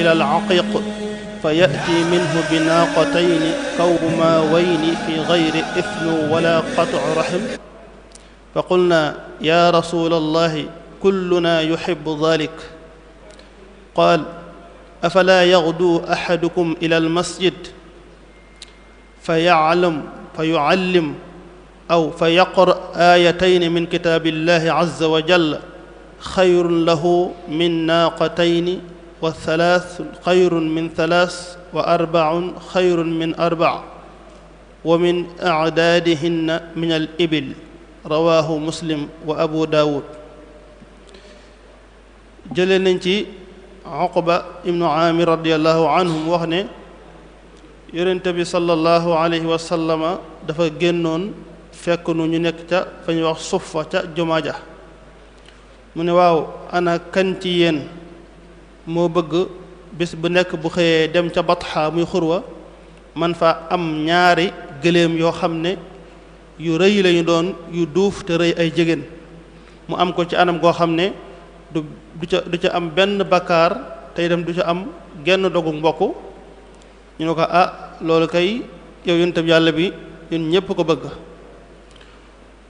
إلى العقيق فيأتي منه بناقتين كوماوين في غير إثم ولا قطع رحم فقلنا يا رسول الله كلنا يحب ذلك قال أفلا يغدو أحدكم إلى المسجد فيعلم فيعلم أو فيقرأ آيتين من كتاب الله عز وجل خير له من ناقتين wa thalath xayrun min thalath wa arbaun xayrun min arbaa wa min acdaadihinna min al ibil rawahu muslim wa abu daawud jële nañ ci Uqba ibnu Aamir radiyallahu anhum wax ne yonent bi sallallahu alayhi wa sallama dafa génnoon fekk nu ñu nekk ca fa ñuy wax suffa ca jumaa ja mu ne waaw ana kan ci yéen moo bëgg bis bu nekk bu xëyee dem ca batxa muy xurwa man fa am ñaari gëléem yoo xam ne yu rëy lañu doon yu duuf te rëy ay jigéen mu am ko ci anam goo xam ne du du ca du ca am benn bakkaar tey dem du ca am genn dogu mbokk ñu ne ko ah loolu kay yow yun tam yàlla bi ñun ñépp ko bëgg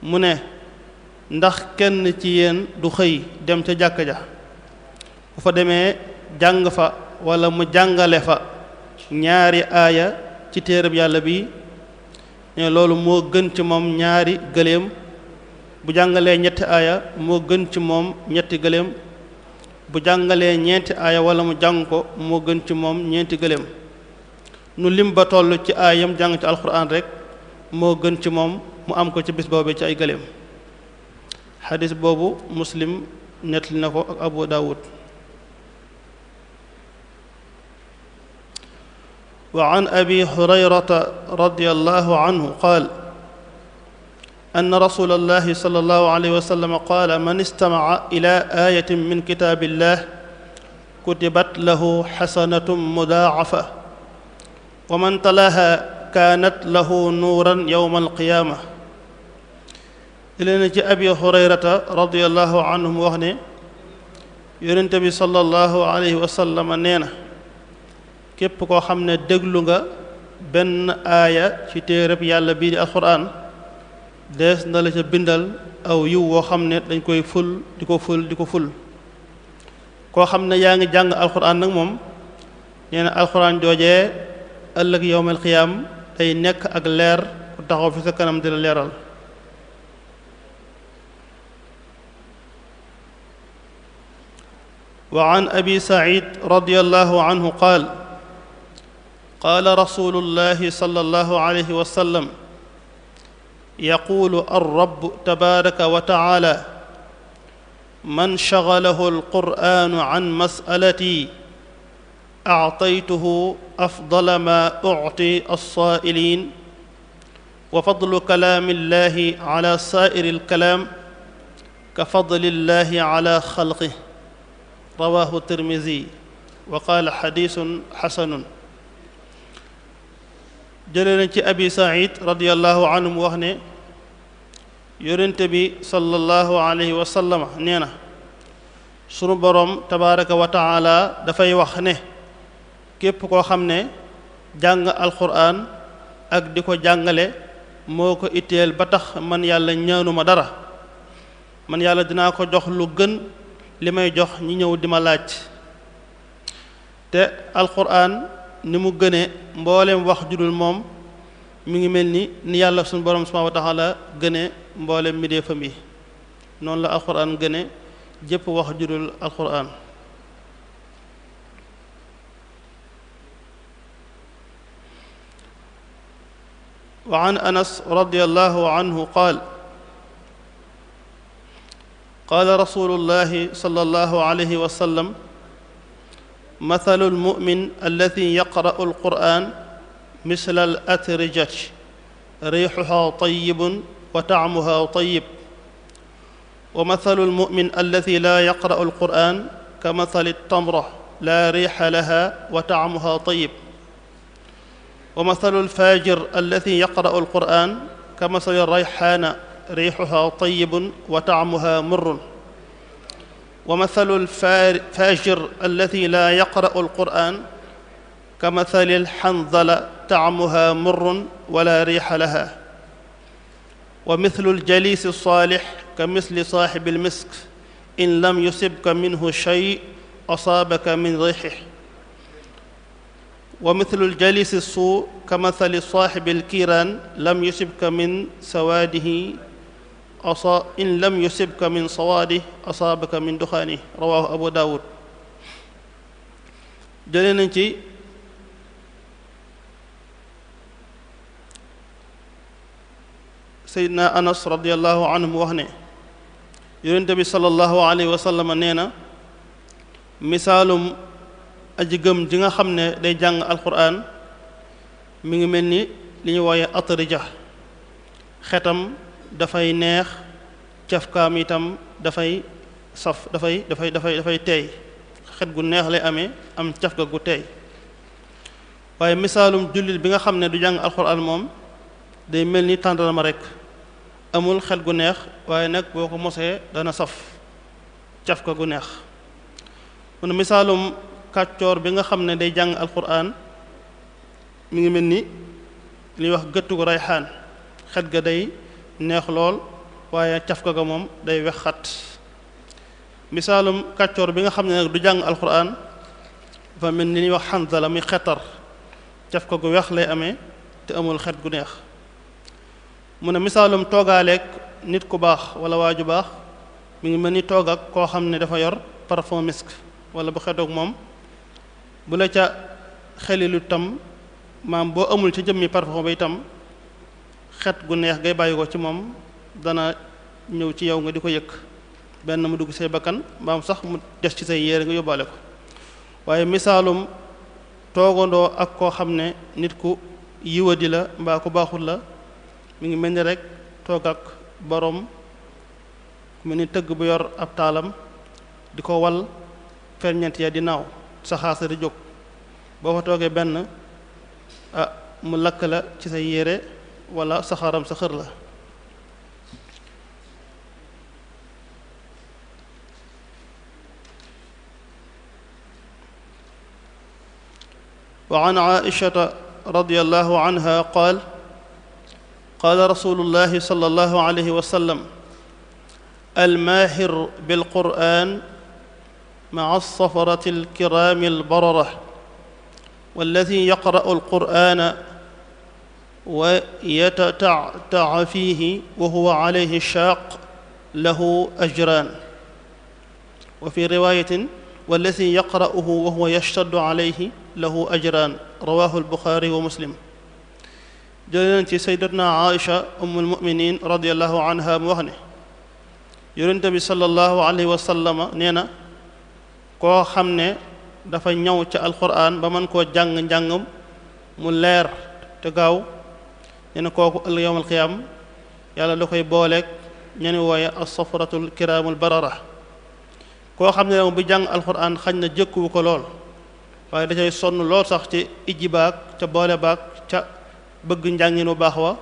mu ne ndax kenn ci yéen du xëy dem ca jàkka ja bu fa demee jàng fa walla mu jàngale fa ñaari aaya ci téereb yàlla bi ne loolu moo gën ci moom ñaari gëléem bu jàngalee ñetti aaya moo gën ci moom ñetti gëléem bu jàngalee ñeenti aaya wala mu jàng moo gën ci moom ñeenti gëléem nu lim ba toll ci aayam jàng ci alquran rek moo gën ci moom mu am ko ci bis boobe ci ay gëléem xadis boobu muslim nettali na ko ak abu daawud وعن ابي هريره رضي الله عنه قال ان رسول الله صلى الله عليه وسلم قال من استمع الى ايه من كتاب الله كتبت له حسنه مضاعفه ومن تلاها كانت له نورا يوم القيامه leen ci abi hurayrata radiallahu anhum wax ne yonente bi sallallahu alayhi wa sallam nee na képp koo xam ne déglu nga benn aaya ci téereb yàlla bii di alxuraan dees na la ca bindal aw yiw woo xam ne dañ koy ful di ko ful di ko ful koo xam ne yaa ngi jàng alxuraan nag moom nee alxuraan joojee ëllëg yowmal xiyaam day nekk ak leer ku taxaw fi sa kanam di la leeral wa abi said radiyallahu anhu qaal qaala rasulullahi sallallahu alayhi wa sallam yaquulu alrabu tabaraka wa taala man shagalahu alqur'aanu can mas'alati actaytuhu afdala ma ucti alsaa'iliin wa fadlu kalaami illahi ala saa'iri alkalaam ka fadli illahi ala xalqih rawaahu tirmidi wa qaala xadiisun xasanun jëlee na ci abi said radiallahu anhu mu wax ne yonente bi sallallahu alayhi wa sallama nee na sunu boroom tabaraka wa taala dafay wax ne képp koo xam ne jàng alquran ak di ko jàngale moo ko itteel ba tax man yàlla ñaanuma dara man yàlla dinaa ko jox lu gën li may jox ñi ñëw di ma laaj te alquran ni mu gënee mbooleem wax judul moom mu ngi mel ni ni yàlla suñu borom subhanahu wa ta'ala gënee mi dee fam yi noonu la alquran gëne jëpp wax judul alquran wa an anas radiyallahu anhu qaal qaala rasulullahi sallallahu alayhi wa sallam mathalul mu'min alladi yaqra'u alqur'aan mislal atrijati riixuhaa tayyibun wa tacmuhaa tayyib wa mathalul mu'min alladi laa yaqra'u alqur'aan ka mathali tamra laa riixa lahaa wa tacmuhaa tayyib wa mathalul faajir alladi yaqra'u alqur'aan ka mathali rayxaana riixuhaa tayyibun wa tacmuhaa murrun wa mathalu lfajir alladi laa yaqra'u alquran ka mathali lxandala taamuha murrun wala riixa laha wa mithlu ljalisi alsaalix ka mithli saaxibi almisk in lam yusibka minhu shay asaabaka min riixih wa mithlu ljalisi suu ka mathali saaxibi alkiiraan lam yusibka min sawaadihi asa in lam yusibka min sawaadih asaabaka min duxaanih rawaahu abu daawud jëlee nañ ci seydna anas radiallahu anhu wax ne yonente bi salallahu aleyhi wasallama nee na misaalum aji gëm ji nga xam ne day jàng alquran mi ngi mel ni li ñu wooye atrija xetam dafay neex cafkaam itam dafay saf dafay dafay dafay dafay teey xet gu neex lay ame am cafka gu teey waaye misaalum jullit bi nga xam ne du jàng alxuraan moom day mel ni tàndarama rek amul xet gu neex waaye nag boo ko mosee dana saf cafka gu neex mun misaalum kàccoor bi nga xam ne day jàng alxuraan mu ngi mel ni li wax gëttu gu rayxaan xet ga day neex lool waaye cafka ga moom day wex xat misaalum kàccoor bi nga xam ne nag du jàng alquran dafa mel ni ñuy wax xanzala muy xetar cafka gu weex lay amee te amul xet gu neex mu ne misaalum toogaaleeg nit ku baax wala waa ju baax mu ngi mel ni toog ak koo xam ne dafa yor parfum misk wala bu xetoog moom bu la ca xeli lu tam maam boo amul ci jëmmi parfum ba itam xet gu neex ngay bàyyi ko ci moom dana ñëw ci yow nga di ko yëkk benn mu dugg say bakkan mbaam sax mu des ci say yéere nga yóbbaale ko waaye misaalum toogandoo ak koo xam ne nit ku yiwadi la mbaa ku baaxul la mu ngi mel ni rek toog ak boroom ku ni tëgg bu yor ab taalam di ko wal ferñeent ya di naaw saxaasa di jóg boo fa toogee benn ah mu lakk la ci say yére wala saxaram sa xër la wa an aishata radiallahu anha qaal qaala rasulullahi sallallahu alayhi wa sallam almaahir bilquran maa safarati alkiraami albarara walladi yaqra'u alqurana ويتتعتع فيه وهو عليه الشاق له أجران وفي رواية والذي يقرأه وهو يشتد عليه له أجران رواه البخاري ومسلم jëleen ci saydatna Aïcha ummul muminin radiallahu anha mu wax ne yonent bi sallallahu alayhi wa sallama nee na koo xam ne dafa ñëw ca alquran ba mën koo jàng njàngam mu leer te gaaw nee na kooku ëllëg yowmal qiyaam yàlla da koy booleeg ñeni wooye as-safaratul kiraamul barara koo xam ne moom bu jàng alquran xañ na jëkkuwu ko lool waaye da cay sonn lool sax ci ijji baag ca boole baak ca bëgg njàngin bu baax wa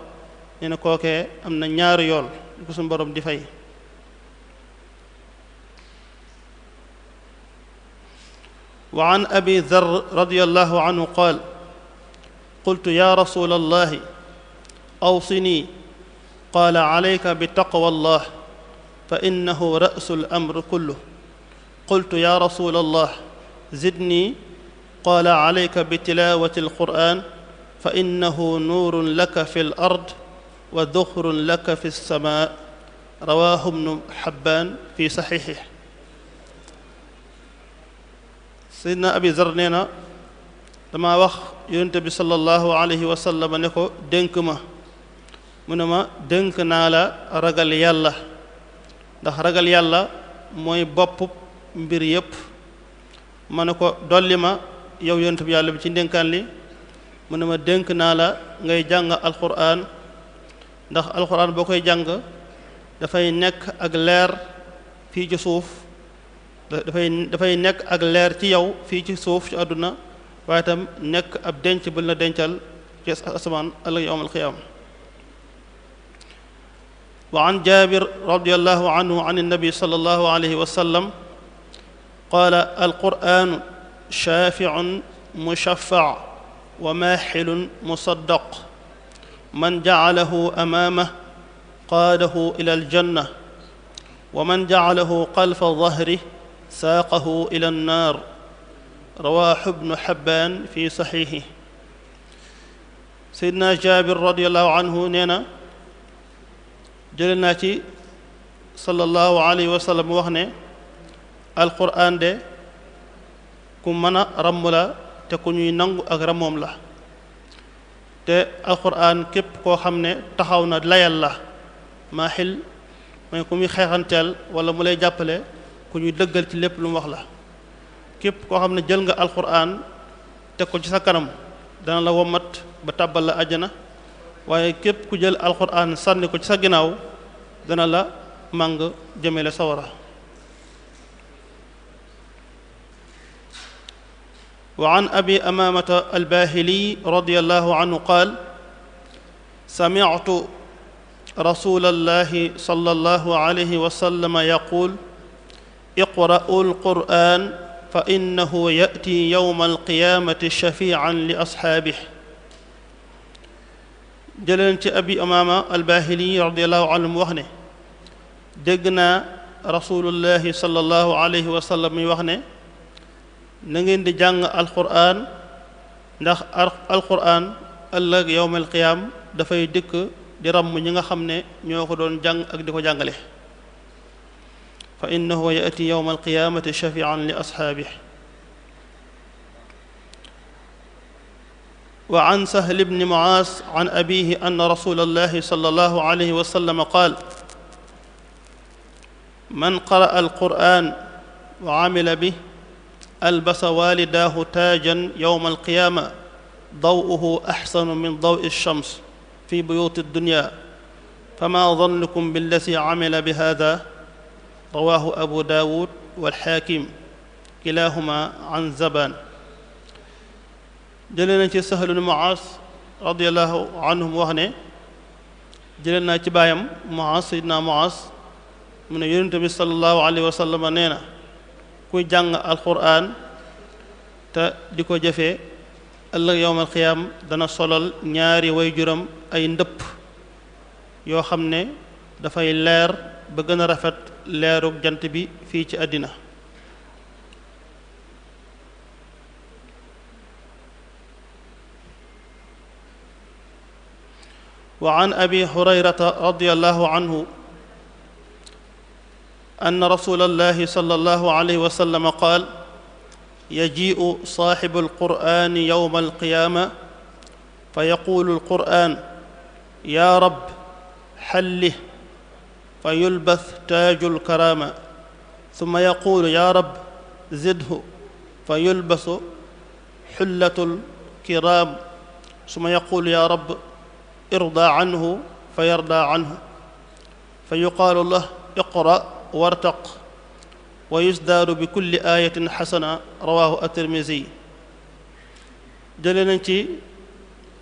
nee kookee am na ñaari yoon ko suñu borom di fay wa an abi dar radiyallahu anhu qaal qultu ya rasul أوصني قال عليك بتقوى الله فإنه رأس الأمر كله قلت يا رسول الله زدني قال عليك بتلاوة القرآن فإنه نور لك في الأرض وذخر لك في السماء رواه ابن حبان في صحيحه Seydina Abi Zar nee na damaa wax yonent bi sallallahu alayhi wa sallam ne ko dénk ma mu ne ma dënk naa la ragal yàlla ndax ragal yàlla mooy bopp mbir yépp ma ne ko dolli ma yow yonent yàlla bi ci ndénkaan li mu ne ma dénk naa la ngay jàng alquran ndax alquran boo koy jàng dafay nekk ak leer fii ci suuf dafay dafay nekk ak leer ci yow fii ci suuf ci àdduna waaye itam nekk ab denc bu la dencal ci asamaan ëllëg yawmal qiyaama وعن جابر رضي الله عنه عن النبي صلى الله عليه وسلم قال القرآن شافع مشفع وماحل مصدق من جعله أمامه قاده إلى الجنة ومن جعله خلف ظهره ساقه إلى النار رواه ابن حبان في صحيحه seydna jaabir radiallahu anhu nee na jële naa ci sallallahu alayhi wa sallam wax ne alquran de ku mën a ràmm la te ku ñuy nangu ak ràmmoom la te alquran képp koo xam ne taxaw na layal la maaxil xil mooy ku muy xeexanteel wala mu lay jàppale ku ñuy dëggal ci lépp lu mu wax la képp koo xam ne jël nga alquran teg ko ci sa kanam dana la womat ba tàbbal la àjjana waaye képp ku jël alxuraan sànni ko ci sa ginnaaw dana la màng jëmele sawara wa an abi amaamata albaahili radiyallahu anhu qaal samictu rasuulallahi sallallahu alayhi wa sallam yaquul iqra'u alqur'aan fa innahu ya'ti yawma alqiyaamati shafiican li asxaabihi jëleen ci abi umaama albahili radiallahu anhu mu wax ne dégg naa rasulullahi sallallahu alayhi wa wax ne na ngeen di jàng alquran ndax alquran ëllëg yowmal qiyaam dafay dikk di ràmm ñi nga xam ne ñoo ko doon jàng ak di ko jàngale fa innahu yati yowma alqiyaamati shafian li asxaabihi وعن سهل بن معاص عن أبيه أن رسول الله صلى الله عليه وسلم قال من قرأ القرآن وعمل به ألبس والداه تاجا يوم القيامة ضوءه أحسن من ضوء الشمس في بيوت الدنيا فما ظنكم بالذي عمل بهذا رواه أبو داود والحاكم كلاهما عن زبان jëlee na ci Sahl ibn Mu'aas radiyallahu anhum wax ne jëlee naa ci baayam Mu'aas sayyidina Mu'aas mu ne yonent bi sallallahu alayhi wa sallam nee na kuy jàng alquran te di ko jëfe ëllëg yowmal xiyaam dana solal ñaari way juram ay ndëpp yoo xam ne dafay leer ba gën a rafet leerug jant bi fii ci àddina وعن ابي هريره رضي الله عنه ان رسول الله صلى الله عليه وسلم قال يجيء صاحب القران يوم القيامه فيقول القران يا رب حله فيلبث تاج الكرامه ثم يقول يا رب زده فيلبس حله الكرام ثم يقول يا رب irdaa anhu fa yardaa anhu fa yuqaalu lah iqra wartaq wa yusdaaru bi kulli aayatin xasana rawaahu at-Tirmisi jële nañ ci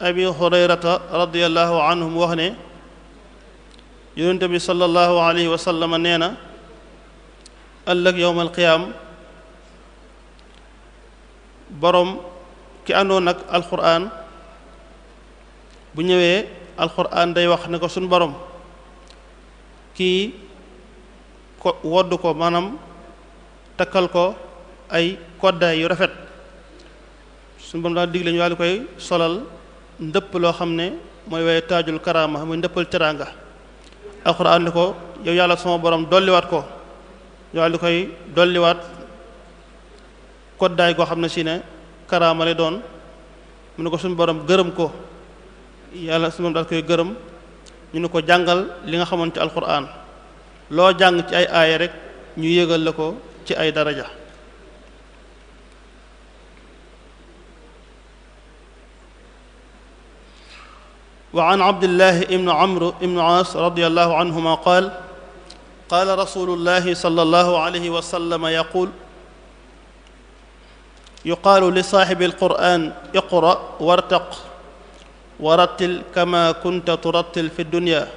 abi hurayrata radiallahu anhum wax ne yonente bi sallallahu alayhi wa sallama nee na ëllëg yowm alqiyaam boroom ki àndoon ak alquran bu ñëwee alxuraan day wax ne ko suñ borom kii ko wodd ko maanaam takkal ko ay koddaay yu rafet suñ borom daal digle ñu daal di koy solal ndëpp loo xam ne mooy waaye taajul karaama muy ndëppal teraanga alxuraan ne ko yow yàlla sama borom dolliwaat ko ñu koy dolliwaat koddaay goo xam ne si ne karaama lay doon mu ne ko suñ borom gërëm ko yàlla suñu daal koy gërëm ñu ne ko jàngal li nga xamante alquran loo jàng ci ay aaya ñu yëgal la ko ci ay daraja wa an abdillahi ibnu amr ibnu aas radiyallahu anhuma qaal qaala rasulullahi sallallahu alayhi wa sallam yaquul yuqaalu li saaxibi alquran iqra wartaq warattil kama kunta turattil fi dunya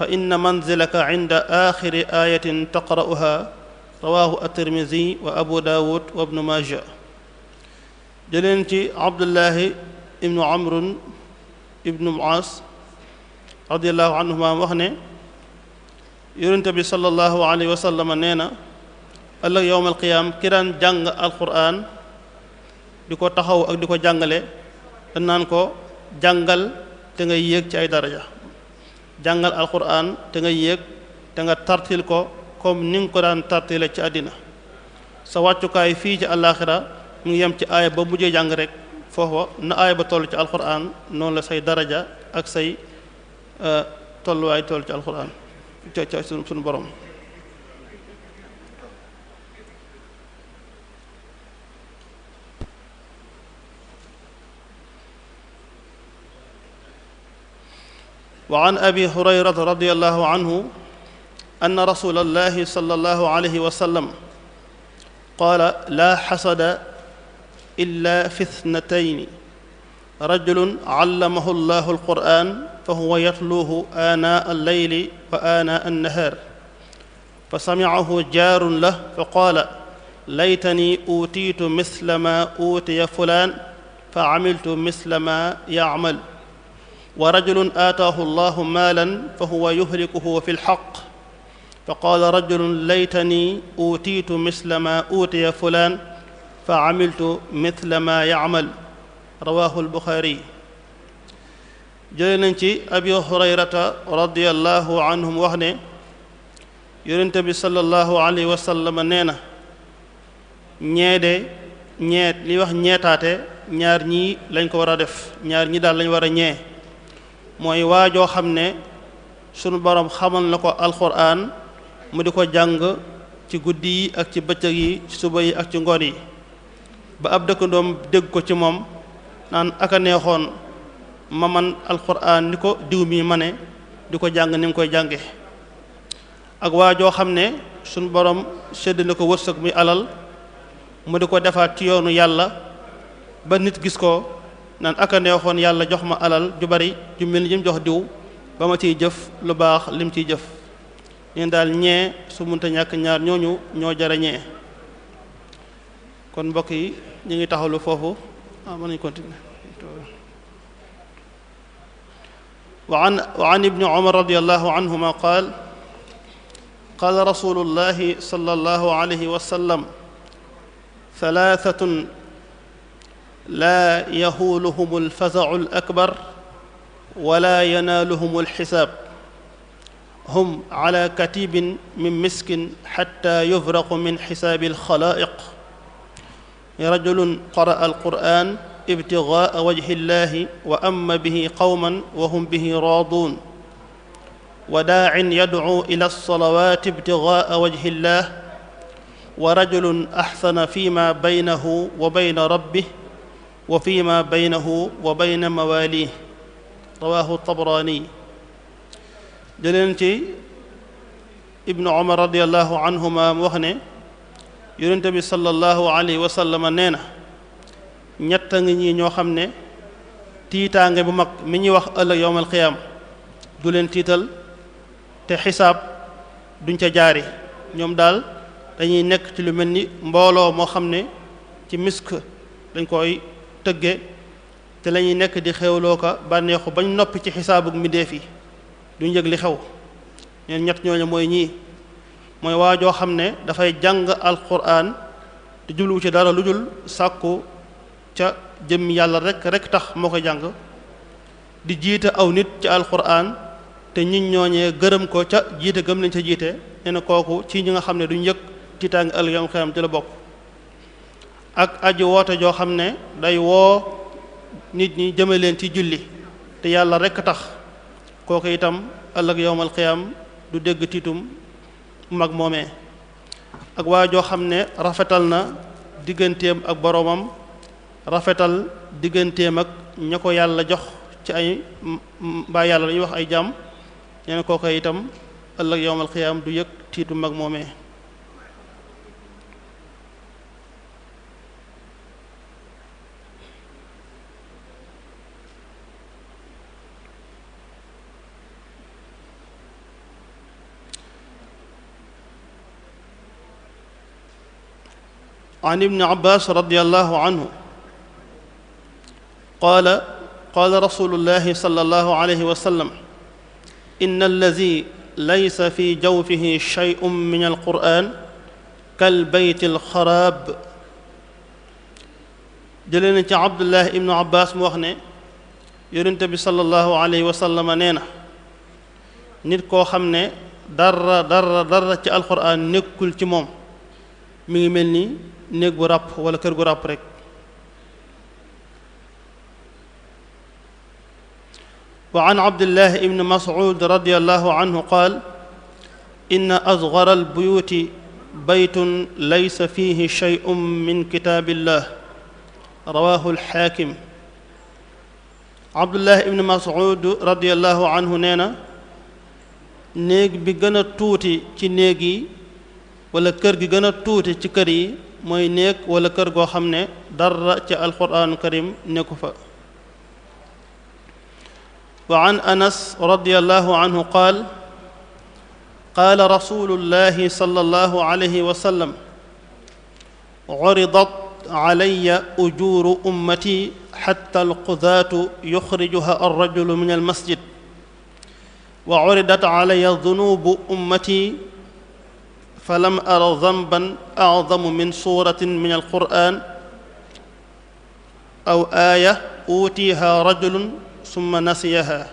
fa inna manzilaka inda axiri ayatin taqra'uha rawahu at wa abu dawud wa ibnu maja jëleen ci abdullahi ibnu amrun ibnu muas radiallahu anhuma wax ne yonente bi sallallahu alayhi wa sallama nee na ëllëg yowm alqiyaam ki daan jàng alquran di ko taxaw ak di jàngal te ngay yéeg ci ay daraja jàngal alquran te nga yéeg te nga tartil ko comme ni nga ko daan tartile ci àddina sa wàccukaay fii ci àllaaxira mu ngi yem ci aaya ba mujjee jàng rek foofa na aaya ba toll ci alquran noonu la say daraja ak say euh, tolluwaay toll ci alquran ca ca sunu sunu borom وعن ابي هريره رضي الله عنه ان رسول الله صلى الله عليه وسلم قال لا حسد الا في اثنتين رجل علمه الله القران فهو يتلوه اناء الليل واناء النهار فسمعه جار له فقال ليتني اوتيت مثل ما اوتي فلان فعملت مثل ما يعمل wa rajulun aataahu llahu maalan fa huwa yuhlikuhu fi lxaq fa qaala misla maa uutiya fulaan fa amiltu misla maa yacmal rawaahu lbuxaari jële nañ ci abi hurayrata radiallahu anhum wax ne yonente bi sallallahu alayhi li wax ñeetaate ñaar lañ ko war a def ñaar ñi daal lañ war a ñee mooy waajoo xam ne sunu borom xamal na ko alxuraan mu di ko jàng ci guddi yi ak ci bëccëg yi ci suba yi ak ci ngoon yi ba ab dëkkandoom dégg ko ci moom naan aka neexoon ma man alxuraan ni ko diw mi ma ne di ko jàng ni mu koy jànge ak waajoo xam ne sunu borom sedd na ko wërsëg muy alal mu di ko defaat ci yoonu yàlla ba nit gis ko naan aka neexoon yàlla jox ma alal ju bari ju mel ni jëm jox diw ba ma ciy jëf lu baax lim ciy jëf neen daal ñee su ñàkk ñaar ñooñu ñoo jara ñee kon mbokk yi ñu ngi taxawlu foofu ah mën nañu continuer wa wa an ibni umar radiyallahu anhuma qaal qaala rasulullahi sallallahu alayhi wa sallam thalathatun laa yaxuuluhum alfazacu alakbar wala yanaaluhum alxisaab hum ala katibin min miskin xatta yufraqu min xisaabi alxalaaiq rajulun qaraa alquran ibtigaa wajhi illahi wa amma bihi qawman wa hum bihi raadun wa daacin yadcuu ila alsalawaati ibtigaa wajhi illah wa rajulun axsana fi ma baynahu wa bayna rabbih وفيما بينه وبين مواليه رواه الطبراني jëleen ci ibnu omar radiallahu anhuma wax ne yonente bi sallallahu alayhi wa sallama nee na ñett ngi ñi ñoo xam ne tiitaange bu mag mi ñuy wax ëllëg yowmal qiyaam du leen tiital te xisaab duñ ca jaari ñoom daal dañuy nekk ci lu mel ni mbooloo moo xam ne ci misk dañ koy tëgge te lañuy nekk di xewloo ko bànneexu bañ noppi ci xisaabug mbindéef yi duñ yëg li xew ñeen ñett ñooñu mooy ñii mooy waa joo xam ne dafay jàng alquran te jubluwu ci dara lu jul sàkku ca jëm yàlla rek rek tax moo koy jàng di jiite aw nit ci alquran te ñit ñooñee gërëm ko ca jiite gëm nañ ca jiite nee kooku ci ñi nga xam ne duñ yëg tiitaangi ëllëg yawmal la bokk ak aju woote joo xam ne day woo nit ñi jëme leen ci julli te yàlla rekk tax kooku itam ëllëg yowmal qiyaam du dégg tiitum mag moomee ak waa joo xam ne rafetal na digganteem ak boroomam rafetal digganteem ak ña ko yàlla jox ci ay mbaa yàlla la ñuy wax ay jàmm ñeen kooku itam ëllëg yowmal qiyaam du yëg tiitu mag moomee عن ابن عباس رضي الله عنه قال قال رسول الله صلى الله عليه وسلم إن الذي ليس في جوفه شيء من القرآن كالبيت الخراب jëlee na ci Abdullah ibnu Abbas mu wax ne yonent bi sallallahu alayhi wa sallam nee na nit koo xam ne dara dara dara ci alxuraan nekkul ci moom mi ngi mel ni néeg bu ràpp wala kër gu ràpp rek wa an abdillah ibn mas'ud radiyallahu anhu qaal inna asghara albuyuti baytun laysa fihi shay'un min kitaabillah rawahu alxaakim abdullah ibn mas'ud radiyallahu anhu nee na néeg bi gën a tuuti ci néeg yi wala kër gi gën a tuuti ci kër yi mooy néeg wala kër goo xam ne dara ca alquraanu karim nekku fa wa an anas radiallahu anhu qaal qaala rasulullahi sallallahu alayhi wa sallam curidat calaya ujuuru ummati xatta alqudaatu yuxrijuha alrajulu min almasjid wa curidat calaya dunuubu ummati fa lam ara damban acdamu min suratin min alquran aw aaya uutiiha rajulun summa nasiyaha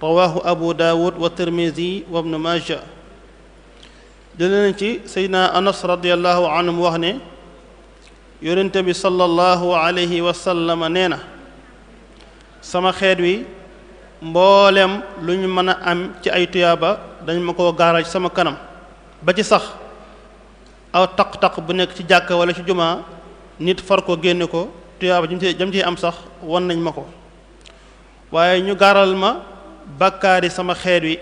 rawahu abu daawud wa tirmidi wa ibnu maaja jële nañ anas radiallahu anhu mu wax ne yonente sallallahu alayhi wa sallama nee na sama xeet wi mboolem lu ñu mën a am ci ay tuyaaba dañ ma koo gaaral sama kanam ba ci sax aw taq-taq bu nekk ci jàkk wala ci jumaa nit far ko génne ko tuyaaba jam ci jam ci am sax won nañ ma ko waaye ñu gaaral ma bàkkaari sama xeet wi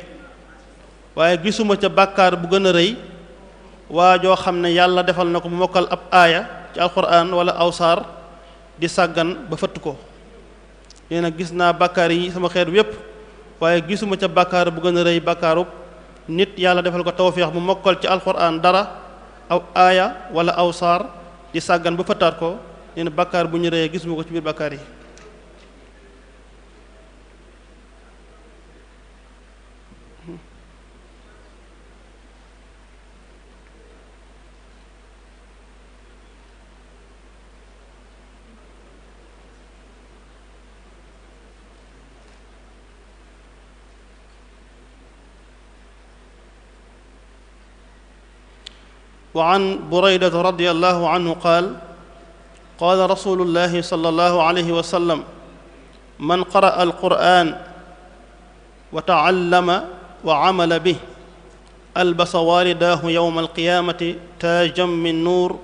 waaye gisuma ca bàkkaar bu gën a rëy waa joo xam ne yàlla defal na ko mu mokkal ab aaya ci alquran wala aw saar di sàggan ba fëtt ko nee na gis naa bàkkaar yi sama xeet wi yépp waaye gisuma ca bàkkaar bu gën a rëy bàkkaarub nit yàlla defal ko tawféex mu mokkal ci alxuraan dara aw aaya wala aw saar di sàggan ba fëttaat ko nee na bakkaar bu ñu reyee gis mu ko ci biir bakkaar yi وعن بريدة رضي الله عنه قال قال رسول الله صلى الله عليه وسلم من قرأ القرآن وتعلم وعمل به ألبس والداه يوم القيامة تاجا من نور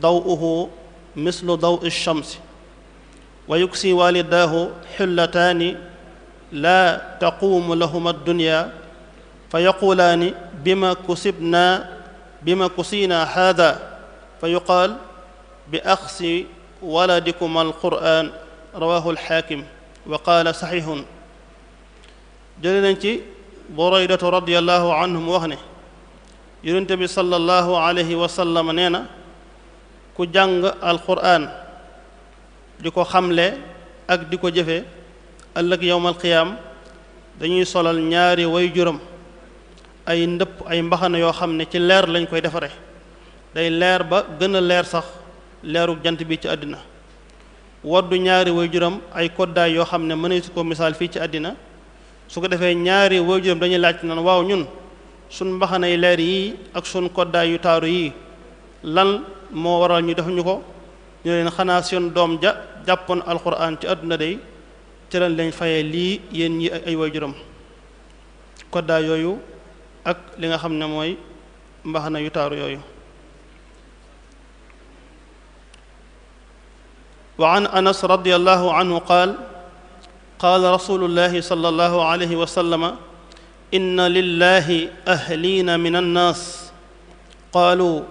ضوءه مثل ضوء الشمس ويكسي والداه حلتان لا تقوم لهما الدنيا فيقولان بما كسبنا بما قصينا هذا فيقال بأخس ولدكما القرآن رواه الحاكم وقال صحيح jële nañ ci buraydatu radiallahu anhu mu wax ne yonente bi sallallahu alayhi wa sallam nee na ku jàng alquran di ko xamle ak di ko jëfe ëllëg yowmal qiyaam dañuy solal ñaari way juram ay ndëpp ay mbaxana yoo xam ne ci leer lañ koy defare day leer ba gën leer sax leeru jant bi ci àddina waddu ñaari waajuram ay koddaay yoo xam ne mëneesu ko misaal fii ci àddina su ko defee ñaari waajuram dañuy laaj nan waaw ñun suñ mbaxana yi leer yii ak suñ koddaay yu taaru yii lan moo waral ñu defuñu ko ñu leen xanaa seen doom ja jàppoon alxuraan ci àdduna day ci lan lañ fayee lii yéen ñi ay waajuram koddaay yooyu ak li nga xam ne mooy mbaxana yu taaru yooyu wa an anas radiallahu anhu qaal qaala rasulullahi sallallahu alayhi wa sallama inna lillahi ahliina min annaas qaalu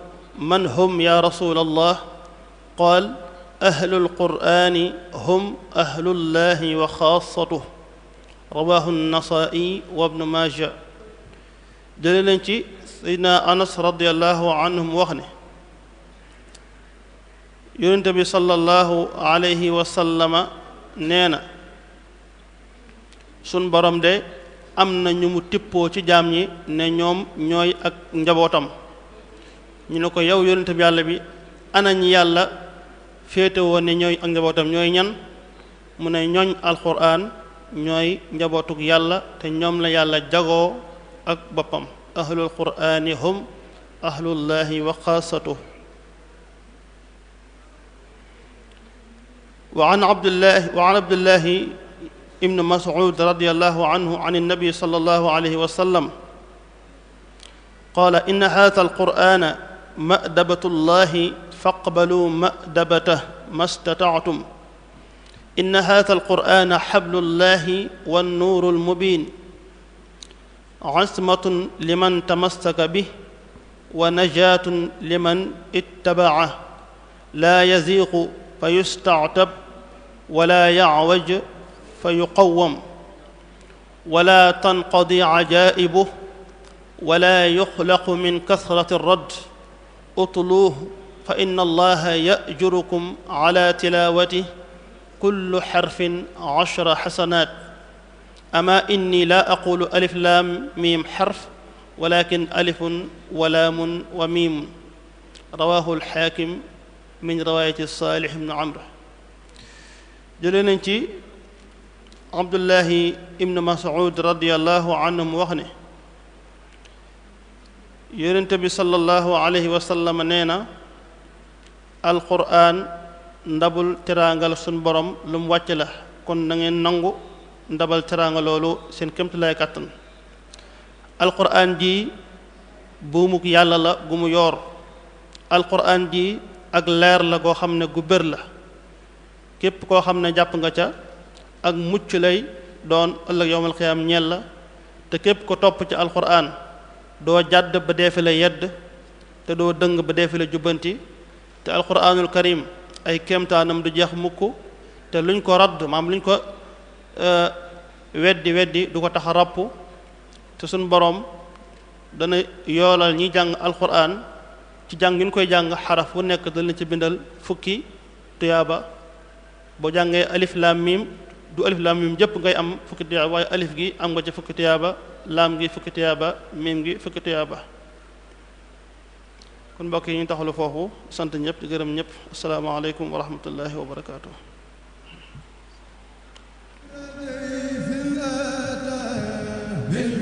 man hum ya rasul allah qaal ahlu lqur'ani hum ahlullahi wa xaasatuh rawahu nnasaa'i wa ibnu maaja jële leen ci seydna anas radiallahu anhum wax ne yonente bi sallallahu alayhi wa sallama nee na sun boroom de am na ñu mu tippoo ci jaam yi ne ñoom ñooy ak njabootam ñu ne ko yow yonente bi yàlla bi anañ yàlla féete woon ne ñooy ak njabootam ñooy ñan mu ne ñooñ alquran ñooy njabootug yàlla te ñoom la yàlla jagoo ak boppam ahlul quraani hum ahlullahi wa xaasatu wa an abdillahi wa an abdillahi ibn mas'ud radiyallahu anhu an annabi sallallahu alayhi wa sallam qaala inna haadha alqur'aana ma'dabatu llahi faqbaluu ma'dabatahu mastata'tum inna haadha alqur'aana hablu llahi wan nuurul mubiin ismatun liman tamassaka bi wa najaatun liman ittabaa laa yaziqu fa yustactab wala yacwaj fa yuqawam wala tanqadi cajaa'ibuh wala yuxlaqu min kasrati radd utluuh fa inna allaha ya'jurukum ala tilaawatihi kullu xarfin cashra xasanaat ama inni la aqulu alif laam miim xarf walakin alifun wa laamun wa miimun rawahu alxaakim min riwaayati saalix ibnu amr jëlee nañ ci abdullahi ibnu mas'ud radiallahu anhu mu wax ne yonente bi sallallahu alayhi wa sallam nee na alquraan ndabul teraangal sun borom lu mu wàcc la kon na ngeen nangu ndabal teraanga loolu seen kémtulaay kàttan alquran ji buumuk yàlla la gu mu yoor alquran ji ak leer la goo xam ne gu bér la képp koo xam ne jàpp nga ca ak mucc lay doon ëllëg yowmal xiyaam ñeel la te képp ko topp ci alquran doo jàdd ba deefe la yedd te doo dëng ba deefe la jubbanti te alquranul karim ay kéemtaanam du jeex mukk te luñ ko radd maam luñ ko Euh, weddi weddi du ko tax a ràpp te suñ boroom dana yoolal ñi jàng alquran ci jàng ñu koy jàng xaraf wu nekk dal na ci bindal fukki tuyaaba boo jàngee alif laam miim du alif laam miim jëpp ngay am fukki tuyaaba waaye alif gi am nga ci fukki tuyaaba laam gi fukki tuyaaba miim gi fukki tuyaaba kon mbokk yi ñu taxalu foofu sant ñëpp di gërëm ñëpp asalaamaaleykum wa rahmatullahi wa fi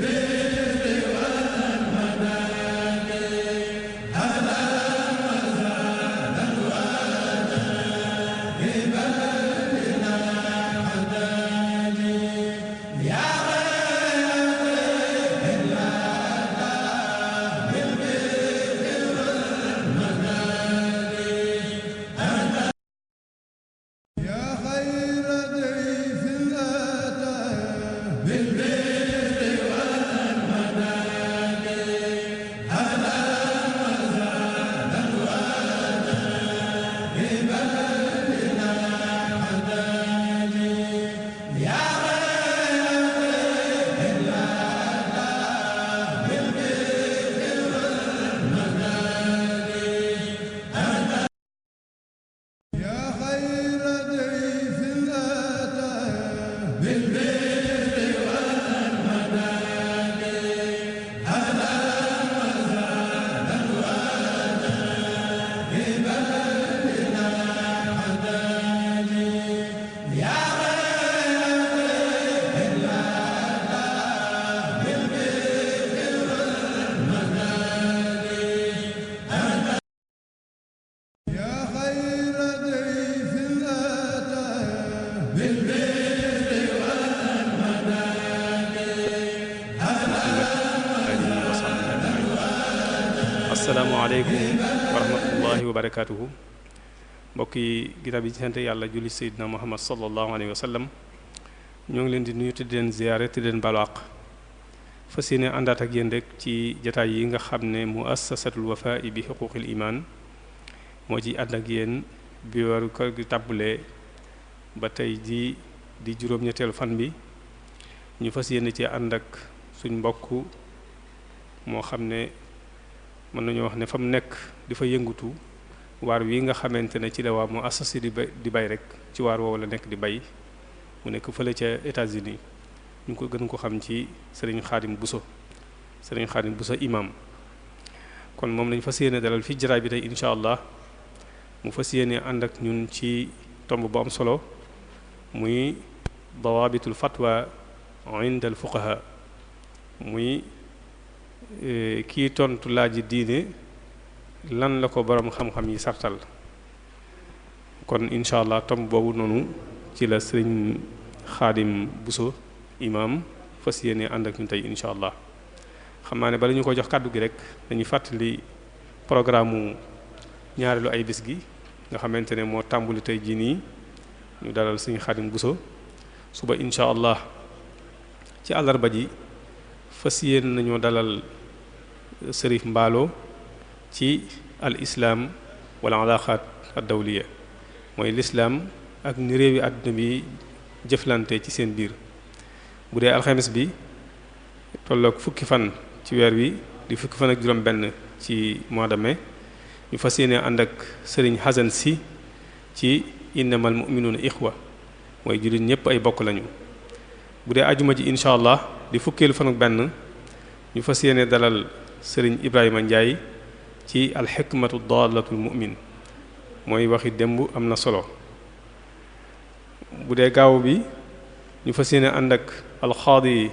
ginnaaw bi ci sant yàlla julli sayyidina muhammad sallallahu alayhi wa sallam ñoo ngi leen di nuyu te leen ziyaare te di leen balu fas yéene àndaat ak yéen rek ci jataay yi nga xam ne muassasatul wafa'i bi xuquqil iman moo ci ànd ak yéen bi waru kër gi tàbbulee ba tey ji di juróom-ñetteelu fan bi ñu fas yéene ci ànd ak suñ mbokk moo xam ne mën nañu wax ne fa mu nekk di fa yëngutu waar wi nga xamante ne ci la waa mu associé di bay di bay rek ci waar woowu la nekk di bay mu nekk fële ca États-Unis ñu ko gën ko xam ci sëriñ Xaadim Buso sëriñ Xaadim Buso imam kon moom lañ fas yéene dalal fi jaraay bi tey incha allah mu fas yéene ànd ak ñun ci tomb bu am solo muy dawaabitul fatwa inda al fuqaha muy eh, kii tontu laaji diine lan la ko borom xam-xam yi sartal kon incha allah tomb boobu noonu ci la sëriñ xaadim buso imaam fas yéene ànd ak ñu tey incha allah xam naa ne bala ñu ko jox kàddu gi rek dañuy fàttali programme mu ñaareelu ay bis gi nga xamante ne moo tàmbuli tey jii nii ñu dalal sëriñ xaadim buso suba incha allah ci àllarba ji fas yéene nañoo dalal sërif mbaalo ci al islaam wala alaqaat ad mooy lislaam ak ni réewi àdduna bi jëflante ci seen biir bu dee alxames bi tolloog fukki fan ci weer wi di fukki fan ak juróom benn ci mois de mai ñu fas yéene ànd ak sëriñ Xasan si ci innamal mu'minuuna ixwa mooy jullit ñëpp ay bokk lañu bu dee ajuma ji incha allah di fukkeelu fan ak benn ñu fas yéene dalal sëriñ Ibrahima Ndiaye ci alxikmatu daalatul mu'min mooy waxi démb am na solo bu dee gaaw bi ñu fas yéene ànd ak alxaadi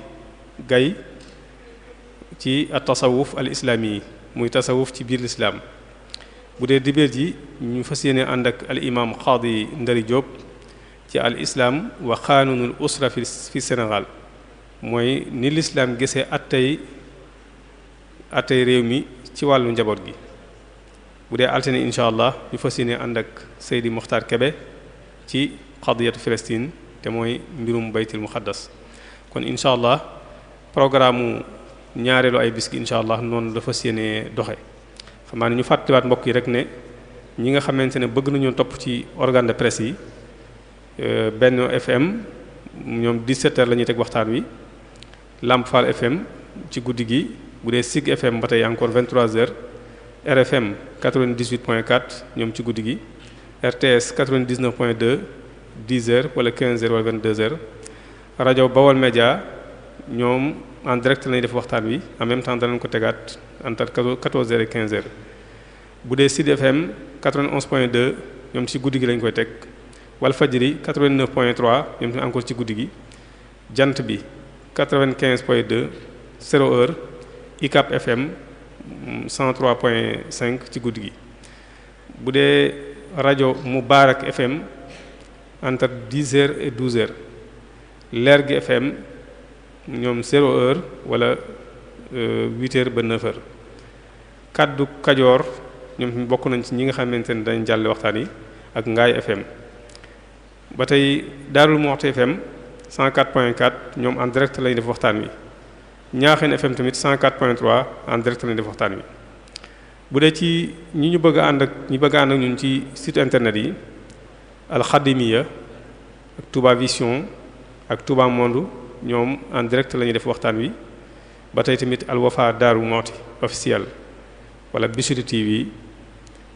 gay ci tasawuf al islaami yi muy tasawuf ci biir lislaam bu dee dibéer yi ñu fas yéene ànd ak al imaam xaadi ndari Diop ci al islam wa xaanunul usra fi fi Sénégal mooy ni lislaam gisee attey attey réew mi ci wàllu njaboot gi bu dee altine incha allah ñu fa yéene ànd ak Seydi Mokhtar Kebe ci xadiyatu Palestine te mooy mbirum baytil muqaddas kon incha allah programme mu ñaareelu ay bis gi incha allah noonu dafa fas doxe xamaa ni ñu fàttaliwaat mbokk yi rek ne ñi nga xamante ne bëgg nañu topp ci organe de presse yi euh, Benno FM ñoom 17h la ñuy teg waxtaan wi làmp Fall FM ci guddi gi bu dee Sig FM ba tey encore 23h. RFM 98 point ñoom ci guddi gi RTS 99 point 2 10 heures wala 15 heures wala 22 heures rajo Bawol Média ñoom en direct lañuy def waxtaan wi en même temps danañ ko tegaat entre 14 heures et 15 heures bu dee Sud FM 91 point ñoom ci guddi gi lañ koy teg Walfadjri 89 point 3 ñoom tamit encore ci guddi gi jant bi 95 point 2 0 heure ICAP FM. 103 point 5 ci guddi gi bu dee rajo mu Moubarak FM entre 10 heures et 12 leer Lergui FM ñoom 0 heure wala 8 euh, heures ba 9 heures kaddu Kajoor ñoom bokk nañ ci ñi nga xamante ne dañ jàlle waxtaan yi ak Ngaay FM ba tey Darou Moukhty FM 104 point 4 ñoom en direct lay def waxtaan wi. ñaaxeen FM tamit 104.3 en direct lañ def waxtaan wi bu dee ci ñi ñu bëgg a ànd ak ñu bëgg ñun ci site internet yi alxadimiya ak Touba Vision ak Touba Monde ñoom en direct la def waxtaan wi ba tey tamit alwafa Daaru Moukhty officiel wala Bichri TV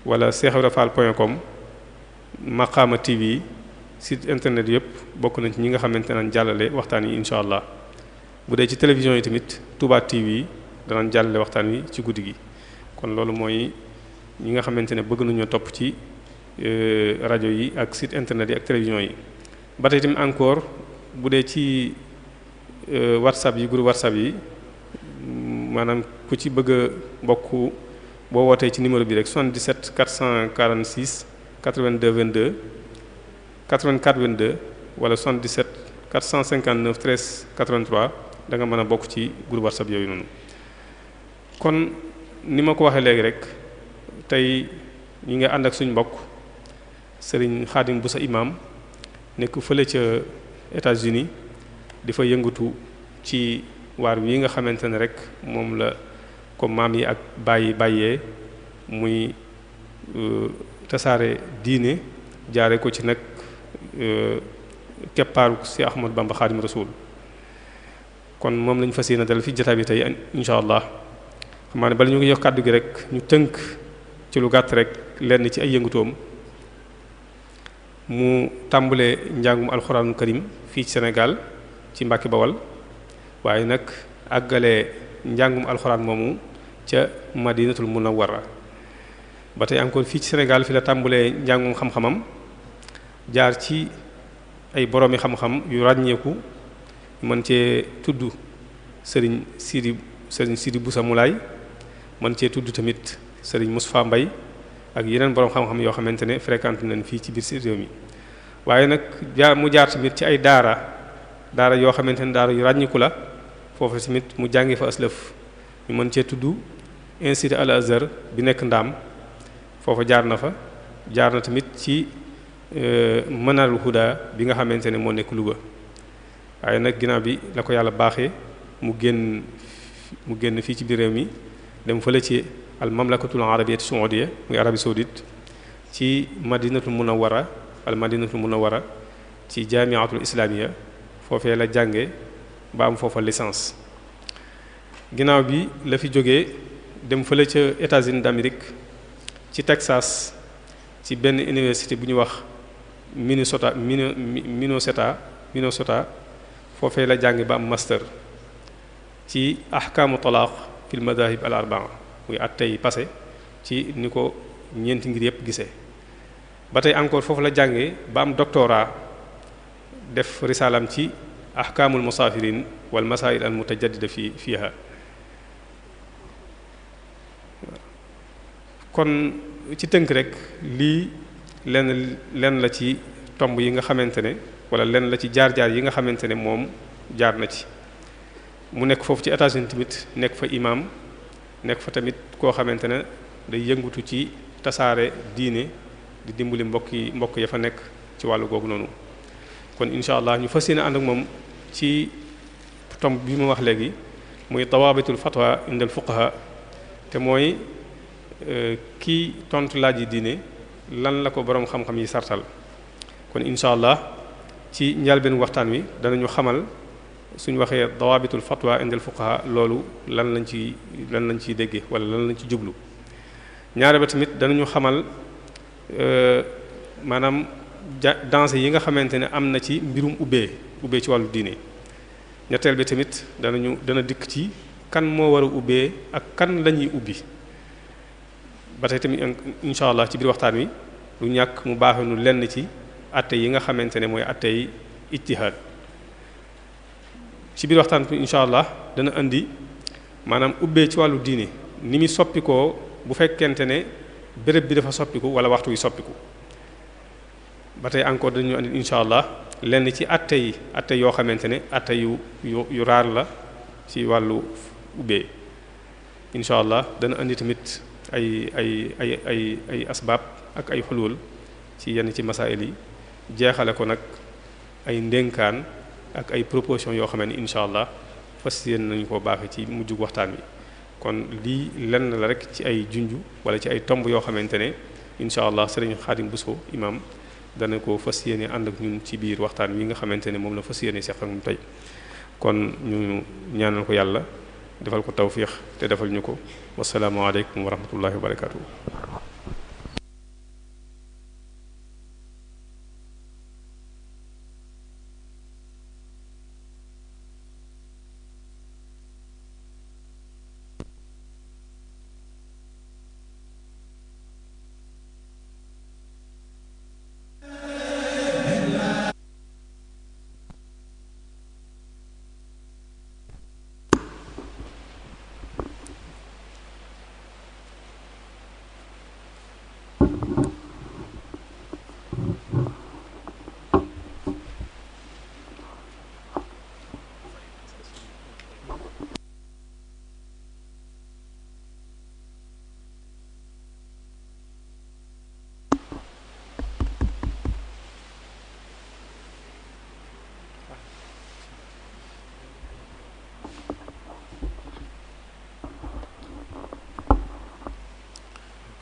wala cheikhibrafal.com Maqama TV site internet yëpp bokk nañ ci ñi nga xamante ne jàllale waxtaan yi incha allah. bu dee ci télévision yi tamit Touba TV danañ jàllale waxtaan wi ci guddi gi kon loolu mooy ñi nga xamante ne bëgg nañoo topp ci euh, rajo yi ak site internet yi ak télévision yi ba tey tamit encore bu dee ci euh, WhatsApp yi groupe WhatsApp yi maanaam ku ci bëgg a bokk boo wootee ci numéro bi rek 77 446 82 22 84 22 wala 77 459 13 danga nga mën a bokk ci groupe whatsapp yooyu noonu kon ni ma ko waxee léegi rek tey ñi nga ànd ak suñ mbokk sëriñ Xaadim sa imam nekk fële ca États-Unis di fa yëngatu ci waar yi nga xamante ne rek moom la ko maam yi ak bàyyi bàyyee muy euh, tasaare diine jaare ko ci nag euh, keppaaru si Ahmad Bamba Xaadim Rasul kon moom lañu fas yéene dal fi jotaay bi tey incha allah xam ne bala ñu ngi yokk kàddu gi rek ñu tënk ci lu gàtt rek lenn ci ay yëngutoom mu tàmbalee njàngum alxuraan karim fii ci Sénégal ci Mbàkke Bawal waaye nag àggalee njàngum alxuraan moomu ca Madinatul Munawwara ba tey encore fii ci Sénégal fi la tàmbalee njàngum xam-xamam jaar ci ay boroomi xam-xam yu ràññeeku mën cee tudd sëriñ Sidi sëriñ Sidi bu Moulay mën cee tudd tamit sëriñ Moustapha Mbay ak yeneen borom xam-xam yoo xamante ne fréquente nañ fii ci biir si réew waaye nag jaar mu jaar tamit ci ay daara daara yoo xamante ne daara yu ràññiku la foofu tamit mu jàngee fa aslëf ñu mën cee tudd institut Al bi nekk ndaam foofa jaar na fa jaar na tamit ci euh, mënarul huda bi nga xamante ne moo nekk Louga waaye nag ginaaw bi la ko yàlla baaxee mu génn mu génn fii ci biir réew mi dem fële ci al mamlakatul arabiyyah saoudiya muy Arabie saoudite ci madinatul munawwara al madinatul munawwara ci jaamiatul islamiya foofee la jànge ba am foofa licence ginnaaw bi la fi jógee dem fële ca États-Unis d'Amérique ci Texas ci benn université bu ñuy wax Minnesota Minnesota Minnesota foofee la jànge ba am master ci ahkaamu talaaq fil madahib al arbaa muy at tey passé ci ni ko ñeenti ngir yëpp gise ba tey encore foofu la jànge ba am doctorat def risaalam ci ahkaamul wala wal masail al mutajaddida fi fiha kon ci tënk rek lii lenn lenn la ci tomb yi nga xamante ne wala lenn la ci jaar-jaar yi nga xamante ne moom jaar na ci mu nekk foofu ci États-Unis nekk fa imam nekk fa tamit koo xamante ne day yëngutu ci tasaare diine di dimbali mbokk yi mbokk ya fa nekk ci wàllu googu noonu kon incha allah ñu fa yéene ànd moom ci tomb bi mu wax léegi muy tawabitul fatwa indal fuqaha te mooy euh, kii tontu laaj yi diine lan la ko boroom xam-xam yi sartal kon incha allah ci njëlbéenu waxtaan wi danañu xamal suñ waxee dawaabitul fatwa indil fuqaha loolu lan lañ ci lan lañ ciy déggee wala lan lañ ci jublu ñaare bi tamit danañu xamal euh, maanaam ja danse yi nga xamante ne am na ci mbirum ubbee ubbee ci wàllu diine ñetteel bi tamit danañu dana dikk ci kan moo war a ubbee ak kan lañuy ubbi ba tey tamit incha allah ci biir waxtaan wi lu ñàkk mu baax nu lenn ci. atte yi nga xamante ne mooy atte yi ijtihaad ci biir waxtaan bi incha allah dana indi maanaam ubbee ci wàllu diine ni muy soppikoo bu fekkente ne béréb bi dafa soppiku wala waxtu wi soppiku ba tey encore dañu indi incha allah lenn ci atte yi atte yoo xamante ne atte yu yu yu raar la ci wàllu ubbee incha allah dana indi tamit ay ay ay ay ay asbaab ak ay xulul ci yenn ci masaayil yi jeexale ko nag ay ndénkaan ak ay proposition yoo xamee ni incha allah fas yéen nañu ko baax ci mujjug waxtaan wi kon lii lenn la rek ci ay junj wala ci ay tomb yoo xamante ne incha allah sëriñ Xaadim ko imam dana ko fas yéene ànd ak ñun ci biir waxtaan wi nga xamante ne moom la fas yéene seq ak ñun tey kon ñu ñaanal ko yàlla defal ko tawfiix te defal ñu ko wasalaamualeykum wa rahmatullahi wa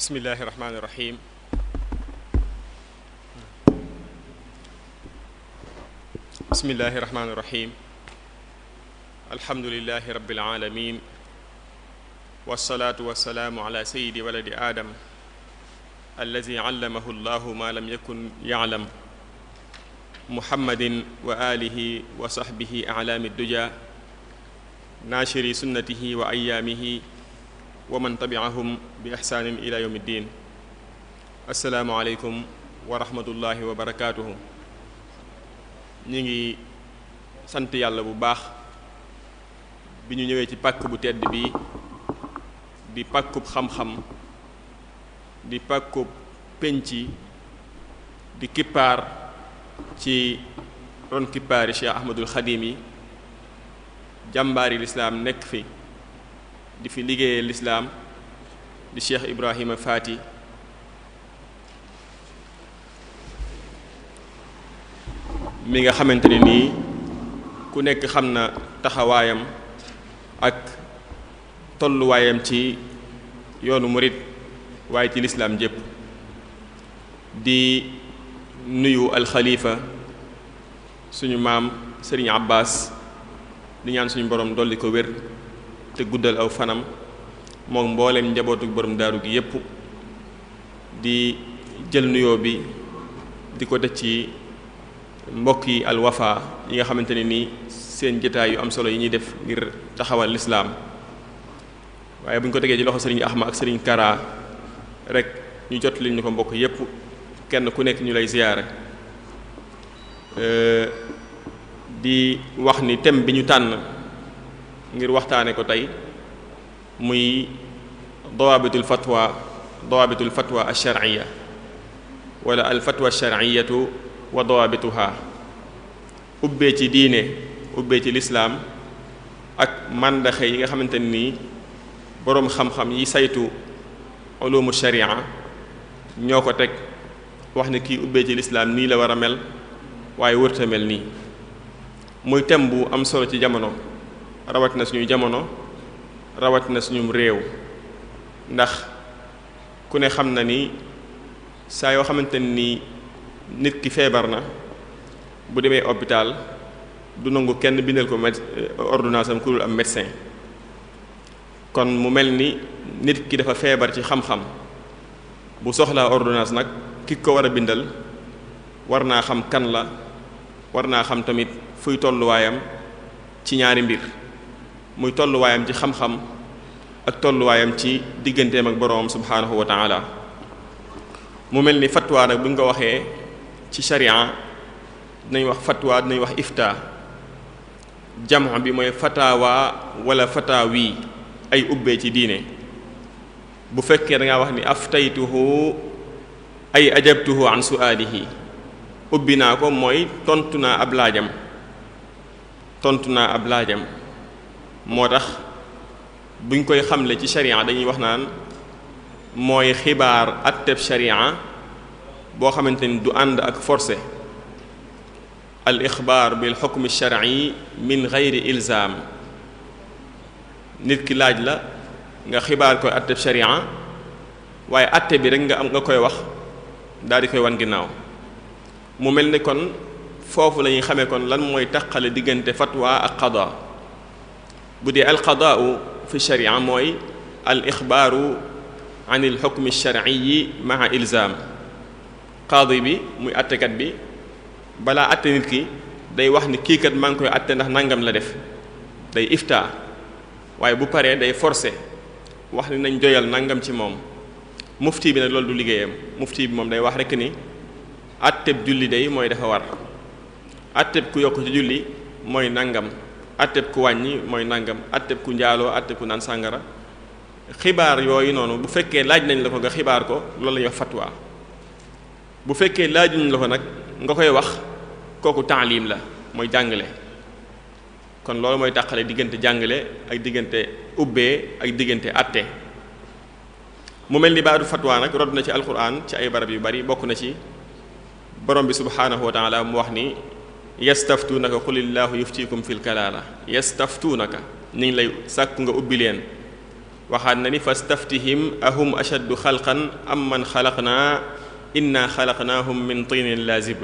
bismillahi rahmaani rahim bismillahi rahmaani rahim alhamdulilahi rabbil alamin wasalaatu wasalaamu ala sayidi waladi aadam allazi allamahu llahu ma lam yakun yaalam muhammadin wa alihi wa sahbihi alaami duja naashiri sunnatihi wa ayaamihi wa tabiahum bi ixsaanin ila yawmi ddin asalaamualeykum wa rahmatullahi wa ñu ngi sant yàlla bu baax bi ñu ñëwee ci pàkk bu tedd bi di pàkkub xam-xam di pàkkub penci di kippaar ci ron kippaari Cheikh Ahmadul Xadim yi jàmbaari lislaam nekk fi di fi liggéeyee lislaam di Cheikh Ibrahima Faati mi nga xamante ne nii ku nekk xam na taxawaayam ak tolluwaayam ci yoonu murit waaye ci lislaam jépp di nuyu alxaliifa suñu maam Serigne Abbas di ñaan suñu borom dolli ko wér te guddal aw fanam moom mbooleem njabootu borom daaru gi yépp di jël nuyoo bi di ko def ci mbokk yi Al Wafa yi nga xamante ni nii seen jotaay yu am solo yi ñuy def ngir taxawal lislaam waaye bu ñu ko tegee ci loxo sëriñ Axma ak sëriñ Kara rek ñu jot liñ ñu ko mbokk yépp kenn ku nekk ñu lay ziyaare di wax ni thème bi ñu tànn ngir waxtaane ko tey muy dawaabitul fatwa dawaabitul fatwa alsharciya wala alfatwa alsharciyatu wa dawaabituha ubbee ci diine ubbee ci lislaam ak màndaxe yi nga xamante nii boroom xam-xam yi saytu ulumu sharia ñoo ko teg wax ne kii ubbee ci lislaam nii la war a mel waaye wërta mel nii muy thème bu am solo ci jamono rawatina suñuy jamono rawatina suñum réew ndax ku ne xam na ni saa yoo xamante ni nit ki feebar na bu demee hôpital du nangu kenn bindal ko med euh, am ku dul am médecin kon mu mel ni nit ki dafa feebar ci xam-xam bu soxlaa ordonnance nag ki ko war a bindal war naa xam kan la war naa xam tamit fuy tolluwaayam ci ñaari mbir muy tolluwaayam ci xam-xam ak tolluwaayam ci digganteem ak boroom subhaanahu wa mu mel ni fatwa nag bu ñu ko waxee ci sharia dinañ wax fatwa dinañ wax ifta jamono bi mooy fatawa wala fatawi ay ubbee ci diine bu fekkee dangaa wax ni aftaytuhu ay ajabtuhu an su'alihi ubbi naa ko mooy tontu naa ab laajam tontu naa ab laajam moo tax buñ koy xamle ci sharia dañuy wax naan mooy xibaar atteb sharia boo xamante ni du ànd ak forcé al ixbaar bil xukmi shar'i min geyri ilzaam nit ki laaj la nga xibaar koy atteb sharia waaye atte bi rek nga am nga koy wax daal di koy wan ginnaaw mu mel ni kon foofu la ñuy xamee kon lan mooy taqale diggante fatwa ak qada bu dee alqadaau fi sharia mooy al ixbaaru an il xukmi sharciyi maa ilzaam qaadi bi muy attekat bi balaa atte nit ki day wax ni kiikat kat maa ngi koy atte ndax nangam la def day ifta waaye bu paree day forcé wax ni nañ joyal nangam ci moom mufti bi nag loolu du liggéeyam mufti bi moom day wax rek ni atteb julli day mooy dafa war atteb ku yokk ci julli mooy nangam atteb ku wàññi mooy nangam atteb ku njaaloo atteb ku naan sàngara xibaar yooyu noonu bu fekkee laaj nañ la ko nga xibaar ko loolu la ñuy wax bu fekkee laaj nañ ko nag nga koy wax kooku taalim la mooy jàngale kon loolu mooy tàqale diggante jàngale ak diggante ubbee ak diggante atte mu mel ni baadu fatwa nag rod na ci alquran ci ay barab yu bari bokk na ci borom bi subhaanahu wa taala mu wax ni na yastaftuunaka qulillaahu yuftiikum fil kalaala yastaftuunaka ni ngi lay sàkk nga ubbi leen waxaat na ni fastaftihim ahum ashaddu xalqan am man xalaqnaa inna xalaqnaahum min tinin laazib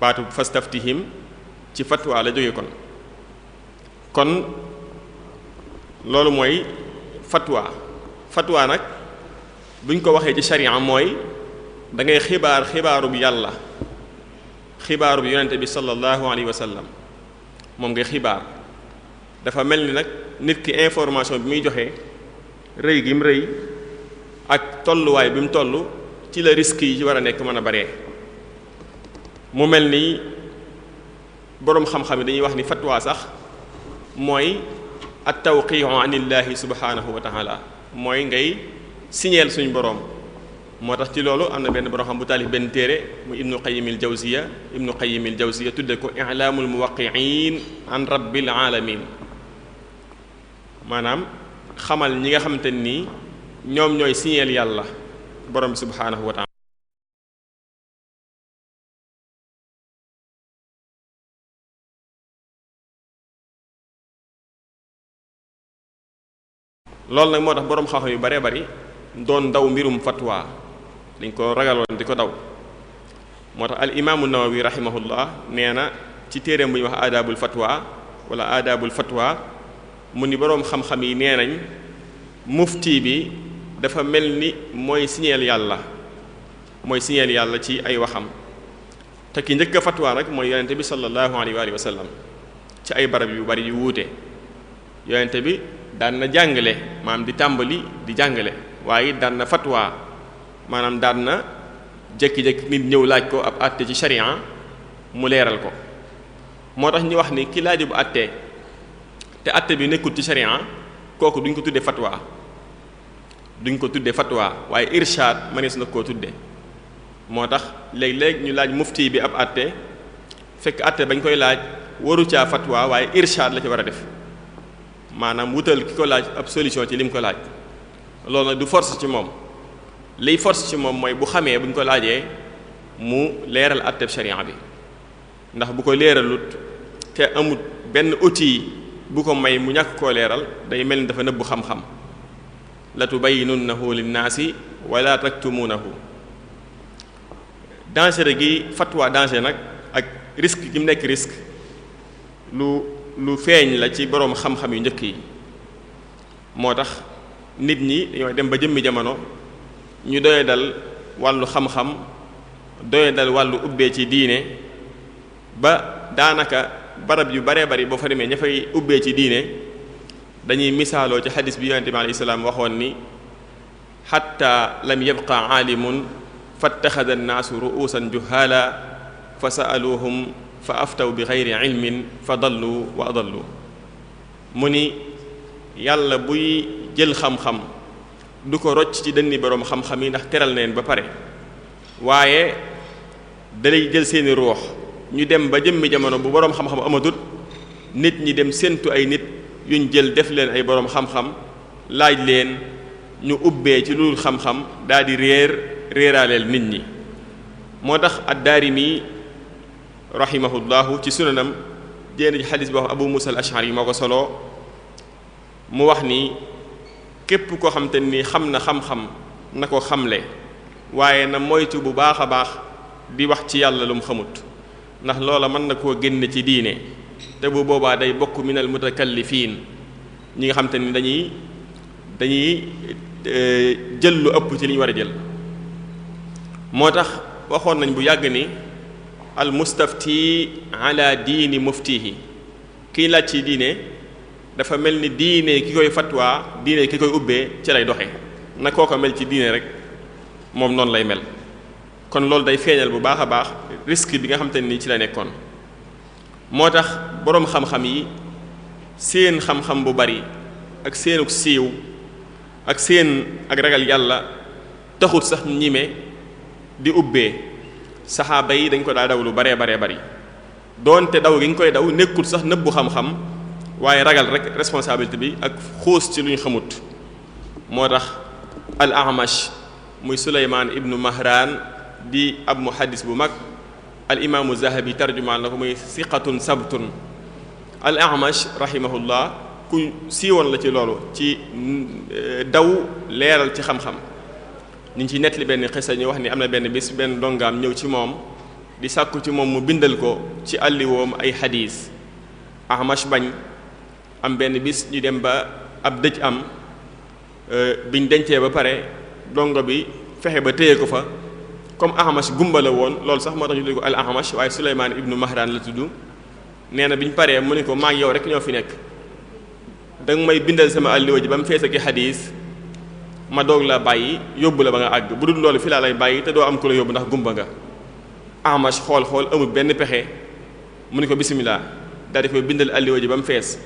baatu fastaftihim ci fatwa la jóge kon kon loolu mooy fatwa fatwa nag buñ ko waxee ci sharia mooy dangay ngay xibaar xibaaru yàlla xibaaru bi yonente bi sallallahu alayhi wa moom ngay xibaar dafa mel ni nag nit ki information bi muy joxe rëy gi mu rëy ak tolluwaay bi mu toll ci la risque yi ci war a nekk mën a bare mu mel ni boroom xam-xam yi dañuy wax ni fatwaa sax mooy at tawqiu an illahi subhanahu wa taala mooy ngay signeel suñu boroom moo tax ci loolu am na benn borom xam bu taalif benn téere mu ibnu qayimil jawziya ibnu qayimil jawziya tudde ko ilaamul muwaqiin an rabbil maanaam xamal ñi nga xamante nii ñoom ñooy siñeel yàlla borom bi subhaanahu wa taala loolu nag moo tax boroom xam-xam yu bare bari doon daw mbirum fatwa dañ ko ragaloon di ko daw moo tax al imaamu nawawi rahimahullah nee na ci téere bu ñuy wax aadaabul fatwa wala adaabul fatwa mu ni boroom xam-xam yi nee nañ mufti bi dafa mel ni mooy signeel yàlla mooy signeel yàlla ci ay waxam te ki njëkk a fatwa rek mooy yonente bi sallallahu alayhi wa sallam ci ay barab yu bari yu wuute yonente bi daan na jàngale maam di tàmbali di jàngale waaye daan na fatwa maanaam daan na jékki-jékki nit ñëw laaj ko ab àtte ci sharia mu leeral ko moo tax ñu wax ni ki laaj bu atte te àtte bi nekkul ci sharia kooku duñ ko tuddee fatwa duñ ko tuddee fatwa waaye irshaad manees na koo tudde moo tax léeg-léeg ñu laaj mufti bi ab àtte fekk àtte bañ koy laaj waru caa fatwa waaye irshaad la ci war a def maanaam wutal ki ko laaj ab solution ci lim ko laaj loolu na du force ci moom liy force ci moom mooy bu xamee buñ ko laajee mu leeral atteb sharia bi ndax bu ko leeralut te amut benn outil bu ko may mu ñàkk koo leeral day mel ni dafa nëbbu xam-xam la tubayyinunnahu linnaasi na taktumunahu danger gi fatwa danger nag ak risque gi mu nekk risque lu lu feeñ la ci boroom xam-xam yu njëkk yi moo tax nit ñi dañoo dem ba jëmmi jamono ñu doye dal wàllu xam-xam doye dal wàllu ubbee ci diine ba daanaka barab yu baree bari boo fa demee ña fay ubbee ci diine dañuy misaaloo ci xadis bi yonente bi alayhi salaam waxoon ni xatta lam yabqa aalimun fattaxada annaasu ru'uusan juhaala fa sa'aluuhum fa aftaw bi xayri ilmin fa dallu wa adallu mu ni yàlla buy jël xam-xam du ko rocc ci dënni boroom xam-xam yi ndax teral na leen ba pare waaye dalay jël seeni ruux ñu dem ba jëmmi jamono bu boroom xam-xam amatut nit ñi dem séentu ay nit yuñ jël def leen ay boroom xam-xam laaj leen ñu ubbee ci lu xam-xam daal di réer réeraaleel nit ñi moo tax ad-Daarimi rahimahullahu ci sunanam jéen ji xadis boo xam Abu Musa al yi moo ko solo mu wax ni képp koo xam te ni xam na xam-xam na ko xamle waaye na moytu bu baax a baax bi wax ci yàlla lu mu xamut ndax loola mën na koo génn ci diine te bu boobaa day bokk minal mutakallifiin ñi nga xam ni dañuy dañuy eh, jël lu ëpp ci li war a jël moo tax waxoon nañ bu yàgg ni al mustafti ala diini muftihi kiy laaj ci diine dafa mel ni diine ki koy fatwaa diine ki koy ubbee ci lay doxe na koo ko mel ci diine rek moom noonu lay mel kon loolu day feeñal bu baax a baax risque bi nga xam te nii ci la nekkoon moo tax boroom xam-xam yi seen xam-xam bu bari ak seenuk siiw ak seen ak ragal yàlla taxut sax ñime di ubbee saxaaba yi dañ ko daa daw lu baree baree bari doonte daw gi ñu koy daw nekkul sax nëbbu xam-xam waaye ragal rek responsabilité bi ak xuus ci lu ñu xamut moo tax al Amash muy Suleymaan ibnu Mahran di ab muhaddis bu mag al imaamu Zahabi tarjumaan la ko muy siqatun sabtun al Amash rahimahullah ku siiwoon la ci loolu ci eh, daw leeral ci xam-xam ñu ngi ci nettali benn xisa ñu wax ni am na benn bis benn dongaam ñëw ci moom di sàkku ci moom mu bindal ko ci àlliwoom ay xadiis Ahmash bañ am benn bis ñu dem ba ab dëj am euh, biñ dencee ba pare dongo bi fexe ba téye ko fa comme ahamash gumba la woon loolu sax moo tax ñu tudd ko al ahamash waaye suleymaan ibnu mahran la tudd nee bi ñu paree mu ne ko maa ngi yow rek ñoo fi nekk danga may bindal sama alliwa ji ba mu fees ak i xadiis ma doog la bàyyi yóbbu la ba nga àgg bu dul loolu fi laa lay bàyyi te doo am ku la yóbbu ndax gumba nga ahamash xool xool amul benn pexe mu ne ko bisimilah daal di koy bindal ji ba mu fees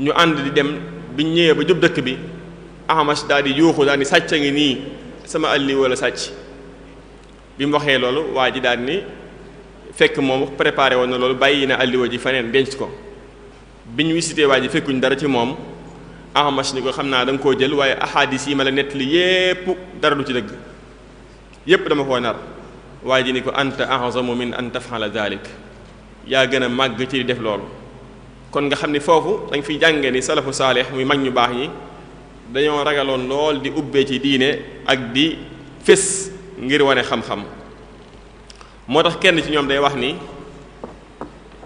ñu ànd di dem biñ ñëwee ba jub dëkk bi Ahmas daal di yuuxu daal di sàcc a ngi nii sama àlli walla sàcc bi mu waxee loolu waa ji daal ni fekk moom préparé woon na loolu bàyyi na àlliwa ji feneen denc ko biñ wisitee waa ji fekkuñ dara ci moom Ahmas ni ko xam naa da nga koo jël waaye ahadis yi ma la nettali yépp dara du ci dëgg yépp dama koo nar waaye ji ni ko anta ahazamu min an tafala dalik yaa gën a màgg ci di def loolu kon nga xam ni foofu dañ fiy jànge ni salafu saalix muy mag ñu baax ñi dañoo ragaloon lool di ubbee ci diine ak di fés ngir wane xam-xam moo tax kenn ci ñoom day wax ni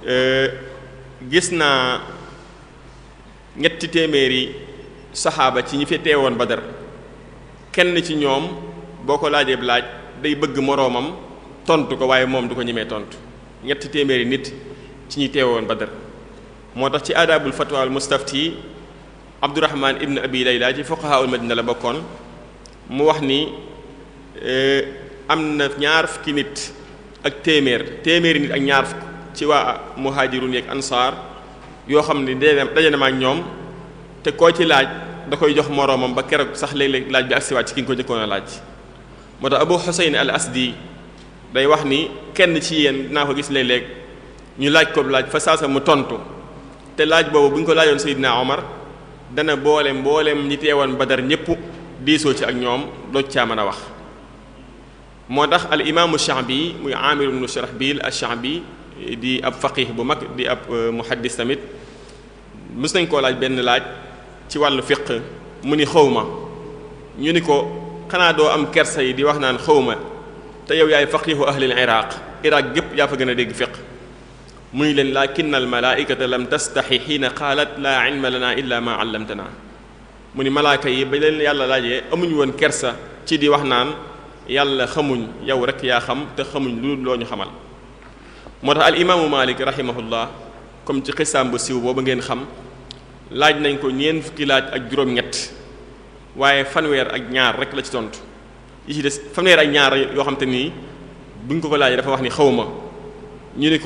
euh, gis naa ñetti téeméeri saxaaba ci ñi fi teewoon Badar kenn ci ñoom boo ko laajeeb laaj day bëgg moroomam tontu ko waaye moom du ko ñemee tontu ñetti téeméeri nit ci ñi teewoon Badar moo tax ci aadaabul fatwa al mustafti abdurahman ibn abi layla ci fuqaha al madina la bokkoon mu wax ni eh, am na ñaar fukki nit ak téeméer téeméeri nit ak ñaar fukk ci waa muhajirun yeeg ansaar yoo xam ne daje na ma ak ñoom te koo ci laaj da koy jox moroomam ba keroog sax léeg laaj bi agsiwaat ci ki nga ko njëkkoon a laaj moo tax abu xuseyn al asdi day wax ni kenn ci yéen naa ko gis léeg-léeg ñu laaj ko laaj fa saasa mu tontu te laaj boobu bu ñu ko laajoon Seydina Omar dana boole mbooleem ñi teewoon Badar ñëpp diisoo ci ak ñoom doj caa mën a wax moo tax al imaamu Sha'bi muy Amir ibn Shurahbil ash-Sha'bi di ab faqih bu mag di ab euh, muhaddis tamit mës nañ koo laaj benn laaj ci wàllu fiq mu ni ma ñu ni ko xanaa doo am kersa yi di wax naan xawma te yow yaay faqihu ahlil iraq iraq gépp yaa fa gën a dégg fiq mu ni leen lakin al malaikata lam tastaxi xiina qaalat laa ilma lana illa ma allamtana mu ni malaaka yi ba leen yàlla laajee amuñu woon kersa ci di wax naan yàlla xamuñ yow rek yaa xam te xamuñ lu loo ñu xamal moo tax al imaamu malik rahimahullah comme ci xisaam bu siw boobu ngeen xam laaj nañ ko ñeent fukki laaj ak juróom-ñett waaye fanweer ak ñaar rek la ci tontu yi ci des fanweer ak ñaar yoo xam te nii buñ ko ko laaj dafa wax ni xawma ñu ni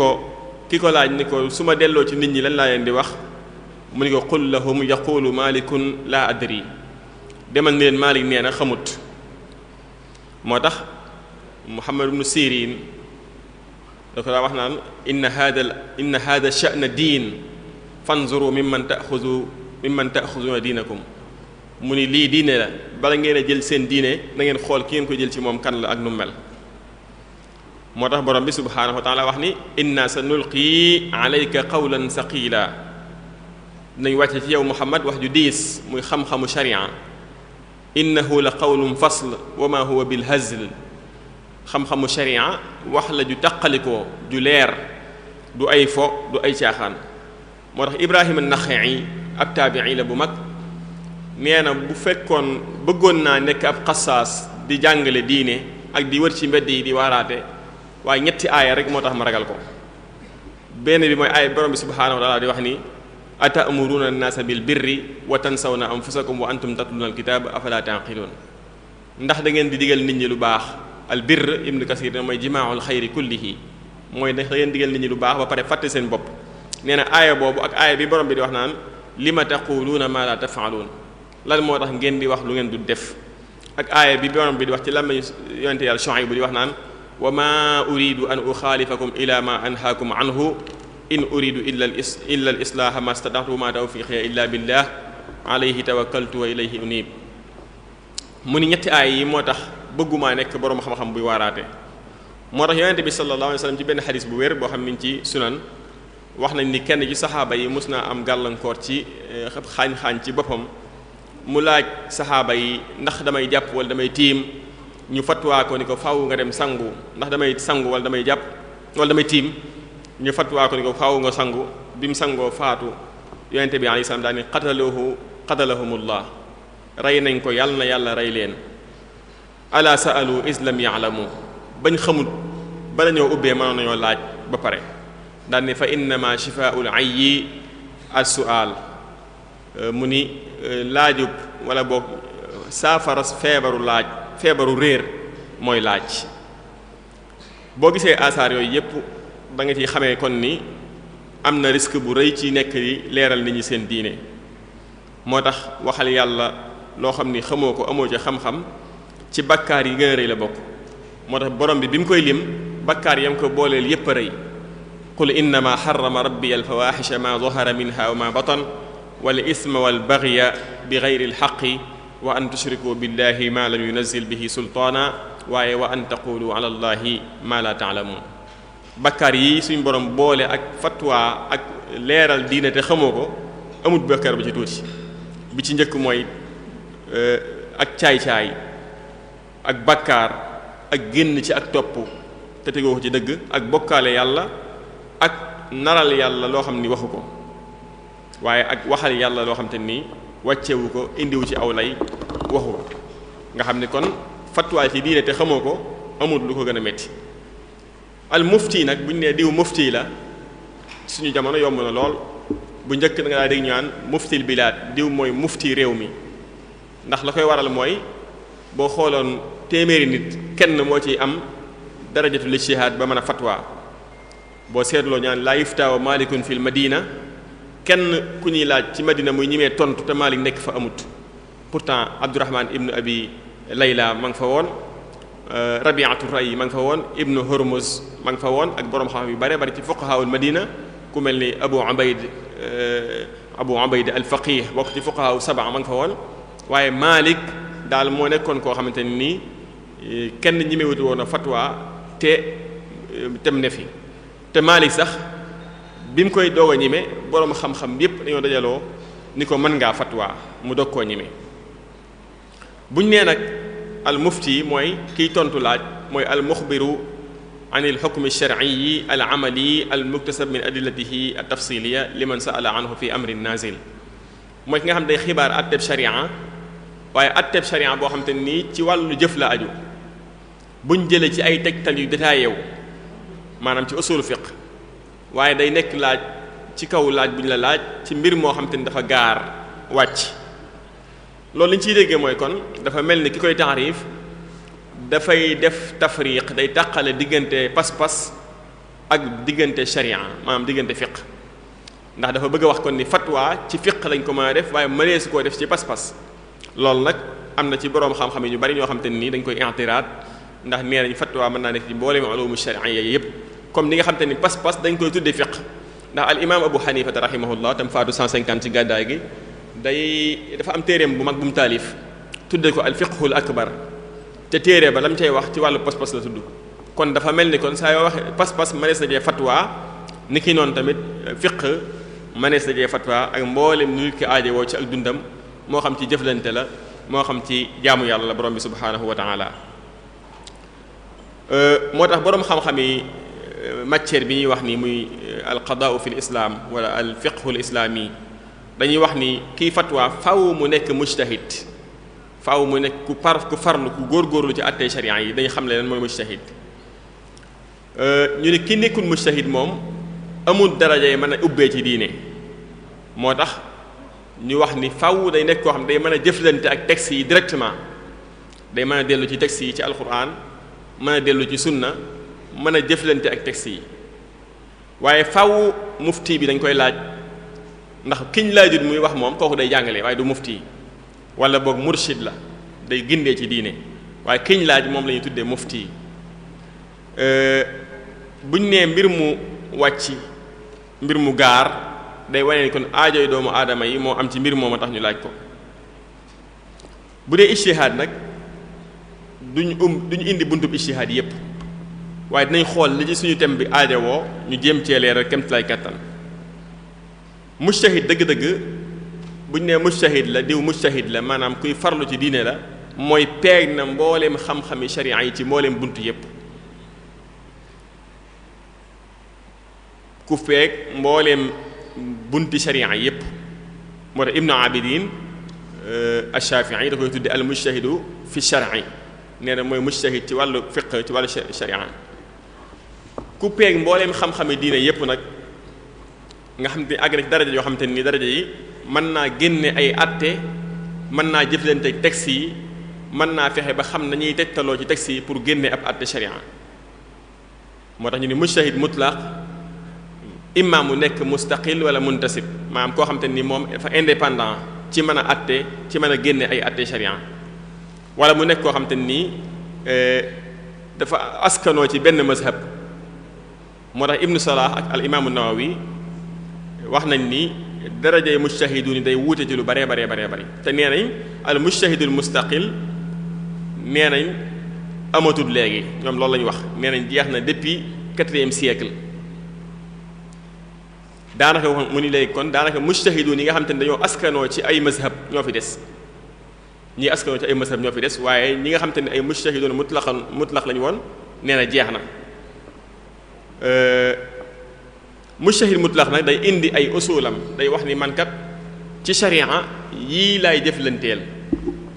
ki ko laaj ni ko su ma delloo ci nit ñi lañ laa leen di wax mu ni ko qul lahum yaqulu malikun laa adri demal ni leen maalik nee na xamut moo tax muhammad ibnu sirin da ko daa wax naan inna hada inna hada sha'na diin fanzuru mimman ta'xuzu mimman ta'xuzuna diinakum mu ni lii diine la bala ngeen a jël seen diine na ngeen xool ki ngeen ko jël ci moom kan la ak nu mel moo tax borom bi subhaanahu wa taala wax ni inna sa nulqi alayka qawlan saqila nañ wàcce yow muhammad wax ju diis muy xam-xamu sharia innahu la qawlun fasl wa ma huwa bil hazl xam-xamu sharia wax la ju taqalikoo ju leer du ay fo du ay caaxaan moo tax ibrahima naxeyi ab taabii la bu mag nee na bu fekkoon bëggoon naa nekk ab xasaas di jàngale diine ak di wër ci mbedd yi di waaraate waaye ñetti aaya rek moo tax ma ragal ko benn bi mooy aaya borom bi subhaanahu wa taala di wax ni atamuruna an-naasa bil birri wa tansawna anfusakum wa antum tatluna al-kitaaba afala taqilun ndax da ngeen di digal nit lu baax al birr ibnu kasir ne mooy jimaahul xayri kullihi mooy ndax da ngeen digal nit ñi lu baax ba pare fàtte seen bopp nee na aaya boobu ak aaya bi borom bi di wax naan lima taquluuna ma la tafaaluun lan moo tax ngeen di wax lu ngeen du def ak aaya bi borom bi di wax ci lan mañu yonente yàlla Shuayb bu di wax naan waa ma uridu an uxaalifakum ila ma anhaakum anhu in uridu illa illa al islaaha ma stataatu ma tawfiqiya illa billah alayhi tawakkaltu wa ilayhi unib mu ni ñetti aay yi moo tax bëggumaa nekk boroom xam-xam buy waaraate moo tax yonente bi sallallahu alayhi wasallam ci benn xadis bu wér boo xam ni ci sunan wax nañ ni kenn ci saxaaba yi mus naa am gàllankoor ci eh, xaañ-xaañ ci boppam mu laaj saxaaba yi ndax damay jàpp wala damay tiim ñu fatwaa ko ni ko faaw nga dem sangu ndax damay sangu wala damay jàpp wala damay tiim ñu fatwaa ko ni ko faaw nga sangu bi mu sangoo faatu yonente bi alayhi salaam daal ni qataluhu qatalahumullah rey nañ ko yàlla yàlla rey leen ala saalu islam yaalamu bañ xamul bala ñoo ubbee mënoon nañoo laaj ba pare daal ni fa innama shifaul ayyi as-su'al mu ni eh, laajub wala boog saafaras feebaru laaj feebaru réer mooy laaj boo gisee asaar yooyu yépp da nga ciy xamee kon ni am na risque bu rëy ci nekk yi leeral nit ñi seen diine moo tax waxal yàlla loo xam ni xamoo ko amoo ca xam-xam ci bakkaar yi gën a rëy la bokk moo tax borom bi bi mu koy lim bakkaar yam ko booleel yépp a rëy qul innama xarama rabbi alfawaxisha ma zahara minha wa ma batan wal isma wal bagya bi geyri alxaqi wa an tushriku billahi ma lam yunazil bihi sultaana waaye wa an taqulu ala allahi ma la taalamuun bakkaar yi suñ borom boole ak fatwa ak leeral diine te xamoo ko amut bakkaar ba ci tuuti bi ci njëkk mooy eh, ak caay-caay ak bakkaar ak génn ci ak topp te tegoo ko ci dëgg ak bokkaale yàlla ak naral yàlla loo xam ni waxu ko waaye ak waxal yàlla loo xam te nii wàccewu ko indiwu ci aw lay waxu nga xam ne kon fatwaay ci diine te xamoo ko amul lu ko gën a metti al mufti nag bu ñu nee diw mufti la suñu jamono yomb na lool bu njëkk da nga daa dégg ñu naan muftil diw mooy mufti réew mi ndax la koy waral mooy boo xooloon téeméeri nit kenn moo ciy am darajatu lijtihaad ba mën a fatwa boo seetloo ñaan laa yuftaawa maalikun fil madina kenn ku ñuy laaj ci Madina muy ñimee tontu te Maalik nekk fa amut pourtant Abdurrahman ibnu Abi Layla ma ngi fa woon euh, Rabi'atu Ray ma ngi fa woon ibnu Hurmuz ma ngi fa woon ak borom xam yu bare bari ci fuqahaul Madina ku mel ni Abu Ubayd euh, Abu Ubayd al-Faqih bokk ci fuqahawu sab'a ma ngi fa woon waaye Maalik daal moo nekkoon koo xamante ne nii kenn ñimewutu woon a fatwa te euh, tem ne fi te Maalik sax bi mu koy doog a ñime boroom xam-xam yépp dañoo dajaloo ni ko mën ngaa fatwa mu dog koo ñime buñ nee nag al mufti mooy kiy tontu laaj mooy al muxbiru an al xukmi sharciyi al amali al muktasab min adillatihi al tafsiliya liman saala anhu fi amrin nazil mooy ki nga xam day xibaar atteb sharia waaye atteb sharia boo xam te nii ci wàllu jëf la aju buñ jëlee ci ay tegtal yu détaillé wu maanaam ci usul fiqh waaye day nekk laaj ci kaw laaj bu ñu la laaj ci mbir moo xam te ni dafa gaar wàcc loolu li ñu ciy déggee mooy kon dafa mel ni ki koy taarif dafay def tafriq day tàqale diggante pas-pas ak diggante sharia maanaam diggante fiq ndax dafa bëgg a wax kon ni fatwa ci fiq lañ ko mën a def waaye mënees koo def ci pas-pas loolu nag am na ci boroom xam-xam yi ñu bari ñoo xam te ni dañ koy i'tiraad ndax nee nañ fatwa mën naa nekk ci mboolem ulum sharia yépp comme ni nga xam te ni pas-pas dañ koy tuddee fiq ndax al imam abu xanifata rahimahullah tam faatu ci gàddaay gi day dafa am téeréem bu mag bu mu taalif tuddee ko al fiqhul akbar te téere ba lam cay wax ci wàllu pas-pas la tudd kon dafa mel ni kon saa yoo waxee pas-pas mënees na cee fatwa ni ki noonu tamit fiq mënees na cee fatwa ak mboolem nit ki aaje woo ci ak dundam moo xam ci jëflante la moo xam ci jaamu yàlla la borom bi subhaanahu wa taala euh, moo tax borom xam yi matière bi ñuy wax ni muy euh, alqadaau fi l islaam wala al fiqhu l islaami dañuy wax ni kii fatwa faw mu nekk mujtahid faw mu nekk ku par ku farlu ku góorgóorlu ci àttee sharia yi dañu xam ne lan mooy mujtahid euh, ñu ne ki nekkul mujtahid moom amul daraja yi mën a ubbee ci diine moo tax ñu wax ni faw day nekk koo xam ne day mën a jëflante ak textes yi directement day mën a dellu ci textes yi ci alquran mën a dellu ci sunna mën a jëflante ak texte yi waaye faw mufti bi dañ koy laaj ndax kiñ laajut muy wax moom kooku day jàngale waaye du mufti wala boog murshid la day gindee ci diine waaye kiñ laaj moom la ñuy tuddee mufti buñ nee mbir mu wàcc mbir mu gaar day wane ni kon aajoy doomu aadama yi moo am ci mbir moom a tax ñu laaj ko bu dee ijtihaad nag duñ um duñ indi buntub ijtihaad yépp waaye dinañ xool li ci suñu thème bi aadawoo ñu jéem cee leeral kemt lay kattan mujtahid dëgg-dëgg buñ nee mujtahid la diw mujtahid la maanaam kuy farlu ci diine la mooy peeg na mbooleem xam-xami sharia yi ci mbooleem bunt yépp ku feeg mbooleem bunti sharia yépp moo tax ibnu abidin euh, ash-shafi'i da koy tudde al mujtahidu fi shar'i nee na mooy mujtahid ci wàllu fiqh ci wàllu sharia coupeeg mbooleem xam-xame diine yépp nag nga xam te àgg na ci daraja yoo xam te nii daraja yi mën naa génne ay atte mën naa jëflante texte yi mën naa fexe ba xam nañuy tegtaloo ci texte yi pour génne ab atte sharia moo tax ñu ne mujtahid mutlaq imam mu nekk mustaqil wala muntasib maanaam koo xam te ni moom dafa indépendant ci mën a atte ci mën a génne ay atte sharia wala mu nekk koo xam te ni eh, dafa askanoo ci benn mazhab moo tax ibnu salah ak al imaamu nawawi wax nañ ni darajay mujtahidun yi day wuute ci lu baree baree baree bëri te nee nañ al mujtahidul mustaqil nee nañ amatul léegi ñoom loolu la ñu wax nee nañ jeex na depuis quatrième siècle daanaka wax mu ni léegi kon daanaka mujtahidun yi nga xam te ne dañoo askanoo ci ay mazhab ñoo fi des ñii askanoo ci ay mazhab ñoo fi des waaye ñi nga xam te ne ay mujtahidun mutlaqan mutlaq lañu woon nee na jeex na Euh, mujtahid mutlaq nag day indi ay usulam day wax ni mankat ci sharia yii laay jëflanteel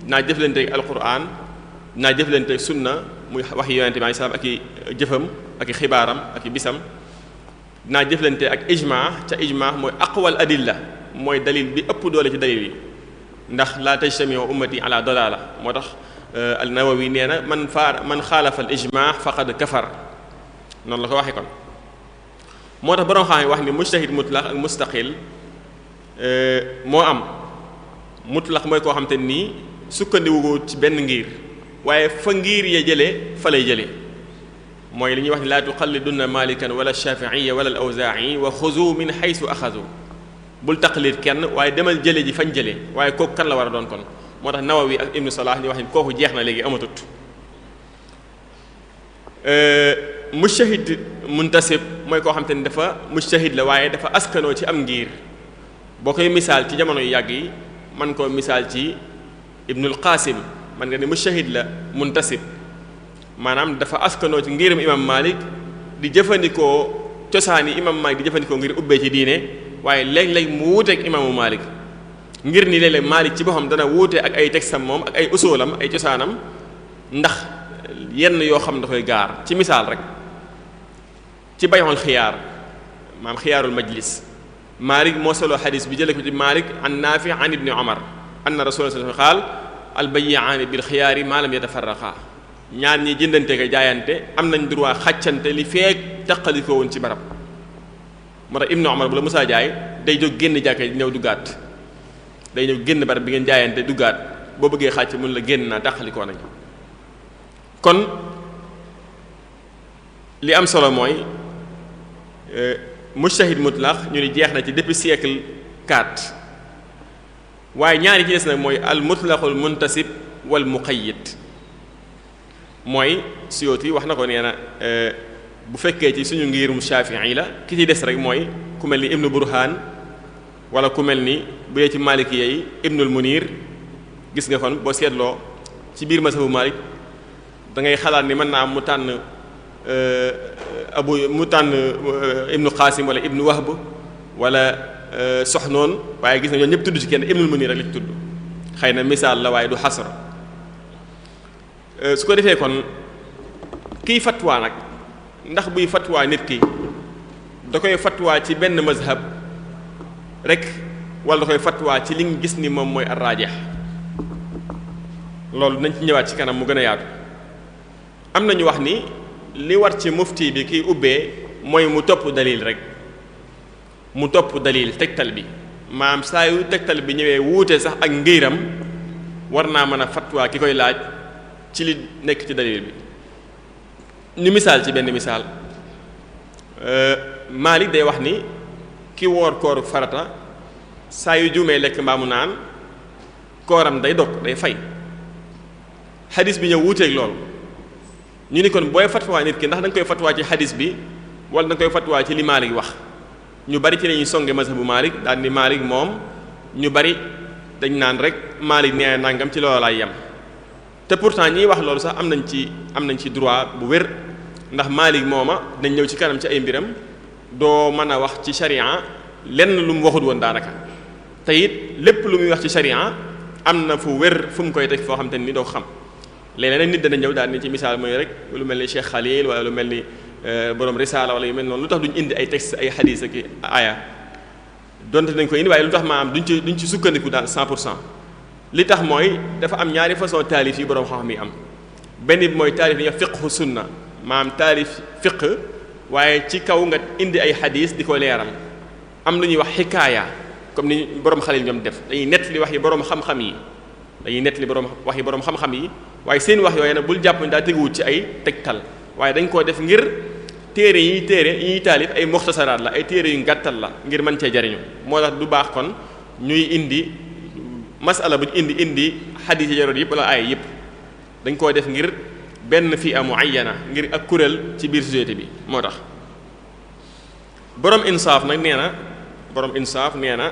naa jëflanteeg alquran naa jëflanteeg sunna muy wax yonente bi ak i jëfam ak i xibaaram ak i bisam naa jëflante ak ijma ca ijma mooy aqwal adilla mooy dalil bi ëpp doole ci dalil yi ndax la tajtamiu ummati ala dalala moo tax euh, al nawawi nee na man faar man xaalafa al ijma faqad kafar noonu la ko waxee kon moo tax borom xam wax ni mujtahid mutlaq ak mustaqil euh, moo am mutlaq mooy koo xam te nii sukkandiwu ci benn ngiir waaye fa ngiir ya jëlee fa lay jële mooy li ñuy wax ni laa tuqallidunna malikan wala shafiiya wala al awzaa'i wa xuzu min xaysu axazu bul taqlid kenn waaye demal jële ji fañ jëlee waaye kook kan la war a doon kon moo tax wi ak ibnu salah ñu wax ni kooku jeex na léegi amatut euh, mujtahid muntasib mooy koo xam te ni dafa mujtahid la waaye dafa askanoo ci am ngir boo koy misaal ci jamono yu yàgg yi man koo misaal ci ibnul qasim man nga ne mujtahid la muntasib maanaam dafa askanoo ci ngirum imam malik di jëfandikoo cosaan cosaani imam malik di jëfandikoo ngir ubbee ci diine waaye léeg-léeg mu wuuteeg imaamu malik ngir ni léeg-léeg malik ci boppam dana wuute ak ay tegsam moom ak ay usoolam ay cosaanam ndax yenn yoo xam da koy gaar ci misaal rek ci bay'ul xiyaar maam xiyaarul majlis Malik moo solo xadis bi jëlee ko ci Malik an Naafi bi ibni Omar anna rasulullah sallallahu alayhi wa sallam qaal al bayyi'aani bil xiyaari maa lam yatafarraqa ñaar ñi jëndante ko jaayante am nañ droit xàccante li feek taqalikoo woon ci barab moo tax ibni Omar bu la musaa jaay day jóg génn jàkka ñëw duggaat day ñëw génn barab bi ngeen jaayante duggaat boo bëggee xàcc mun la génn naa taqalikoo nañ kon li am solo mooy Euh, mujtahid mutlaq ñu ni jeex na ci depuis siècle 4 waaye ñaari ci des nag mooy al mutlaqul muntasib wal muqayyid mooy Suyuti wax na ko nee na euh, bu fekkee ci suñu ngirum Shafi'i la ki ci des rek mooy ku mel ni Ibnu Burhan wala ku mel ni bu dee ci Maliki yi Ibnul Munir gis nga kon boo seetloo ci biir masabu Malik da xalaat ni mën naa am mu tànn Euh, abu mu tànn euh, ibnu xaasim wala ibnu wahb wala euh, soxnoon waaye gis na ñoom ñëpp tudd ci kenn ibnul munir rek la ci tudd xëy na misaal la waaye du xasar su ko defee kon kiy fatwa nag ndax buy fatwa nit ki da koy fatwa ci benn mazhab rek wala da koy fatwa ci li nga gis ni moom mooy arraajeex loolu nañ ci ñëwaat ci kanam mu gën a yaatu am na ñu wax ni li war ci mufti bi kiy ubbee mooy mu topp dalil rek mu topp dalil tegtal bi maam saa yu tegtal bi ñëwee wuute sax ak ngiiram war naa mën a fatwaa ki koy laaj ci li nekk ci dalil bi ñu misaal ci benn misaal euh, Maalik day wax ni ki woor kooru farata saa yu juumee lekk mbaamu naan kooram day dog day fay xadis bi ñëw wuuteeg loolu ñu ni kon booy fatwaa nit ki ndax da koy fatwaa ci xadis bi wala da koy fatwaa ci li Maalik wax ñu bari ci la ñuy songe mazhabu Maalik daal ni Maalik moom ñu bari dañ naan rek Maalik nee nangam ci loolu laay yem te pourtant ñi wax loolu sax am nañ ci am nañ ci droit bu wér ndax Maalik mooma dañ ñëw ci kanam ci ay mbiram doo mën a wax ci sharia lenn lu mu waxut woon daanaka te lépp lu muy wax ci sharia am na fu wér fu mu koy teg foo xam te ni doo xam. léeg-léeg nag nit dana ñëw daal ni ci misaal mooy rek lu mel ni Cheikh Khalil wala lu mel ni euh, borom risaala wala yu mel noonu lu tax duñ indi ay texte ay xadiis ak aya donte nañ ko indi waaye lu tax maanaam duñ ci duñ ci sukkandiku daal 100 pour cent li tax mooy dafa am ñaari façon taalif yi borom xam-xam yi am benn bi mooy taalif yi nga fiqhu sunna maanaam taalif fiq waaye ci kaw nga indi ay xadiis di ko leeral am lu ñuy wax xikaaya comme ni borom Khalil ñoom def dañuy nett li wax yi borom xam yi dañuy nett li borom wax yi borom xam yi. waaye seen wax yooyu nag bul jàpp ne daa teguwut ci ay tegtal waaye dañ koo def ngir téere yi téere yi taalif ay muxtasaraat la ay téere yu gàttal la ngir mën cee jariñu moo tax du baax kon ñuy indi masala bu indi indi xadiis yi jaroot yëpp wala ay yëpp dañ koo def ngir benn fii a muayyana ngir ak kuréel ci biir société bi moo tax borom insaaf nag nee na borom insaaf nee na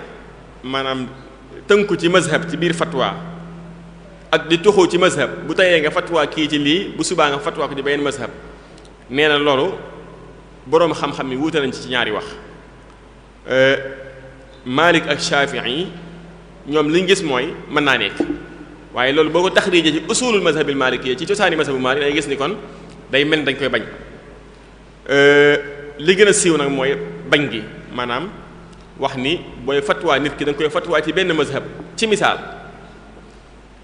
maanaam tënku ci mazhab ci biir fatwa ak di toxoo ci mazhab bu tayee nga fatwa kii ci lii bu subaa nga fatwa ko ba beneen mazhab nee na loolu boroom xam-xam mi wuute nañ ci ci ñaari wax euh, Malik ak yi ñoom liñ gis mooy mën naa nekk waaye loolu boo ko tax taxrijee ci usulul mazhabil maliki ci cosaani mazhabu Malik day gis ni kon day mel dañ koy bañ euh, li gën a siiw nag mooy bañ gi maanaam wax ni booy fatwa nit ki dañ koy fatwa ci benn mazhab ci misaal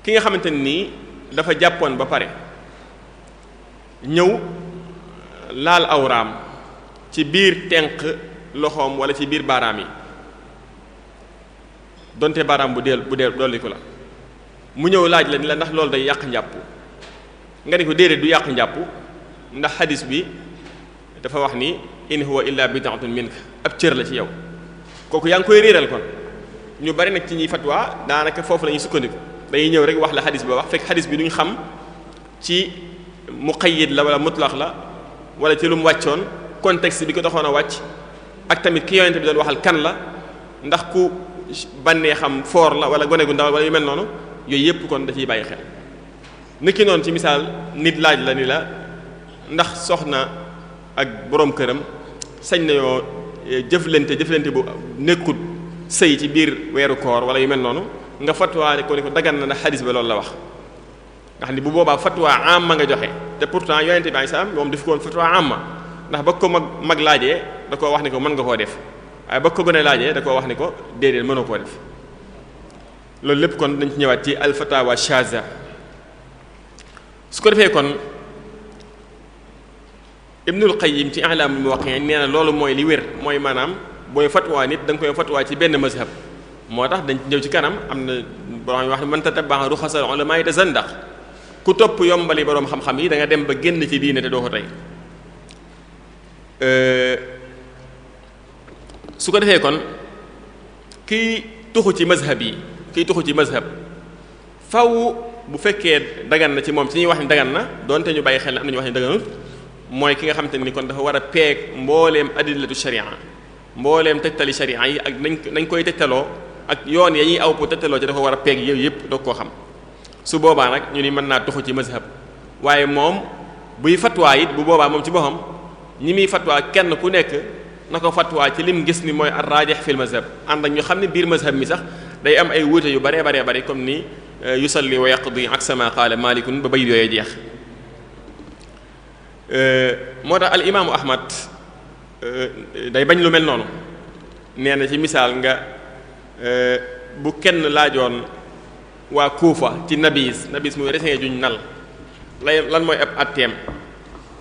ki nga xamante nii dafa jàppoon ba pare ñëw euh, laal awraam ci biir tenq loxoom wala ci biir baaraam yi donte baaraam bu del bu deel dolliku la mu ñëw laaj la ni la ndax loolu day yàq njàpp nga ni ko déedéet du yàq njàpp ndax xadis bi dafa wax ni in huwa illa bidatun minka ab cër la ci yow kooku yaa ngi koy réeral kon ñu bari nag ci ñuy fatwa daanaka foofu lañuy sukkandiku dañuy ñëw rek wax la xadis ba wax fekk xadis bi duñ xam ci muqayyid la wala mutlaq la wala ci lu mu wàccoon contexte bi ko doxoon a wàcc ak tamit ki yonente bi doon waxal kan la ndax ku bannee xam foor la wala gone gu ndaw wala yu mel noonu yooyu yëpp kon da ciy bàyyi xel niki noonu ci misaal nit laaj la ni la ndax soxna ak boroom këram sañ nañoo eh, jëflante jëflante bu nekkul sëy ci biir weeru koor wala yu mel noonu nga fatwaale ko ne ko dagan na na xadis ba loolu la wax nga xam ni bu boobaa fatwa amma nga joxe te pourtant yonente bi islam moom daf ko woon fatwa amma ndax ba ko mag mag laajee da koo wax ne ko mën nga koo def waaye ba ko gën laajee da koo wax ni ko déedéet mënoo koo loolu lépp kon dañ ci ñëwaat ci alfatawa shaza su ko defee kon ibnul qayyim ci mu muwaqqi'in nee na loolu mooy li wér mooy maanaam booy fatwa nit da nga koy fatwa ci benn mazhab moo tax dañ ñëw ci kanam am na borom wax ne man tatabaa ruxasal ulama yatazandaq ku topp yombali borom xam-xam yi da nga dem ba génn ci diine te doo ko tey euh, su ko defee kon kiy tuxu ci mazhab yi kiy tuxu ci mazhab faw bu fekkee dagan na ci moom ci ñuy wax ni dagan na donte ñu bàyyi xel ne am na ñu wax ni daganul mooy ki nga xam te ni kon dafa war a peeg mbooleem adillatu sharia mbooleem tegtali sharia yi ak nañ nañ koy tegtaloo ak yoon ya ñuy aw pour tëttaloo ci dafa war a peeg yooyu yëpp doog koo xam su boobaa nag ñu ni mën naa tuxu ci mazhab waaye moom buy fatwaa it bu boobaa moom ci boppam ñi muy fatwaa kenn ku nekk na ko fatwaa ci lim gis ni mooy ar-raajih fil mazhab ànd ak ñu xam ne biir mazhab mi sax day am ay wuute yu baree baree bari comme ni euh, yusalli wa yaqdi ak sama qaala maalikun ba bayit yooyu jeex euh, moo tax al imaamu ahmad euh, day bañ lu mel noonu nee ci misaal nga Eh, bu kenn laajoon waa Kuufa ci nabis nabis muy resin juñ nal lay lan mooy ab atteem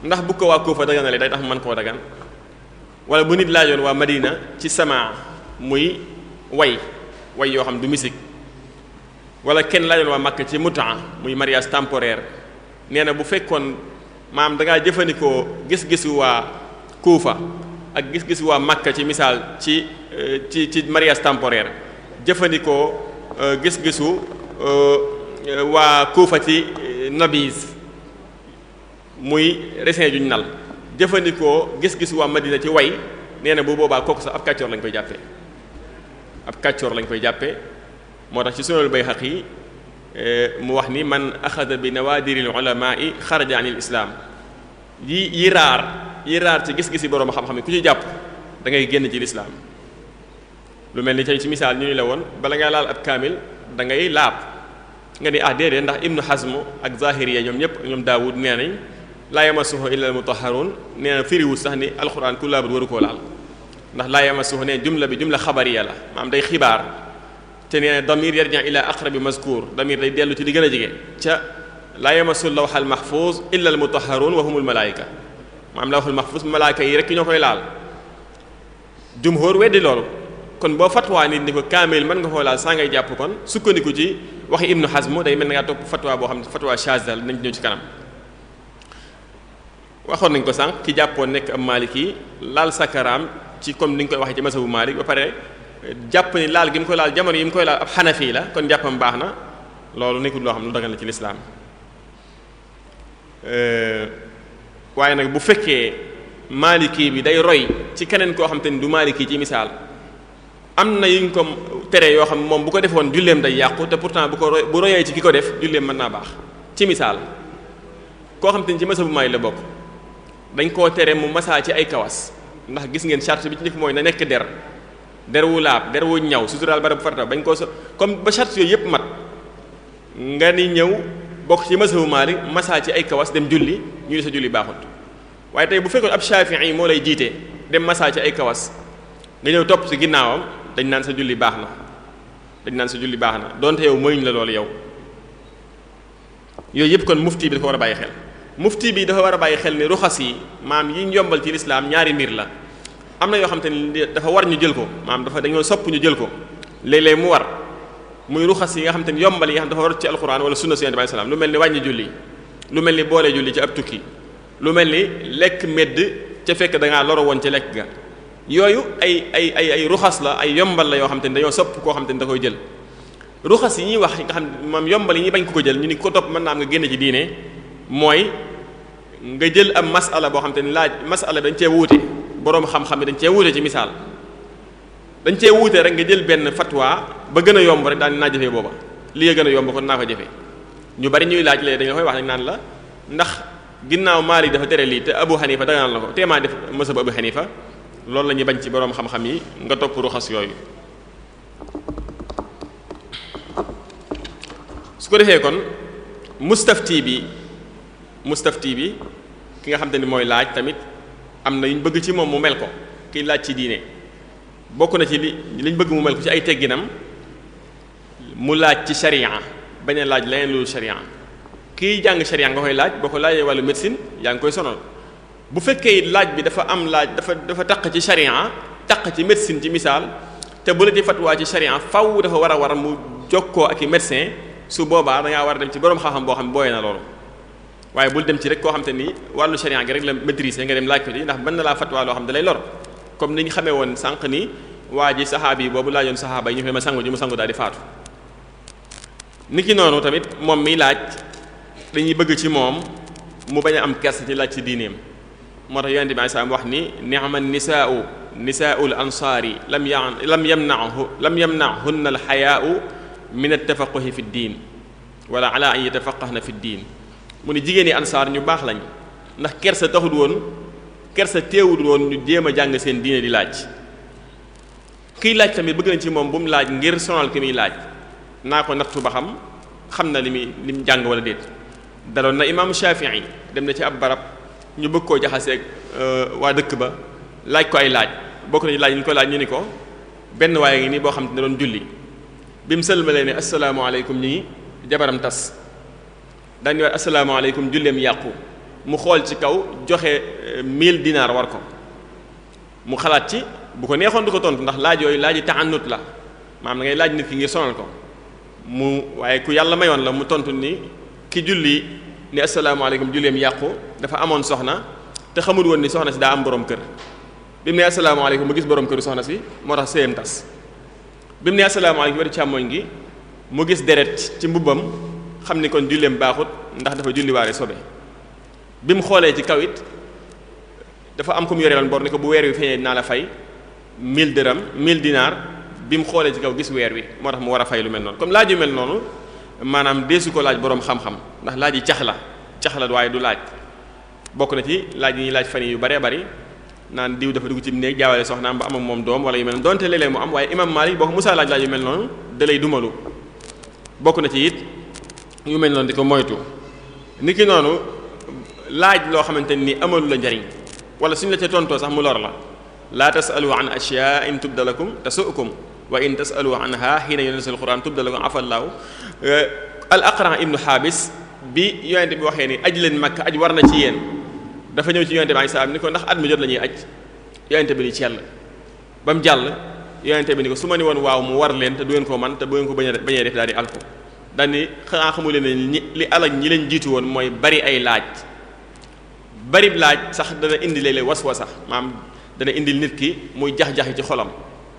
ndax bu ko waa Kuufa daganalee day tax man koo dagan wala bu nit laajoon waa Madina ci sama muy way way yoo xam du musique wala kenn laajoon waa Makka ci mutaa muy mariage temporaire nee na bu fekkoon maam dangaa ngaa jëfandikoo gis-gisu waa Kuufa ak gis-gisu waa Makka ci misaal ci ci ci mariage temporaire jëfandikoo euh, gis-gisu euh, euh, waa Kuufa ci nabis muy resin juñ nal jëfandikoo gis-gisu waa Madina ci way nee na bu boobaa kooku sax ab kàccoor lañ koy jàppee ab kàccoor lañ koy jàppee moo tax ci sunal Bayhaqi mu wax ni man axada bi nawaadiril ulamaai xaraja anil islaam yi yi raar yi raar ci gis-gisi boroom xam-xam yi ku ci jàpp dangay génn ci lislaam lu mel ni tey ci misaal ñu ni la woon bala ngaa laal ab kaamil da ngay laab nga ni ah déedéet ndax ibnu Hazm ak zahiriya ñoom ñëpp ñoom Daawud nee nañ laa yamassuhu illa al-mutahharun nee na firiwul sax ni alquran ku laabut waru koo laal ndax laa yamassuhu nee jumla bi jumla xabariya la maam day xibaar te nee na damir yarja ila aqrabi mazkur damir day dellu ci di gën a jege ca la yamassu lawha al-mahfuz illa al-mutahharun wa humul maam lawhul mahfuz malaayika yi rek ñoo koy laal jumhur weddi loolu kon boo fatwaa nit ni ko kaamil mën nga koo laal saa ngay jàpp kon sukkandiku ci waxi ibnu Hazm day mel na ngaa topp fatwa boo xam ne fatwa shaaz daal nañ ci ñëw ci kanam waxoon nañ ko sànq ci jàppoon nekk am maalik yi laal sakaraam ci comme ni nga koy waxee ci masabu maalik ba pare jàpp ni laal gi mu koy laal jamono yi mu koy laal ab xanafi la kon jàppam baax na loolu nekkul loo xam lu dagan la ci lislaam euh, waaye nag bu fekkee maaliki bi day roy ci keneen koo xam ni du maaliki ci misaal am na yuñ ko tere yoo xam moom bu ko defoon julleem day yàqu te pourtant bu ko bu royee ci ki ko def julleem mën naa baax ci misaal koo xam te ni ci masa bu maay la bokk dañ koo tere mu masaa ci ay kawas ndax gis ngeen charte bi ci njëkk mooy na nekk der der wu laab der wu ñaw suturaal barab farata bañ koo so comme ba charte yooyu yëpp mat nga ni ñëw bokk ci masabu maali masaa ci ay kawas dem julli ñu ne sa julli baaxut waaye tey bu fekkoon ab Shafi'i moo lay jiite dem masaa ci ay kawas nga ñëw topp si ginnaawam dañ naan sa julli baax na dañ naan sa julli baax na donte yow mayuñ la loolu yow yooyu yëpp kon mufti bi dafa war a bàyyi xel mufti bi dafa war a bàyyi xel ni ruxas yi maam yi ñu yombal ci lislaam ñaari mbir la am na yoo xam te ni dafa war ñu jël ko maam dafa dañoo sopp ñu jël ko léeg mu war muy ruxas yi nga xam te yombal yi nga xam dafa war ci alquran wala sunna si yonent bi salaam lu mel ni wàññi julli lu mel ni boole julli ci ab tukki lu mel ni lekk medd ca fekk da ngaa woon ca lekk yooyu ay ay ay ay ruxas la ay yombal la yoo xam te dañoo sopp koo xam te ne jël ruxas yi ñuy wax yi nga xam moom yombal yi ñuy bañ ko ko jël ñu ni ko topp mën naa am nga génne ci diine mooy nga jël am masala boo xam te ne laaj masala bi dañ cee wuute boroom xam-xam dañ cee wuute ci misaal dañ cee wuute rek nga jël benn fatwa ba gën a yomb rek daal naa jëfee booba li nga gën a yomb kon naa ko jëfee ñu bari ñuy laaj léegi dañ la koy wax rek naan la ndax ginnaaw Maalik dafa tere lii te Abu Hanifa daganal na ko téemaa def mësab Abu Hanifa loolu lañuy bañ ci boroom xam-xam yi nga topp ruxas yooyu su ko defee kon mustafti bi mustafti bi ki nga xam te ni mooy laaj tamit am na yu ñu bëgg ci moom mu mel ko kiy laaj ci diine bokk na ci li liñ bëgg mu mel ko ci ay tegginam mu laaj ci sharia bañ laaj leneen lu sharia kiy jàng sharia nga koy laaj boo ko laajee wàllu médecine yaa ngi koy sonal bu fekkee laaj bi dafa am laaj dafa dafa taq ci sharia taq ci médecine ci misaal te bu la ci fatwaa ci sharia faw dafa war a war a mu jokkoo ak i médecin su boobaa da war a dem ci boroom xam-xam boo xam booyee na loolu waaye bul dem ci rek koo xam te ni wàllu sharia gi la maîtriser nga dem laaj ko ci ndax mën na laa fatwaa loo xam da lay lor comme ni ñu xamee woon sànq ni waa ji saxaabi yi boobu laajoon saxaaba yi ñu fi ma sangu ji mu sangu daal di faatu niki noonu tamit moom miy laaj dañuy bëgg ci moom mu bañ a am kersa ci laaj ci diineem moo tax yonente bi alayhi salaam wax ni ni'ma nisaa'u nisaa'ul ansaari lam ya lam yamna'hu lam yamna'hunna al hayaa'u min at-tafaqquhi fi diin wala ala an yatafaqqahna fi diin mu ne jigéen yi ansaar ñu baax lañ ndax kersa taxul woon kersa teewul woon ñu jéem a jàng seen diine di laaj kiy laaj tamit bëgg nañ ci moom bu mu laaj ngir sonal ki muy laaj naa ko nattu ba xam xam na li muy li mu jàng wala déet daloon na imaamu Shaafi'i dem na ci ab barab ñu bëgg koo jaxaseeg euh, waa dëkk ba laaj ko ay laaj bokk nañu laaj ñu ko laaj ñu ni ko benn waaye ngi nii boo xam ne doon julli bi mu sëlmalee ne asalaamaaleykum ñi jabaram tas daañu wax asalaamaaleykum julleem yàqu mu xool ci kaw joxe 1000 euh, dinaar war ko mu xalaat ci bu ko neexoon du ko tontu ndax laaj yooyu laaj yi taxanut la maam da ngay laaj nit ki ngir sonal ko mu waaye ku yàlla mayoon la mu tontu ni ki julli. ni asalaamaaleykum julleem yàqu dafa amoon soxna te xamul woon ni soxna si daa am boroom kër bi mu ne asalaamaaleykum mu gis boroom këru soxna si moo tax sëyam tas bi mu ne asalaamaaleykum wetu mu gis deret ci mbubbam xam ni kon julleem baaxut ndax dafa julliwaare sobe bi mu xoolee ci kaw it dafa am ku mu yoreeloon bor ni ko bu weer wi feeñee dinaa la fay 1000 dërëm 1000 dinaar bi mu xoolee ci kaw gis weer wi moo tax mu war a fay lu mel noonu comme laaj yu mel maanaam deesu ko laaj boroom xam-xam ndax laaj yi cax la cax la waaye du laaj bokk na ci laaj yi laaj fan yu baree bari naan diw dafa dugg ci néeg jaawale soxnaam ba am moom doom wala yu mel noonu donte léeg am waaye imam Malik boo ko mel noonu da lay dumalu bokk na ci it yu mel noonu di ko moytu nit ki noonu laaj loo xamante ni amalu la njariñ wala suñ la ca tontoo sax mu lor la la tasalu an ashya'in tubdalakum tasu'kum wa in tasalu anha xiina yunzal alquran tubda lakum afallaahu eh, al aqran ibnu xaabis bi yonente bi waxee ni aj leen makka aj war na ci yéen dafa ñëw ci yonente bi ay salaam ni ko ndax at mu jot la ñuy aj yonente bi ni cell ba mu jàll yonente bi ni su ma ni woon waaw mu war leen te du ngeen ko man te bu ko bañ bañee def daal di alko daal xanaa xamu leen ne ñi li alak ñi leen jiitu woon mooy bari ay laaj bari laaj sax dana indi léeg-léeg was-wasa maam dana indil nit ki muy jax-jaxi ci xolam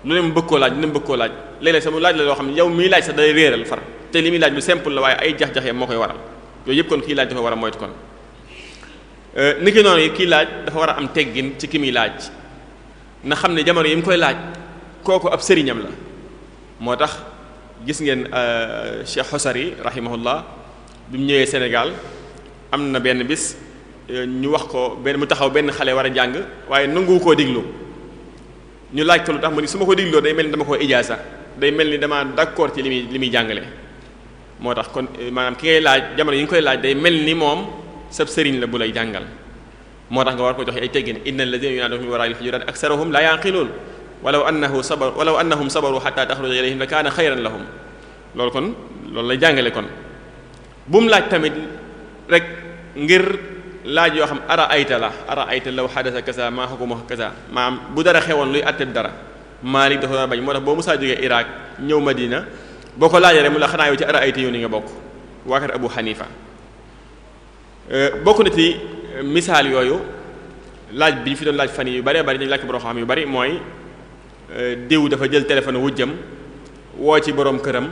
nu ne mu bëgg koo laaj nu ne mu bëgg koo laaj léeg-léeg sama laaj la loo xam ne yow miy laaj sax day réeral far te li muy laaj bu simple la waaye ay jax-jaxee moo koy waral yooyu yëpp kon kii laaj dafa war a moytu euh, kii laaj dafa war a am teggin ci ki muy laaj na xam ne jamono yi mu koy laaj kooku ab sëriñam la moo tax gis ngeen euh, Cheikh Xosari rahimahullah bi mu ñëwee Sénégal am na benn bis euh, ñu wax ko benn mu taxaw benn xale war a jàng waaye nanguwu koo diglu ñu laaj ko lu tax ma ni su ma ko dégloo day mel ni dama ko ijaasa day mel ni damaa d'accord ci li muy li muy jàngale moo tax kon eh, maanaam ki ngay laaj jamono yi nga koy laaj day mel ni moom sab sëriñ la bu lay jàngal moo tax nga war ko joxe ay teggin inna alladhina yunaduna min waraa'il hujurati aktharuhum la ya'qilun walaw annahu sabar walaw annahum sabaru hatta takhruja ilayhim la kaana khayran lahum loolu kon loolu lay jàngale kon bu mu laaj tamit rek ngir laaj yoo xam ara ayta la ara ayta law xadasa kasa maa xukuma kasa maanaam bu dara xewoon luy atteb dara Maalik dafa doon bañ moo tax boo Musaa jógee Irak ñëw Madina boo ko laajee rek xanaa yow ci ara ayta yow ni bokk waa kër Abu Xanifa euh, bokk na ci euh, misaal yooyu laaj bi fi doon laaj fan yu bëree bëri dañu laaj ko xam yu bëri mooy euh, diw dafa jël téléphone wujjam woo ci borom këram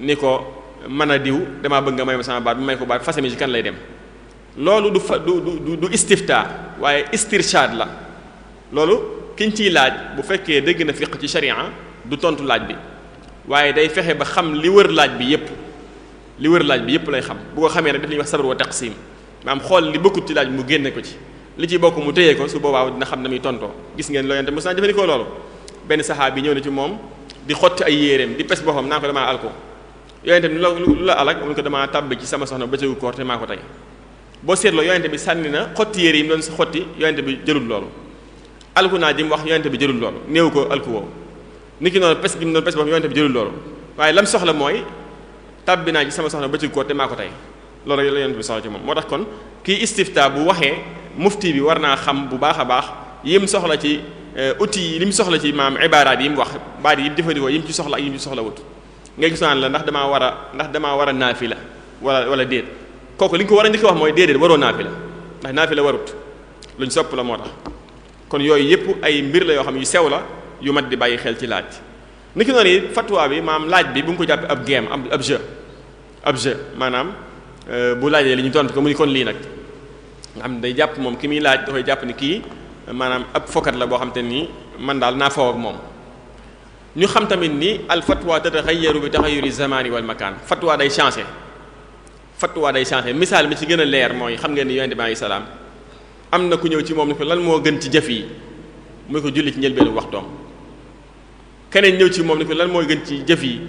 ni ko mën a diw dama bëgg nga may ma sama baat bu may ko baat fase mi ci kan lay dem loolu du fa du du du istifta waaye istirshad la loolu kiñ ciy laaj bu fekkee dégg na fiq ci sharia du tontu laaj bi waaye day fexe ba xam li wër laaj bi yépp li wër laaj bi yépp lay xam bu ko xamee nag daf ñuy wax sabr wa taqsim maanaam xool li bokkut ci laaj mu génne ci li ci bokk mu téye ko su boobaa dina xam na muy tontoo gis ngeen loo yante mos naa jëfandikoo loolu benn saxaa bi ñëw na ci moom di xotti ay yéeréem di pes boppam naa ko al ko yooyu itam lu la alak mun ko damaa tàbbi ci sama soxna bëccëgu koor te maa ko tey boo seetloo yonente bi sànni na xotti yére yi mu doon si xotti yonente bi jëlul loolu alku naa ji mu wax yonente bi jëlul loolu néew ko alku woowu nit ki noonu pes gi mu doon pes boo bi jëlul loolu waaye lam soxla mooy tàbbi naa ji sama soxna bëccëg ko te maa ko bi soxla moom moo tax kon kii istifta bu waxee mufti bi war naa xam bu baax a baax yim soxla ci eh, outil yi li mu soxla ci maam ibaaraat yi mu wax baat yi mu jëfandikoo yi mu ci soxla ak yi mu ci soxla wut nga gis naan la ndax damaa war a ndax damaa war a naafila wala wala déet kooku li ñu ko war a njëkk wax mooy déedéet waroo naafila ndax naafila warut luñ sopp la moo tax kon yooyu yëpp ay mbir la yoo xam yu sew la yu mat di bàyyi xel ci laaj ni ki noonu it fatwa bi maam laaj bi bu nga ko jàppee ab game ab ab jeu ab jeu maanaam euh, bu laajee li ñu tontu ko mu ni kon lii nag nga xam day jàpp moom ki muy laaj dafay jàpp ni kii maanaam ab fokat la boo xam te nii man daal naa faw ak moom ñu xam tamit ni al fatwa tataghayaru bi taghayyuri zamani wal makan fatwa day changer fattuwaa day changé misaal mi ci gën a leer mooy xam nga ni yonent bi alayhi salaam am na ku ñëw ci moom ni ko lan moo gën ci jëf yi muy ko julli ci njël njëlbeenu waxtoom keneen ñëw ci moom ni ko lan mooy gën ci jëf yi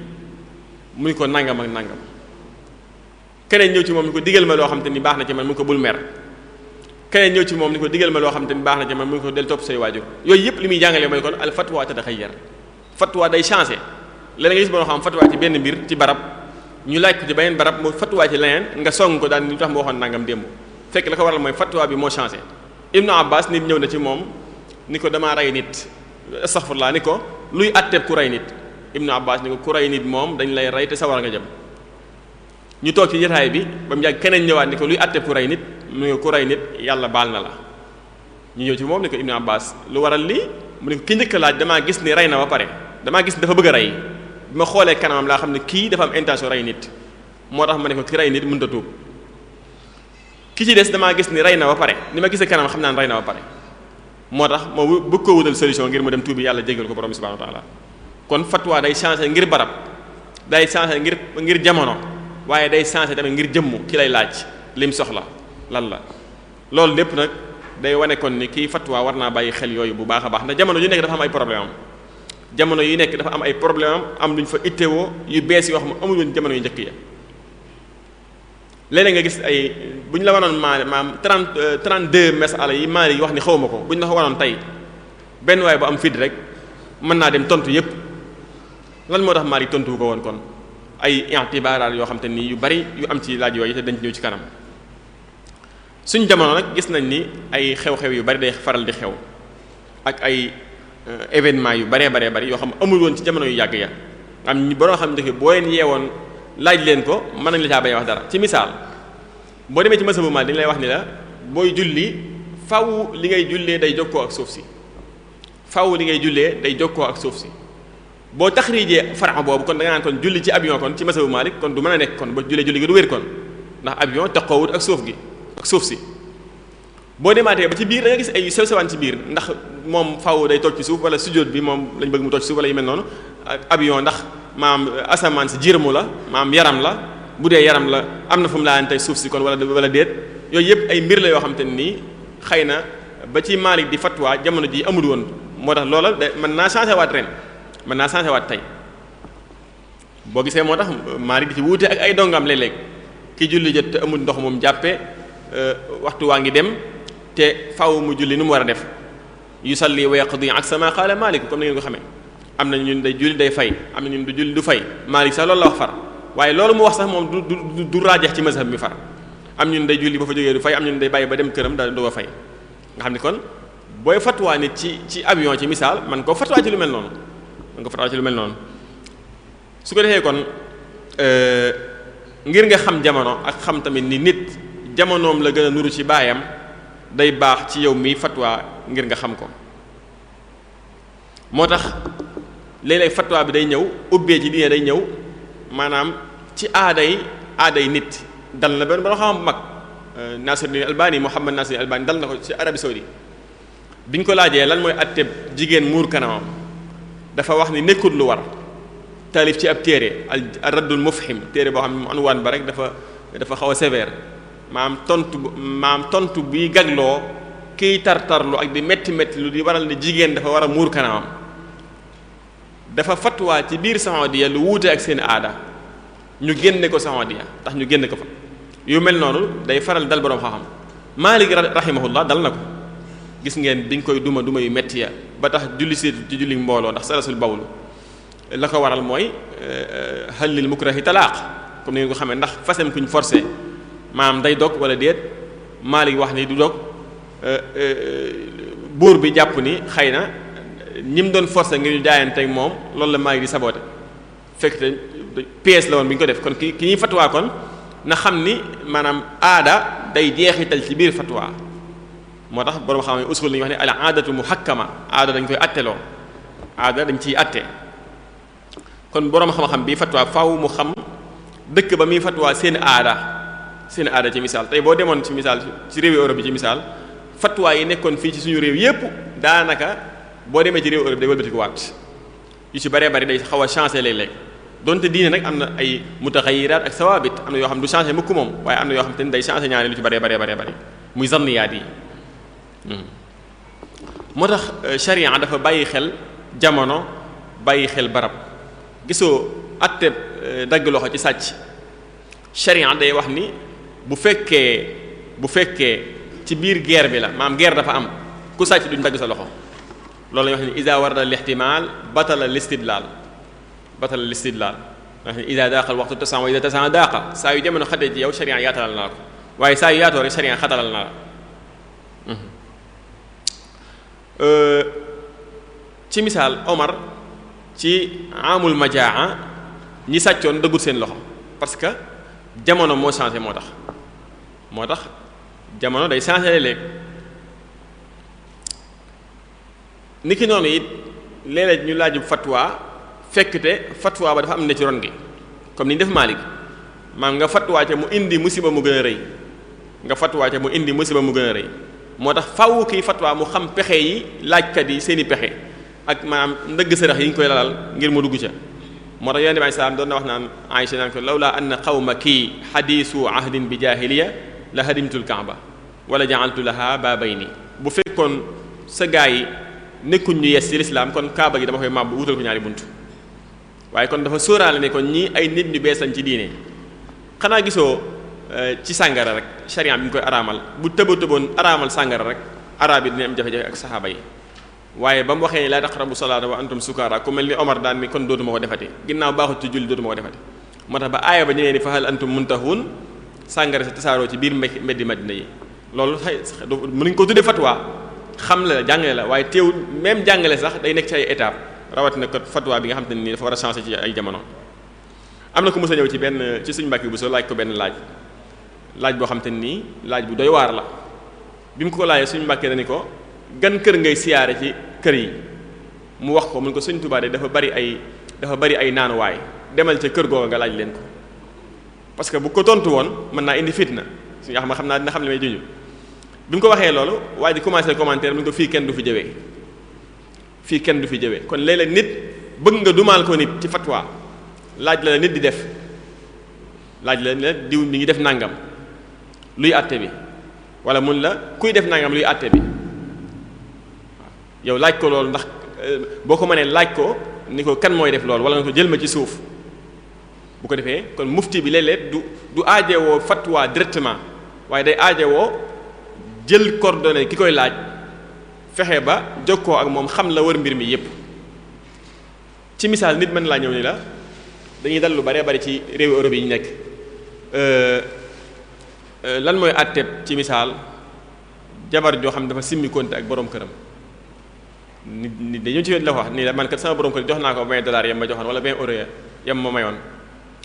muy ko nangam ak nangam keneen ñëw moom ni ko digal ma loo xam te ni baax na ci man mu ko bul mer keneen ñëw ci moom ni ko digal ma loo xam te baax na ci man del topp say waajur yooyu yëpp li muy jàngalee mooy kon al fatwa tadaxayyar fatwa day changé léeg-léeg nga gis boo xam fatwa ci benn mbir ci barab ñu laaj ko ci beneen barab mu fattuwaa ci leneen nga song ko daan ni tax ma waxoon nangam démb fekk la ko waral mooy fattuwaa bi moo changé ibnu abbas nit ñëw na ci moom ni ko damaa rey nit astaghfirullah ni ko luy atteeb ku rey nit ibnu abbas ni ko ku nit moom dañ lay rey te sawar nga jëm ñu toog ci jotaay bi ba mu yàgg keneen ñëwaat ni ko luy atteeb ku rey nit mu ne ko ku rey nit yàlla baal na la ñu ñëw ci moom ni ko ibnu abbas lu waral li mu ne ko ki njëkk laaj damaa gis ni rey na ba pare damaa gis ni dafa bëgg a rey bi ma xoolee kanamam laa xam ne kii dafa am intention rey nit moo tax ma ne ko ki rey nit mun a tuub ki ci des damaa gis ni rey na ba pare ni ma gisee kanam xam naa ne rey na ba pare moo tax ma bëgg koo wutal solution ngir mu dem tuubi yàlla jégal ko borom subhanahu wa ta'ala kon fatwa day changer ngir barab day changer ngir ngir jamono waaye day changer tamit ngir jëmm ki lay laaj lim soxla lan la loolu lépp nag day wane kon ni kii fatwa war naa bàyyi xel yooyu bu baax a baax ndax jamono ju nekk dafa ay problème am jamono yu nekk dafa am ay problème am am luñ fa ittewoo yu bees yoo xam ne amul jamono yu njëkk ya léeg nga gis ay bu ñu la waroon maale maam 30 32 masala yi maale yi wax ni xaw ma ko bu ñu la ko waroon tey benn waaye bu am fit rek mën naa dem tontu yépp lan moo tax maal yi tontu ko woon kon ay intibaaraal yoo xam te ni yu bari yu am ci laaj yooyu te dañ ci ñëw ci kanam suñ jamono nag gis nañ ni ay xew-xew yu bari day faral di xew ak ay. Euh, événement yu baree baree bari yoo xam amul woon ci jamono yu yàgg ya am boroo xam ne boo yee woon laaj leen ko mën nañ la caa bañ wax dara ci misaal boo demee ci masabu ma dañ lay wax ni la booy julli faw li ngay jullee day jokkoo ak suuf si faw li ngay jullee day jokkoo ak suuf si boo taxrijee faran boobu kon da nga naan kon julli ci avion kon ci masabu Malik kon du mën a nekk kon ba jullee julli gi du wér kon ndax avion taxawut ak suuf gi ak suuf si boo demaatee ba ci biir da gis ay sew sewaan ci biir ndax moom faw day toj ci suuf wala sujjóot bi moom lañ bëgg mu toj ci suuf wala yu mel noonu avion ndax maam euh, asamaan si jirmu la maam yaram la bu dee yaram la am na fu mu laante suuf si kon wala wala déet yooyu yëpp ay mbir la yoo xam te nii xëy na ba ci Malik di fatwa jamono ji amul woon moo tax loola da mën naa changé waat ren mën naa changé waat tey boo gisee moo tax maari di ci wuute ak ay dongam léeg-léeg ki julli jot amul ndox moom jàppee euh, waxtu waa ngi dem te faw mu julli nu mu war a def yu yusalli wa yaqdi ak sama qaala Malik comme ni ngeen ko xamee am na ñun day julli day fay am na ñun du julli du fay Malik sax loolu la wax far waaye loolu mu wax sax moom du du du raajax ci mazhab bi far am ñun day julli ba fa jógee du fay am ñun day bàyyi ba dem këram da du fay nga xam ni kon booy fatwaa nit ci ci avion ci misaal man ko fatwaa ci lu mel noonu man ko fatwaa ci lu mel noonu su ko defee kon euh, ngir nga xam jamono ak xam tamit ni nit jamonoom la gën a nuru ci baayam day baax ci yow mii fatwa ngir nga xam ko moo tax léeg-léeg fatwa bi day ñëw ubbee ci diine day ñëw maanaam ci aaday aaday nit dal na benn ba xam bu mag euh, Nasiruddin Albani Muhammad Nasiruddin Albani dal na ko ci Arabie Saoudite bi ñu ko laajee lan mooy àtteb jigéen muur kanamam dafa wax ni nekkut lu war taalif ci ab téere al raddul mufhim téere boo xam ne anwaan ba rek dafa dafa xaw a maam tontu maam tontu bi gagloo kiy tartarlu ak di métti métti lu di waral na jigéen dafa war a muur kanamam dafa fatwa ci biir Saudiya lu wuute ak seen aada ñu génn ko Saudiya tax ñu génne ko fa yu mel noonu day faral dal boroom xam-xam Maalik rahimahullah dal na ko gis ngeen diñ koy duma duma yu métti ya ba tax julli seetu ci julli mbooloo ndax salasul bawlu la ko waral mooy xallil euh, euh, mukrahi talaaq comme ni ngeen ko xamee ndax fasem kuñ maanaam day dog wala déet Maalik wax ni du dog euh, euh, buur bi jàpp ni xëy na ñim doon forcé ngir ñu jaayante moom loolu la Maalik di saboté fekk te pièce la woon bi ñu ko def kon ki ki ñuy fatwa kon na xam ni maanaam aada day jeexital ci biir fatwa moo tax borom xam ne usul lañuy wax ne al aada dañ koy atteloo aada dañ ciy atte kon borom xam-xam bi fatwa faw mu xam dëkk ba muy fatwa seen aada seen aada ci misaal tey boo demoon ci misaal ci réew Europe yi ci misaal fatwa yi nekkoon fii ci suñu réew yépp daanaka boo demee ci réew Europe day wëlbatiku waat yu ci baree bari day xaw a changer léeg-léeg donte diine nag am na ay mutaxayiraat ak sawaabit am na yoo xam du changer mukk moom waaye am na yoo xam te ni day changer ñaari lu ci baree baree baree bari muy zanniyaat yi hmm. moo tax charia euh, dafa bàyyi xel jamono bàyyi xel barab gisoo atte euh, dagg loxo ci sàcc charia day wax ni bu fekkee bu fekkee ci biir guerre bi la maam guerre dafa am ku sàcc duñ dagg sa loxo loolu la ñuy wax ne isa warada lixtimal batala listidlaal batala listidlaal wax ne isa daaqal waxtu tasan wa isa tasan daaqa saa yu jamono xatee ci yow sharia yaatalal naa ko waaye saa yu yaatoo rek sharia xatalal naa la mhm. ci misaal Omar ci amul majaa ñi sàccoon dëggut seen loxo parce que jamono moo changé moo tax moo tax jamono day changé ni ki noonu it léeg ñu laaj bu fatwa fekkte fatwa ba dafa am ne ci ron gi comme ni def Maalik maam nga fatwa ca mu indi musiba mu gën a rëy nga fatwa ca indi musiba mu gën a rëy moo tax faw kii fatwa mu xam pexe yi laajkat yi seeni pexe ak maanaam ndëgg sërëx yi ñu koy lalal ngir mu dugg ca moo tax yonent bi sallallahu alayhi wasallam doon na wax naan Aïcha naan ko lawla xaw ma kii xadiisu ahdin bi jaahiliya la harimtul kaaba wala ja'altu laha baabayni bu fekkoon sa gaa yi nekkuñ ñu yes ci lislaam kon kaaba gi dama koy màbb wutal ko ñaari bunt waaye kon dafa sóoraale ne kon ñii ay nit ñu bees lañ ci diine xanaa gisoo eh, ci sàngara rek sharia bi ñu koy araamal bu tëba tëboon araamal sàngara rek araab yi dina am jafe-jafe ak saxaaba yi waaye ba mu waxee ne laa taqrabu salaata wa antum sukaara ku mel ni Omar daan ni kon dootuma ko defati ginnaaw moo tax ba ba ñu nee ni fa hal sàngara sa tasaaroo ci biir mbeddi madina yi loolu xëy mënuñ ko dee fatwa xam la jàngale la waaye teewul même jàngale sax day nekk ci ay étape rawatina kat fatwa bi nga xam te nii dafa war a changer ci ay jamono. am na ku mës a ñëw ci benn ci suñu mbàkk bu soo laaj ko benn laaj laaj boo xam te nii laaj bu doy waar la bi mu ko laajee suñu mbàkkee dañu ko gan kër ngay siyaare ci kër yi mu wax ko mun ko suñ tubaab dafa bari ay dafa bari ay naanuwaay demal ca kër googa nga laaj leen ko. parce que bu ko tontu woon mën naa indi fitna suñu ma xam naa dina xam li may junju bi mu ko waxee loolu waaye di commencé commentaire mu ko fii kenn du fi jëwee fii kenn du fi jëwee kon léeg-léeg nit bëgg nga dumaal ko nit ci fatwa laaj la la nit di def laaj la ne diw mi ngi def nangam luy àtte bi wala mun la kuy def nangam luy àtte bi yow laaj ko loolu ndax euh, boo ko mënee laaj ko ni ko kan mooy def loolu wala nga ko jël ma ci suuf bu ko defee kon mufti bi léeg-léeg du du aajewoo fatwa directement waaye day aaje woo jël coordonnées ki koy laaj fexe ba jokkoo ak moom xam la wër mbir mi yépp ci misaal nit mën laa ñëw ni la dañuy dal lu bare bari ci réew Europe yi ñu nekk euh, euh, lan mooy àtteeb ci misaal jabar joo xam ne dafa simmi konte ak borom këram nit nit dañu ci yoon la wax nii la man kat sama borom kër jox naa ko vingt dollars yam ma joxoon wala vingt mayoon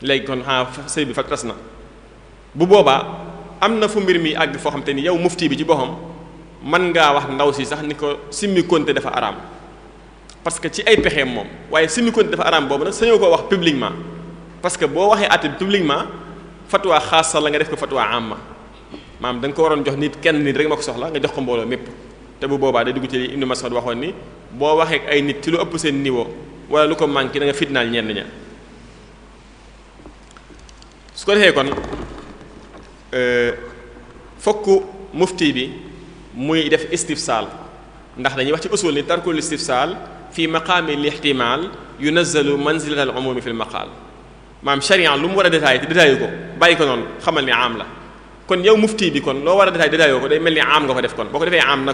léegi kon xanaa ah, sëy bi fag tas na bu boobaa am na fu mbir mi àgg foo xam te ni yow mufti bi ci boppam man ngaa wax ndaw si sax ni ko simmi konte dafa araam parce que ci ay pexeem moom waaye simmi konte dafa araam boobu nag sañoo ko wax publiquement parce que boo waxee àtte bi publiquement fatwa xaasa la nga def ko fatwa ma maam da nga ko waroon jox nit kenn nit rek ma ko soxla nga jox ko mbooloo mépp te bu boobaa day dugg ci Ibnu Mas'ud waxoon ni boo waxee ay nit ci lu seen niveau wala lu ko manqué da nga fitnaal ñenn ña su ko defee kon euh, fokk mufti bi muy def istifsal ndax dañuy wax ci usul ni tarkul istifsal fi maqaami lihtimal yunazzalu manzilat al umumi fi l maam sharia lu mu war a détaillé te ko bàyyi ko noonu xamal ni am la kon yow mufti bi kon loo war a détaillé détaillé ko day mel ni am nga ko def kon boo ko defee am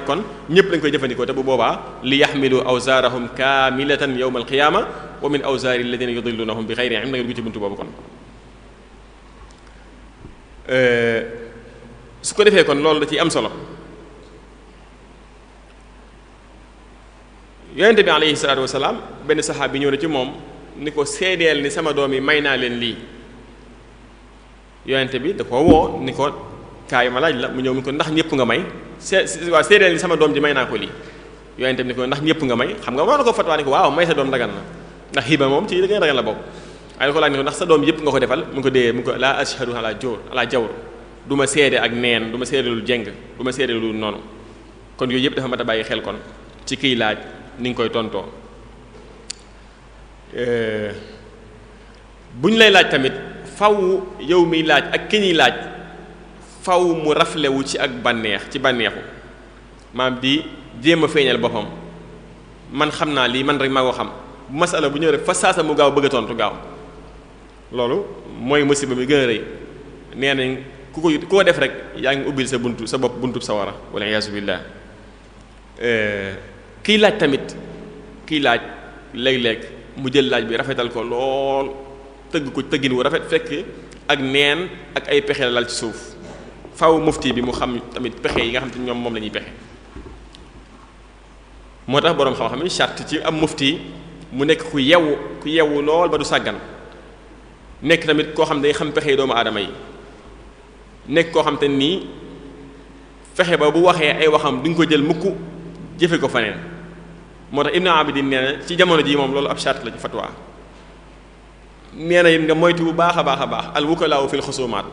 bu boobaa li yaxmilu awzaarahum kaamilatan yawma alqiyaama wa min awzaari alladina yudillunahum bi xayri ilm da ngeen ko buntu boobu kon Euh, su ko defee kon loolu da ciy am solo yonente bi aleyhi salaatu wasalaam benn saxaab bi ñëw na ci moom ni ko seedeel ni sama doom yi may naa leen lii yonente bi da ko woo ni ko kaay ma laaj la mu ñëw mu ko ndax ñëpp nga may see waaw seedeel ni doom ji may naa ko lii yonente bi ni ko ndax ñëpp nga may xam nga war na ko fatwaa ko waaw may sa doom dagan na ndax hiba moom ci da ngay dagan la bokk alxuraan ne ko ndax sa doom yëpp nga ko defal mu ko dee mu ko laa ashhadu ala jawr ala jawr du seede ak neen du ma seede lu jeng du ma seede lu noonu kon yooyu yëpp dafa mat a bàyyi xel kon ci kiy laaj ni nga koy tontoo bu ñu lay laaj tamit faw yow mi laaj ak ki ñuy laaj faw mu raflewu ci ak bànneex ci bànneexu maam bi jéem a feeñal boppam man xam naa lii man rek maa ko xam bu masala bu ñëw rek fa saasa mu gaaw bëgg a tontu gaaw loolu mooy musiba bi gën a rëy nee nañ ku ko koo def rek yaa ngi ubbil sa buntu sa bopp buntu sawara wala iyaasu billaah eh, kiy laaj tamit kiy laaj léeg-léeg mu jël laaj bi rafetal ko lool tëgg ko tëggin wu rafet fekk ak neen ak ay pexe la lal ci suuf faw mufti bi mu xam tamit pexe yi nga xam te ñoom moom lañuy pexe moo tax boroom xam-xam yi charte ci am mufti mu nekk ku yewu ku yewu lool ba du sàggan nekk tamit koo xam day xam pexe doomu aadama yi nekk koo xam te nii fexe ba bu waxee ay waxam duñ ko jël mukk jëfe ko faneen moo tax Ibn Abidin nee na ci jamono ji moom loolu ab charte la ci fatwa nee na nga moytu bu baax a baax a baax al la fil xusumaat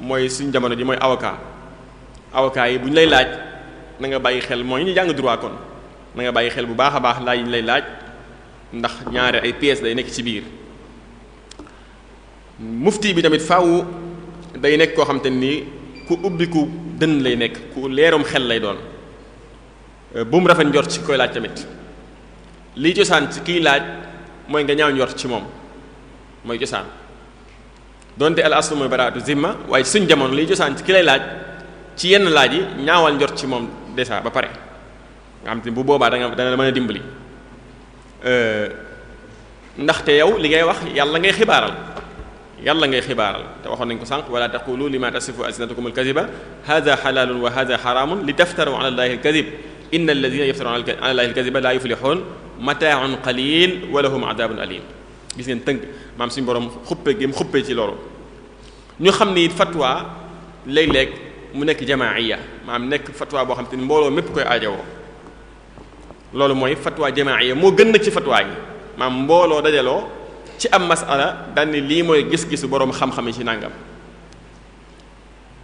mooy suñ jamono ji mooy avocat awokaa yi bu ñu lay laaj na nga bàyyi xel mooy ñu jàng droit kon na nga bàyyi xel bu baax a baax laaj yi ñu lay laaj ndax ñaare ay pièces day nekk ci biir mufti bi tamit faw day nekk koo xam te ni ku ubbi ku dënn lay nekk ku leerum xel lay doon euh, bu mu rafet njort ci koy laaj tamit lii cosaan ci kiy laaj mooy nga ñaaw njort ci moom mooy cosaan donte al aslu mooy baraatu zimma waaye suñ jamono lii cosaan ci ki lay laaj ci yenn laaj yi ñaawal njort ci moom déjà ba pare nga xam te bu boobaa da nga mën a dimbali euh, ndaxte yow li ngay wax yàlla ngay xibaaral yàlla ngay xibaaral te waxoon nañ ko sànq wala taqulu lima tasifu alsinatukum alkaziba hadha xalaalun wa hadha xaraamun li taftaru ala allahi alkazib inna alladina yaftaruna ala allahi alkaziba la yuflihun mataaun qalil wa lahum adabun alim gis ngeen tënk maam suñu borom xuppe gi mu xuppe ci loolu ñu xam ni fatwa léeg-léeg mu nekk jamaaiya maam nekk fatwa boo xam te ni mbooloo mépp koy aajowoo loolu mooy fatwa jamaaiya moo gën nag ci fatwa yi maam mbooloo dajaloo ci am masala daan ni lii mooy gis-gisu boroom xam-xam yi ci nàngam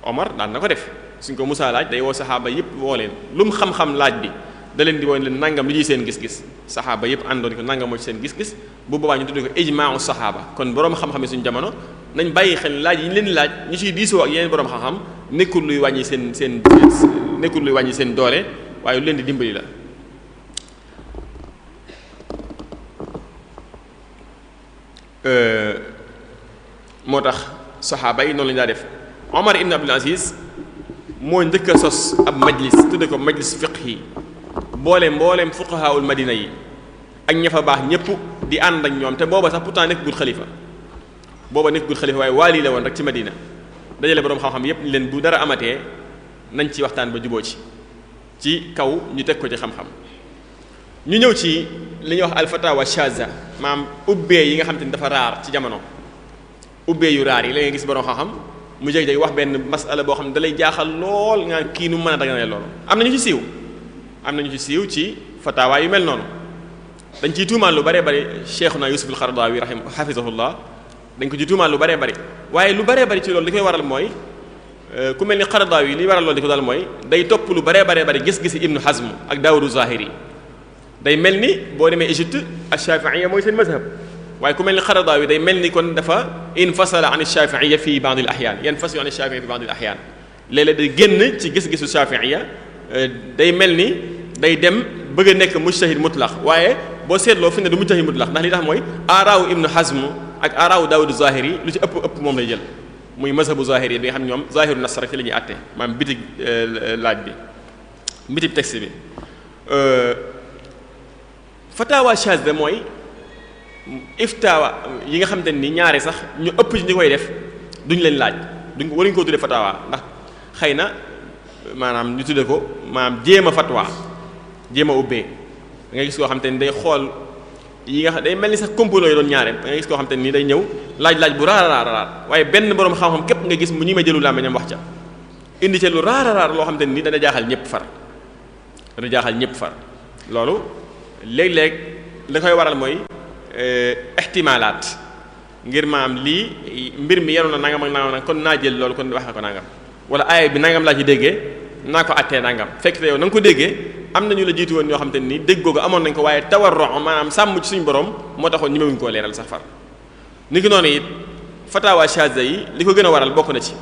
Omar daan na ko def suñ ko Musaa laaj day woo saxaaba yëpp woo leen lu xam-xam laaj bi da leen di woon leen nangam li di seen gis-gis saxaaba yëpp àndoon ko nangam ci seen gis-gis bu boobaa ñu tuddee ko ijmaa'u saxaaba kon boroom xam-xam yi suñu jamono nañ bàyyi xel laaj yi leen laaj ñu ciy diisoo ak yeneen boroom xam-xam nekkul luy wàññi seen seen nekkul luy wàññi seen doole waaye lu leen di dimbali la Euh, moo tax saxaaba yi noonu la ñu daa def Omar ibn Abdul Aziz moo njëkk a sos ab majlis tudde ko majlis fiqh yi boole mboolem fuqahaawul madina yi ak ña fa baax ñëpp di ànd ak ñoom te booba sax pourtant nekk gul xalifa booba nekk gul xalifa waaye waali la woon rek ci madina dajale boroom xam-xam yépp ni leen bu dara amatee nañ ci waxtaan ba juboo ci ci kaw ñu teg ko ci xam-xam ñu ñëw ci li ñuy wax alfatawa shaza maam ubbee yi nga xam te ni dafa raar ci jamono ubbee yu raar yi la gis borom xam mu jékki-jékki wax benn masala boo xam ne dalay jaaxal lool nga kii nu mën a dagana loolu am na ñu ci siiw am na ñu ci siiw ci fatawa yu mel noonu dañ ciy tuumaan lu bëree bëri cheikhuna yusuf al-Xaradawi rahim hafizahullah dañ ko ci tuumaan lu bëree bëri waaye lu bëree bëri ci loolu li koy waral mooy euh, ku mel ni Xaradawi li waral loolu di ko mooy day topp lu bëree bëree bëri gis-gisi ibnu hazm ak daawudu zahiri day mel ni boo demee Égypte ash-shafi'iyya mooy seen mazhab waaye ku mel ni Qaradaawi day mel ni kon dafa infasala an ash-shafi'iyya fi ba'd al-ahyan yanfasilu an ash-shafi'iyya fi ba'd al-ahyan léeg-léeg day génn ci gis-gisu shafi'iyya euh, day mel ni day dem bëgg a nekk mujtahid mutlaq waaye boo seetloo fi ne du mujtahid mutlaq ndax li tax mooy aaraawu Ibn Hazm ak aaraawu Daawud Zahiri lu ci ëpp ëpp moom lay jël muy mazhabu Zahiri yi bi nga xam ñoom Zahiru nas rek ci la ñuy àtte maanaam bitig euh, laaj bi bitig texte bi. Euh, fatawaa chazda mooy iftawa yi nga xam te ni ñaare sax ñu ëpp ñu koy def duñ leen laaj duñ waruñ koo tuddee fatawaa ndax xëy na maanaam ñu tudde ko maanaam jéem a fatwa jéem a ubbee da ngay gis koo xam te ni day xool yi nga xam day mel ni sax composants yi ñaare da koo xam te day ñëw laaj laaj bu raar raar waaye benn borom xam-xam képp nga gis mu ñi ma jëlu làmmiñam wax ca indi ca lu raar raar loo xam te ni dana jaaxal ñëpp far dana jaaxal ñëpp far loolu léeg-léeg la koy waral mooy eh, ixtimaalaat ngir maam lii mbir mi yenoon na nangam ak nangam kon naa jël loolu kon wax na ko nangam wala aaya bi nangam laa ci déggee naa ko attee nangam fekk te yow na nga ko déggee am na ñu la jiitu woon ñoo xam te ni dégg googu amoon nañ ko waaye tawarro maanaam sàmm ci suñu borom moo taxoon ñi mewuñ koo leeral sax ni ki noonu it fatawa shaza yi li ko gën a waral bokk na ci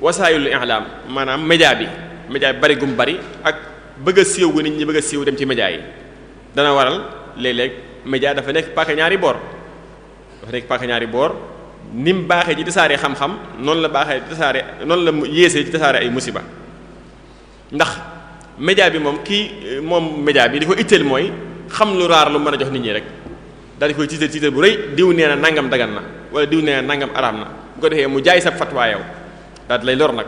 wasaayilul i'lam maanaam média bi média bi bari gum bari ak bëgg a siiw gu nit bëgg a dem ci média yi dana waral léeg-léeg dafa nekk paaka ñaari boor dafa nekk ñaari boor ni mu baaxee ci tasaare xam-xam noonu la baaxee ci tasaare noonu la yéesee ci tasaare ay musiba ndax média bi moom kii moom média bi di ko itteel mooy xam lu raar lu mën a jox nit ñi rek daal di koy tiital tiital bu rëy diw nee na nangam dagan na wala diw nee na nangam araam na bu ko defee mu jaay sa fatwaa yow daal di lay lor nag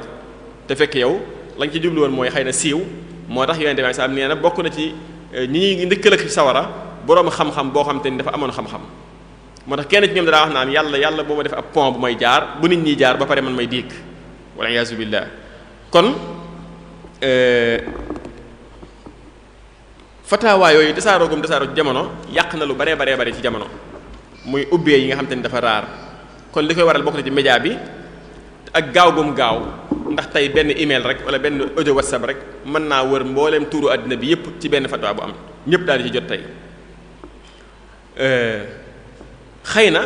te fekk yow la ci jublu woon mooy xëy na siiw moo tax yooyu bi sallallahu alayhi na bokk na ci Eh, ñi ñuy ndëkkal ak sawara boroom xam-xam boo xam te ni dafa amoon xam-xam moo tax kenn ci ñoom dara wax naan yàlla yàlla boo ma def ab pont bu may jaar bu nit ñiy jaar ba pare man may diig wala yaasu billah kon eh, fataawaa yooyu tasaaroo gum jamono yàq na lu baree baree bare ci jamono muy ubbee yi nga xam te ni dafa kon li koy waral bokk na média bi ak gaaw gum gaaw ndax tey benn email rek wala benn audio whatsapp rek mën naa wër mbooleem tuuru àddina bi yépp ci benn fatwa bu am ñépp daal di ci jot tey euh, xëy na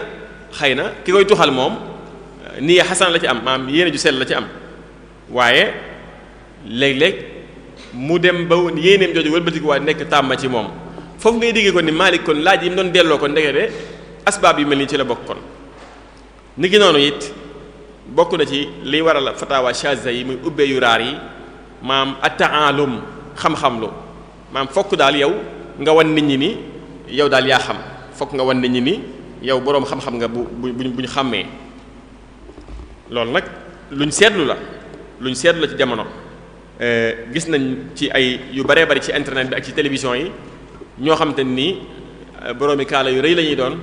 xëy na ki koy tuxal moom euh, nii xasan la ci am maam yéene ju sell la ci am waaye léeg-léeg mu dem ba yéeneem jooju wëlbatiku waa nekk tàmma ci moom foofu ngay déggee ko ni Maalik kon laaj yi mu doon delloo ko ndege de asbaab yu mel nii ci la bokk kon ni gi noonu it bokk na ci liy waral fatawa shaza yi muy ubbee yu raar yi maam ataalum xam-xam lu maam fokk daal yow nga wan nit ñi ni yow daal yaa xam fokk nga wan nit ñi ni yow boroom xam-xam nga bu bu buñ ñu xàmmee loolu nag luñ seetlu la luñ seetlu la ci jamono euh, gis nañ ci ay yu baree bari ci internet bi ak ci télévision yi ñoo xam te ni euh, boroomi kaala yu rey la ñuy doon.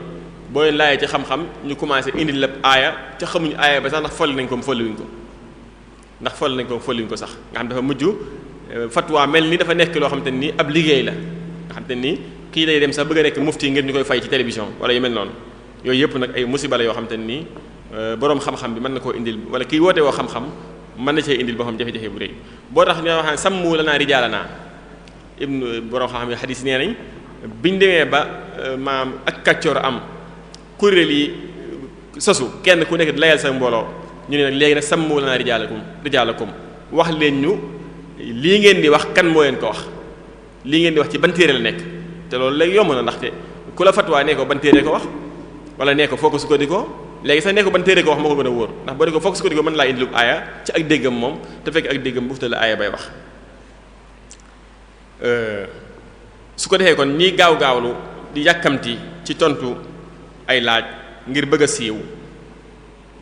booy laaye ci xam-xam ñu commencé indi lépp aaya ca xamuñu aaya ba sax ndax folli nañ ko folliwuñ ko ndax folli nañ ko folliwuñ ko sax nga xam dafa mujj euh, fatwa mel ni dafa nekk loo xam te ni ab liggéey la nga xam te ni kii day dem sax bëgg a nekk mufti ngeen ñi koy fay ci télévision wala yu mel noonu yooyu yëpp nag ay musiba la yoo xam te ni euh, boroom xam-xam bi mën na koo indil wala kii woote woo xam-xam mën na cee indil boo xam jafe-jafe bu rëy boo tax ñoo wax ne sàmmu la naa rijaala naa ibnu boroom xam-xam yi xadis nee nañ biñ demee ba euh, maam ak kàccoor am kuréel yi euh, sosu kenn ku nekk layal sa mbooloo ñu ne nag léegi nag sàmmu lana rijaalakum rijaalakum wax leen ñu lii ngeen di wax kan moo leen ko wax lii ngeen di wax ci ban téere la nekk te loolu léegi yomb na ndaxte ku la fatwaa ne ko ban téere ko wax wala nee ko foo ko sukkandikoo léegi sax nee ko ban téere ko wax moo ko gën a wóor ndax boo ne ko foo ko sukkandikoo mën laa indi lu aaya ci ak déggam moom te fekk ak déggam buuf la aaya bay wax euh, su ko defee kon nii gaaw gaawlu di yàkkamti ci tontu ay laaj ngir bëgg a siiw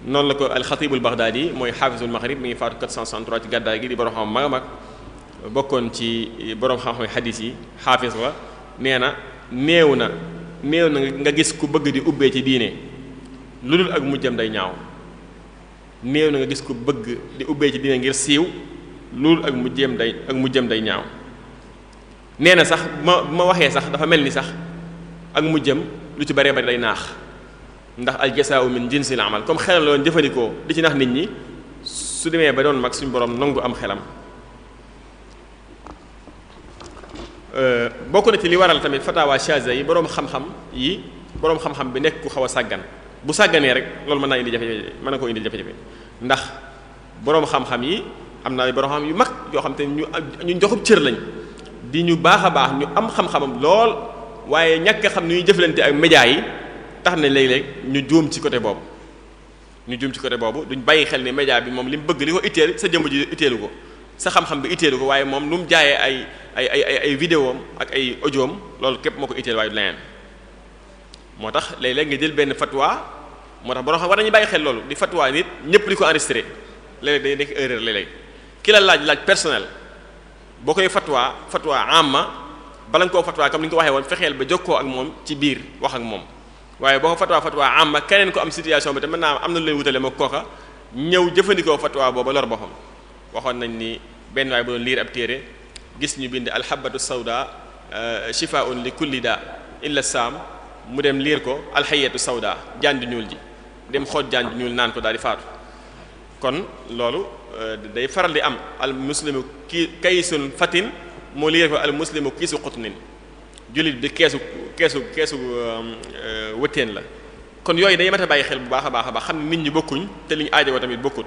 noonu la ko alxatibul baghdadi mooy xaafisul maghrib mi ngi faatu 463 ci gàddaay gi di borom xam mag a mag bokkoon ci borom xam-xam xadis yi xaafis la nee na néew na néew na nga gis ku bëgg di ubbee ci diine lu dul ak mujjam day ñaaw néew na gis ku bëgg di ubbee ci diine ngir siiw lu dul ak mujjam day ak mu jëm day ñaaw neena na sax ma ma waxee sax dafa mel ni sax ak mu jëm lu ci bëree bëri lay naax ndax al jasaa'u min jinsil amal comme xelal loon jëfandikoo di ci nax nit ñi su demee ba doon mag suñu borom nangu am xelam. Euh, bokk na ci li waral tamit fataawaa shaza yi boroom xam-xam yi boroom xam-xam bi nekk ku xaw a sàggan bu sàgganee rek loolu mën naa indi jafe-jafe mën na koo indi ndax boroom xam-xam yi am na boroom xam yu mag yoo xam te ñu ñu joxub cër lañ di ñu baax a baax ñu am xam-xamam lool. waaye ñàkk xam ni ñuy jëflante ak médias yi tax na léeg-léeg ñu juum ci côté boobu ñu juum ci côté boobu duñ bàyyi xel ni média bi moom li mu bëgg li ko itteel sa jëmm ji itteelu ko sa xam-xam bi itteelu ko waaye moom lu mu jaayee ay ay ay ay ay vidéo am ak ay audio loolu képp moo ko iteel waaye du moo tax léeg-léeg nga jël benn fatwa moo tax borom xam war nañu bàyyi xel loolu di fatwa nit ñëpp di ko enregistré léeg-léeg day nekk erreur léeg-léeg ki la laaj laaj personnel boo koy fatwa fatwa amma bala nga koo fatwa comme ni nga ko waxee woon fexeel ba ko ak moom ci biir wax ak moom waaye boo ko fatwa fatwa am ma keneen ko am situation bi te mën naa am na lu lay wutale ma kooka ñëw jëfandikoo fatwa booba lor boppam waxoon nañ ni benn waay bu liir ab téere gis ñu bind alhabatu sawda euh, shifaun li kulli da illa saam mu dem liir ko alxayetu sawda jaan ju ñuul ji dem xooj jaan ju ñuul naan ko daal di faatu kon loolu euh, day faral di am al muslimu ki fatin moo li yeefe al muslimu kiisu xutnin jullit bi keesu keesu keesu um, uh, wëtteen la kon yooyu day mat bàyyi xel bu baax a baax a baax xam nit ñi bokkuñ te li ñu aajowoo tamit bokkut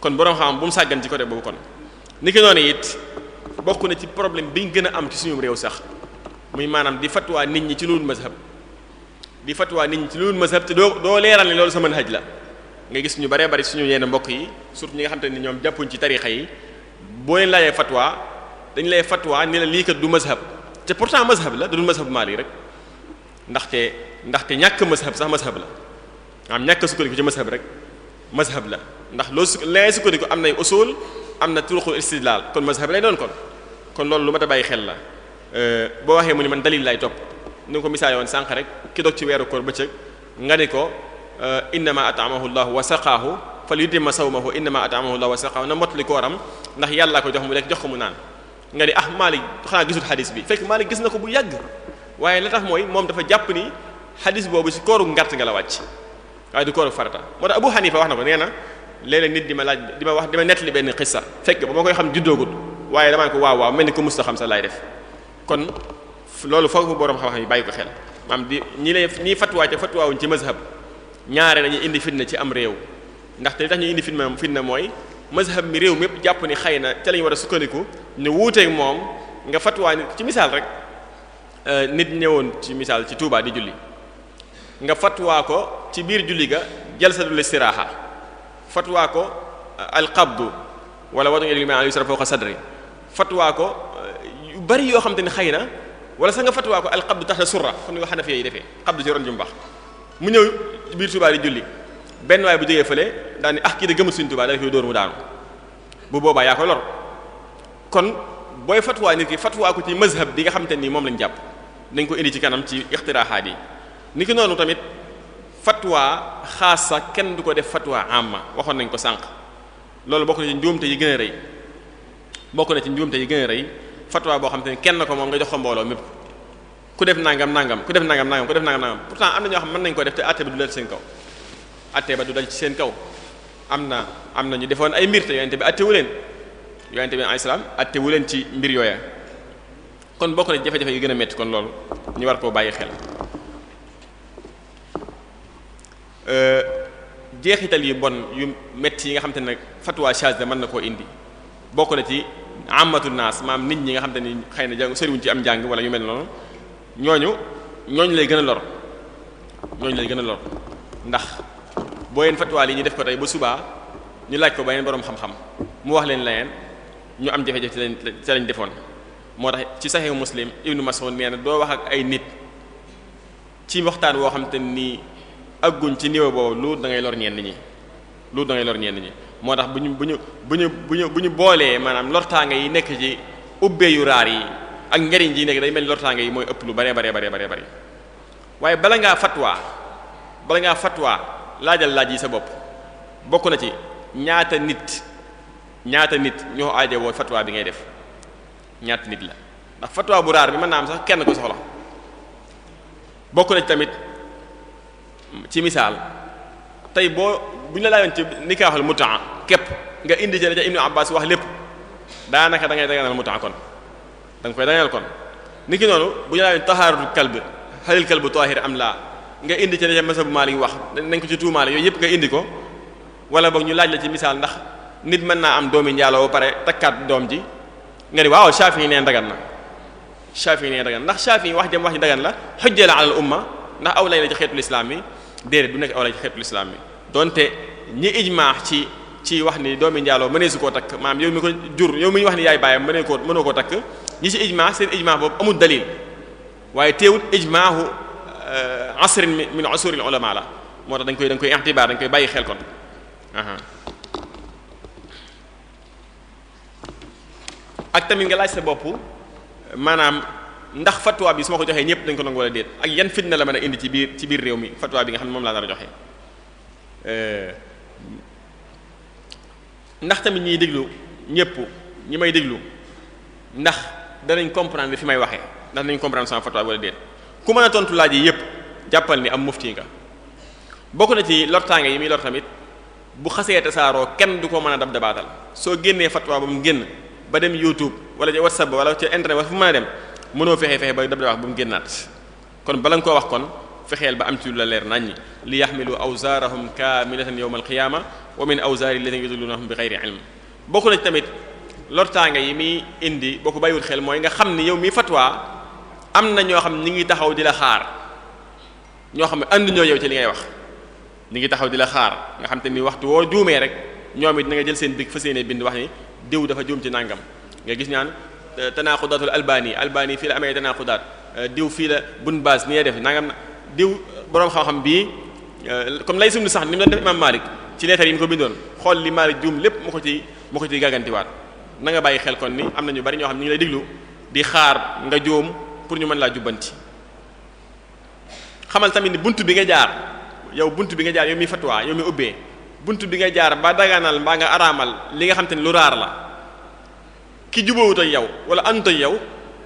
kon borom xam bu mu sàggan ci côté boobu kon ni ki noonu it bokk na ci problème biñ gën a am ci suñu réew sax muy maanaam di fatwaa nit ñi ci loolu mazhab di fatwaa nit ñi ci loolu mazhab te doo doo leeral ne loolu sa manhaj la nga gis ñu baree bari suñu yenn mbokk yi surtout ñi nga xam te ni ñoom jàppuñ ci tarixa yi boo leen laajee fatwaa dañu lay fatwa ni la lii kat du mazhab te pourtant mazhab la da du mazhab maali rek ndaxte ndaxte ñàkk mazhab sax mazhab la am ñàkk sukkandiku ci mazhab rek mazhab la ndax loo su lay sukkandiku am nay usul am na turuqul istidlal kon mazhab lay doon kon kon loolu lu ma ta bàyyi xel la euh, boo waxee mu ni man dalil lay topp ni nga ko misaale woon sànq rek ki dog ci weeru koor bëccëg nga ni ko euh, innama atamahu llahu wa saqaahu fal yutimma sawmahu innama atamahu llahu wa saqaahu na mottali kooram ndax yàllaa ko jox mu lekk jox ko mu naan nga ni ah Malik xanaa gisul xadis bi fekk Malik gis na ko bu yàgg waaye la tax mooy moom dafa jàpp ni xadis boobu si kooru ngart nga la wàcc waaye du kooru farata moo tax Abu Hanifa wax na ko nee na léeg-léeg nit di ma laaj di ma wax di ma nettali benn xissa fekk ba ma koy xam juddoogut waaye damaa ko waaw waaw mel ni ko musta xam sa laay def kon loolu foofu borom xam-xam yi bàyyi ko xel maam di ñi lay ñiy fatwaa ca fatwaawuñ ci mazhab ñaare dañuy indi fitna ci am réew ndaxte li tax ñu indi fitna fitna mooy mazhab mi réew mépp jàpp ni xëy na ca lañ war a sukkandiku ne wuuteeg moom nga fatwaa nit ci misaal rek euh, nit ñëwoon ci misaal ci Touba di julli nga fatwaa ko ci biir julli ga jalsatul istiraaha fatwaa ko euh, alqabdu wala wadu ilma yusra fawqa sadri fatwaa ko euh, yu bari yoo xam te ne xëy na wala sax nga fatwaa ko alqabdu taxta surra kon yoo xanafiya yi defee qabdu ci ron ju mu baax mu ñëw biir Touba di julli benn waay bu jógee fële daal ni ah kii de gëmul Sëriñ Tuubaa da koy dóor mu daanu bu boobaa yaa koy lor kon booy fatwaa nit ki fatwaa ko ci mazhab di nga xam te ni moom lañ jàpp dañ ko indi ci kanam ci ixtiraaxaat yi ni ki noonu tamit fatwaa sa kenn du ko def fatwaa amma waxoon nañ ko sànq loolu bokk na ci gën a na ci njuumte yi gën a rëy fatwaa boo xam te kenn ko moom nga jox ko mbooloo mépp ku def nangam nangam ku def nangam nangam ku def nangam nangam pourtant am na ñoo xam mën nañ ko def te àtte bi du atte ba du dal ci seen kaw am na am na ñu defoon ay mbir te yonente bi attewu leen yonente bi alayhi salaam leen ci mbir yooya kon bokk na jafe-jafe yi gën a métti kon loolu ñu war bàyyi xel euh, jeexital yi bon yu metti yi nga xamte ne nag fatwa shaz de mën na koo indi bokk na ci amatu naas maam nit ñi nga xam ni xëy na jàng sëriwuñ ci am njàng wala ñu mel noonu ñooñu ñooñu lay gën a lor ñooñu lay gën a lor ndax boo yeen fatwaal yi ñu def ko tey ba subaa ñu laaj ko ba yeen boroom xam-xam mu wax leen leneen ñu am jafe-jafe ci lañ ci lañ defoon moo tax ci Sahih Muslim Ibnu Mas'ud nee na doo wax ak ay nit ci waxtaan woo xam te nii agguñ ci niveau boobu lu da ngay lor ñenn ñi lu da ngay lor ñenn ñi moo tax bu ñu bu ñu bu ñu bu ñu bu ñu boolee maanaam lortaange yi nekk ci ubbee yu raar yi ak njariñ ji nekk day mel lortaange yi mooy ëpp lu bare bare bare bare bare waaye bala ngaa fatwa bala laajal laaj yi sa bopp bokk na ci ñaata nit ñaata nit ñoo aajo woo fatwa bi ngay def ñaata nit la ndax fatwa bu raar bi mën naa am sax kenn ku soxla bokk na ci tamit ci misaal tey boo bu ñu la laajoon ci nikaaxul mutaa képp nga indi ca ja ibnu abbas wax lépp daanaka da ngay daganal mutaa kon da koy daganal kon niki noonu bu ñu laajoon tahaaratul kalb halil kalbu tahir am laa nga indi ci la masabu Maalik wax nañ ko ci tuumaale yooyu yëpp nga indi ko wala boog ñu laaj la ci misaal ndax nit mën naa am doomi njaaloo ba pare takkaat doom ji nga ni waaw Shafi'i nee dagan na Shafi'i nee dagan ndax Shafi'i wax jëm wax ji dagan la xujja la alal ndax aw lay la ci xeetul islam bi déedéet du nekk aw lay ci xeetul islam bi donte ñi ijmaax ci ci wax ni doomi njaaloo mënee su koo takk maam yow mi ko jur yow mi ñu wax ni yaay bàyyam mënee koo mënoo koo takk ñi ci seen ijmaax boobu amul dalil waaye teewut ijmaaxu Euh, asrin min usuril ulama la moo tax dañ koy dañ koy intibaar dañ koy bàyyi xel kon ak tamit nga laaj sa bopp maanaam ndax fatwa bi su ma ko joxee ñëpp dañ ko nangu wala déet ak yan fitna la mën a indi ci biir ci biir réew mi fatwa bi nga xam ne moom laa nar a joxe euh, ndax tamit ñiy déglu ñëpp ñi may déglu ndax danañ comprendre fi may waxee ndax danañ comprendre sama fatwa bi déet ku mën a tontu laaj yi jàppal ni am mufti nga bokk na ci lortaange yi muy lor tamit bu xasee tasaaroo kenn du ko mën a dab dabaatal soo génnee fatwa ba mu génn ba dem youtube wala ci whatsapp wala ci internet wala fu mën a dem mënoo fexe fexe ba dab dabaat ba mu génnaat kon bala nga koo wax kon fexeel ba am ci lu la leer naññ li yaxmilu awsaarahum kaamilatan yawmal qiyaama wa min awsaari alladhina yudillunahum bi ghayri ilm bokk na ci tamit lortaanga yi muy indi boo ko bàyyiwul xel mooy nga xam ni yow mi fatwa am na ñoo xam ñi ngi taxaw di xaar ñoo xam ne ànd ñoo yow ci li ngay wax ñu ngi taxaw di la xaar nga xam te ni waxtu woo juumee rek ñoom it na nga jël seen digg fas yéene bind wax ni diw dafa juum ci nàngam nga gis ñaan tanaaxudaatul albani albani fii la amee tanaaxudaat eh, diw fii la bun baas ni def nangam diw boroom xam-xam bii eh, comme lay sumni sax ni mu doon def imam Malik ci leetar yi mu ko bindoon xool li Malik juum lépp mu ko ci mu ko ciy gàggantiwaat na nga bàyyi xel kon ni am na ñu bari ñoo xam ñu ngi lay diglu di xaar nga juum pour ñu mën laa jubbanti xamal tamit ni bunt bi nga jaar yow bunt bi nga jaar yow mi fatwa yow mi ubbee bunt bi nga jaar ba daganal mbaa nga araamal li nga xam te ne lu raar la ki jubóowut ak yow wala anut ak yow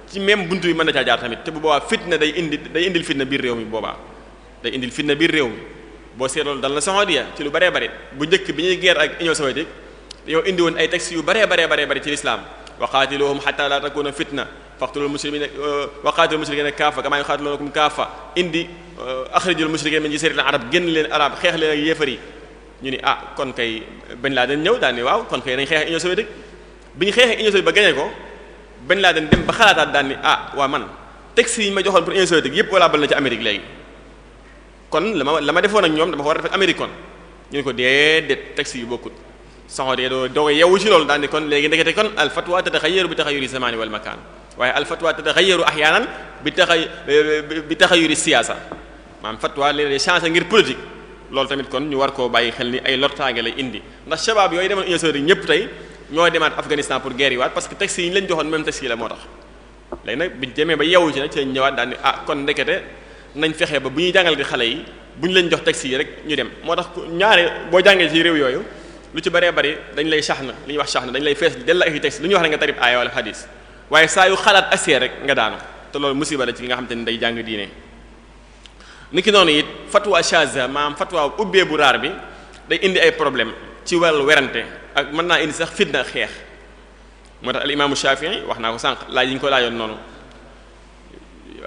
ci même bunt bi mën na caa jaar tamit te bu boobaa fitna day indi day indil fitna biir réew mi boobaa day indil fitna biir réew mi boo seetloolu dal na Saudiya ci lu baree bari bu njëkk bi ñuy guerre ak Union soviétique yow indi ay textes yu baree baree baree bari ci lislaam wa qaatiluhum hatta la takuna fitna faqtulul muslimina wa qaatilul mushrikina kaafa kama yuqatilunakum kaafa indi akhrijul mushrikina min jasiiratil arab génn leen arab xeex leen ak yéefar yi ñu ni ah kon kay laa Laden ñëw daal ni waaw kon kay nañ xeex Union soviétique bi ñu xeexee Union soviétique ba gañee ko Ben Laden dem ba xalaataat daal ni ah waa man texte yi ma joxoon pour Union soviétique yépp wala bal na ci Amérique léegi kon la ma la ma defoon ak ñoom dama ko war a def ak Amérique kon ñu ne ko yi bokkut saxoot ya doo doo yeewu ci loolu daal ni kon léegi ndekete kon al fatwa tataxayyaru bi taxayyuri zamani wal makan waaye al fatwa tataxayyaru ahyaanan bi taxay bi taxayyuri siyaasa maanaam fatwa léeg-léeg changé ngir politique loolu tamit kon ñu war koo bàyyi xel ni ay lortaange lay indi ndax shabab yooyu demoon Union soviétique ñëpp tey ñoo demaat Afghanistan pour guerre yi waat que texte yi ñu leen joxoon même texte yi la moo tax léegi nag ba yeewu ci nag ci lañ ñëwaat ni ah kon ndekete nañ fexe ba bu ñuy jàngal gi xale yi bu ñu leen jox texte yi rek ñu dem moo tax ñaare boo jàngee ci réew yooyu lu ci baree bëri dañ lay saxna li ñuy wax saxna dañ lay fees del la ay texte lu ñuy wax rek nga tarib aaya wala xadis waaye saa yu xalaat asee rek nga daanu te loolu musiba la ci ki nga xam te ni day jàng diine niki noonu it fatwa shaza maanaam fatwa ubbee bu raar bi day indi ay problème ci wàllu werante ak mën naa indi sax fitna ak xeex moo tax al imaamu Shafii wax naa ko sànq laaj yi ñu ko laajoon noonu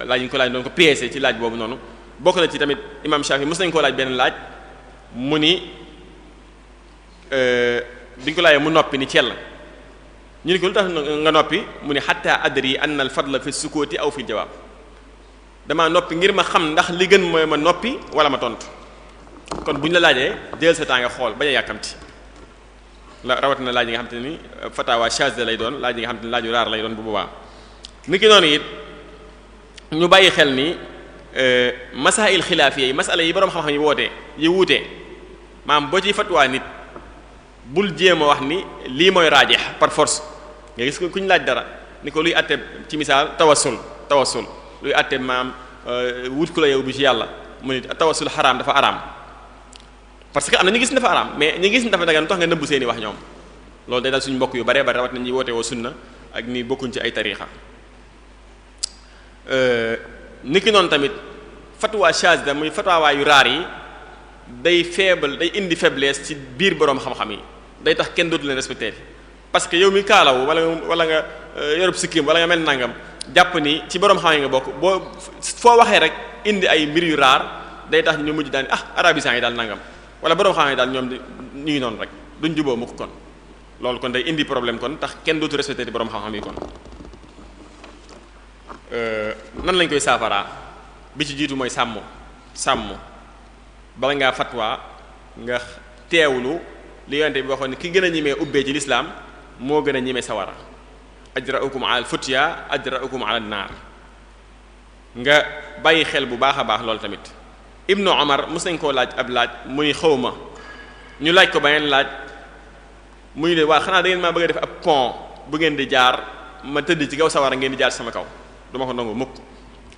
laaj yi ñu ko laajoon doon ko piéger ci laaj boobu noonu bokk na ci tamit imaam Shafii mos nañu koo laaj benn laaj mu Euh, biñ ko laajee mu noppi ni cell ñu ni ko lu tax nga noppi mu ni xatta adri anna al fadla fi sukooti aw fi jawaab damaa noppi ngir ma xam ndax li gën mooy ma noppi wala ma tontu kon bu ñu la laajee jël sa temps nga xool bañ a yàkkamti la na laaj yi nga xam te ni euh, fatawa chage lay doon laaj yi nga xam te ni laaju raar lay doon bu boobaa ni ki noonu it ñu bàyyi xel ni euh, masail xilaaf yi masala yi boroom xam-xam yi wootee yi wuutee maam boo bul jéem a wax ni lii mooy raajeex par force nga gis ko ku ñu laaj dara ni ko luy àtte ci misaal tawassul tawassul luy àtte maam euh, wut ku la yow bi ci yàlla mu ni tawassul xaraam dafa araam parce que am na ñu gis ni dafa araam mais ñu gis ni dafa dagan tax nga nëbbu seeni wax ñoom loolu day dal suñu mbokk yu baree bari rawat na ñuy woote woo na ak ni bokkuñ ci ay tariixa euh, niki noonu tamit fatwa shazda muy fatwa yu raar yi day faible day indi faiblesse ci biir boroom xam yi day tax kenn dootu leen respecté parce que yow mi kaalaw wala wala nga euh, yorub sikkim wala nga mel nangam jàpp ni ci borom xam nga bokk boo foo waxee rek indi ay mbir yu raar day tax ñu mujj daan ah arabisants yi daal nangam wala borom xam daal ñoom ñu ngi noonu rek duñ juboo mu ko kon loolu kon day indi problème kon tax kenn dootu respecté di borom xam-xam yi kon. Euh, nan lañ koy saafaraa bi ci jiitu mooy sàmm sàmm bala ngaa fatwa nga teewlu. li yonente bi waxoon ne ki gën a ñemee ubbee ci lislaam moo gën a ñemee sawara ajraukum ala al futya ajraukum ala naar nga bàyyi xel bu baax a baax loolu tamit ibnu omar mu sañ koo laaj ab laaj muy xaw ma ñu laaj ko ba ngeen laaj muy ne waa xanaa da ngeen maa bëgg a def ab pont bu ngeen di jaar ma tëdd ci kaw sawara ngeen di jaar sama kaw duma ko nangu mukk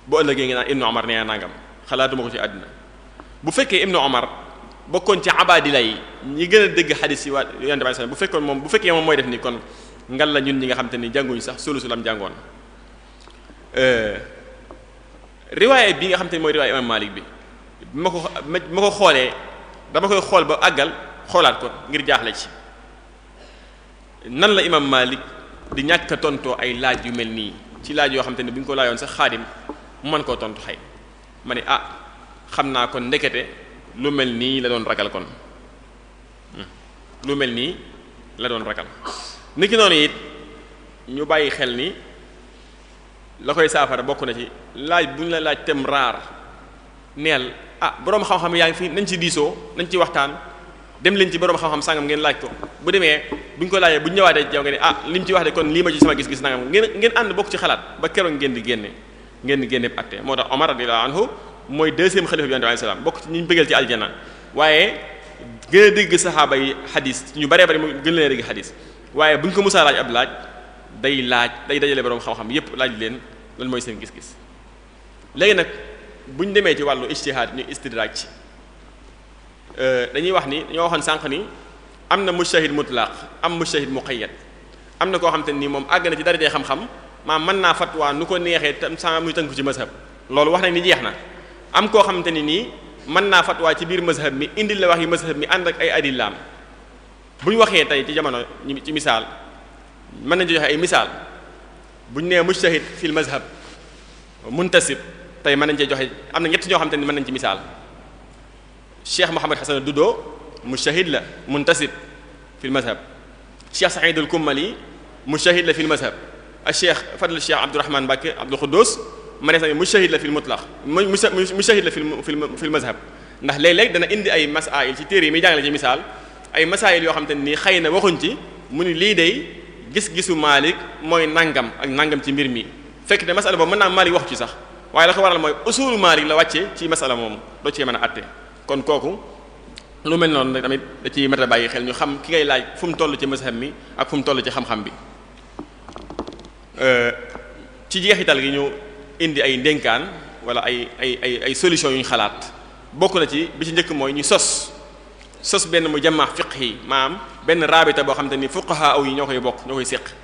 bu ëllëgee nga naan ibnu omar nee na nangam xalaatuma ko ci àddina bu fekkee ibnu omar bokkoon ci abadila yi ñi gën a dégg xadis yi waa yonent bi bu fekkoon moom bu fekkee moom mooy def ni kon ngal la ñun ñi nga xam te ni jànguñu sax sulu sulam jàngoon euh, riwaaye bi nga xam te ni mooy riwaaye imam Malik bi ma ko ma ko xoolee dama koy xool ba àggal xoolaat ko ngir jaaxle ci nan la imam Malik di ñàkk a tontoo ay laaj yu mel nii ci laaj yoo xam te ne bi ñu ko laajoon sax xaadim mu mën koo tontu xay ma ne ah xam naa kon ndekete lu mel nii la doon ragal kon hmm. lu mel nii la doon ragal niki noonu it ñu bàyyi xel ni la koy saafara bokk na ci laaj bu ñu la laaj tem raar neel ah boroom xam-xam yaa ngi fi nañ ci diisoo nañ ci waxtaan dem leen ci boroom xam-xam sangam ngeen laaj ko bu demee bu ñu ko laajee bu ñu ñëwaatee ci yow nga ne ah lim ci wax de kon lii ma ci sama gis-gis nangam ngeen ngeen ànd bokk ci xalaat ba keroog ngeen di génne ngeen di génne atte moo tax Omar radiyallahu anhu mooy deuxième xalifa bi yonent bi salaam bokk ci ñu bëggal ci aljana waaye gën a dégg saxaaba yi xadis ñu baree bari moo gën leen a dégg xadis waaye bu ñu ko musaa laaj ab laaj day laaj day dajale borom xam-xam yépp laaj leen lan mooy seen gis-gis léegi nag bu ñu demee ci wàllu ijtihaad ñu istidraaj ci euh, dañuy wax ni ñoo waxoon sànq ni am na mujtahid mutlaq am mujtahid muqayyad am na koo xam te ni moom àgg na ci darajee xam-xam maa mën naa fatwa nu ko neexee tam sama muy tënku ci mazhab loolu wax nañ ni jeex na am koo xamante ni nii mën naa fatwaa ci biir mazhab mi indil la wax yi mazhab mi ànd ak ay adillaam bu ñu waxee tey ci jamono ci misaal mën nañu joxe ay misaal bu ñu nee mujtahid fil mazhab muntasib tey mën nañ cee joxe am na ñett ñoo xamante ni mën nañ ci misaal cheikh Mouhamed Hassan Dudo mujtahid la muntasib fil mazhab cheikh Saïd al Kummali mujtahid la fil mazhab ak cheikh Fadl cheikh Abdourahman Mbacké Abdou Khoudous ma ne tamit mujtahid la fil mutlaq mujtahid la fil mazhab ndax léeg-léeg dana indi ay masaayil ci téere yi muy jàngale ci misaal ay masaayil yoo xam te ni xay na waxuñ ci mu ni lii day gis-gisu Maalik mooy nangam ak nangam ci mbir mi fekk ne masala boobu mën naa Maalik wax ci sax waaye la ko waral mooy usulu Maalik la wàcce ci masala moomu doo cee mën a atte kon kooku lu mel noonu tamit da ci mat bàyyi xel ñu xam ki ngay laaj fu mu toll ci mazhab mi ak fu mu toll ci xam-xam bi euh, gi ñu indi ay ndénkaan wala ay ay ay ay solution yu xalaat bokk na ci bi ci njëkk mooy ñu sos sos benn mu jamaa fiqh yi maanaam benn raabita boo xam te ni fuqaha aw yi ñoo koy bokk ñoo koy séq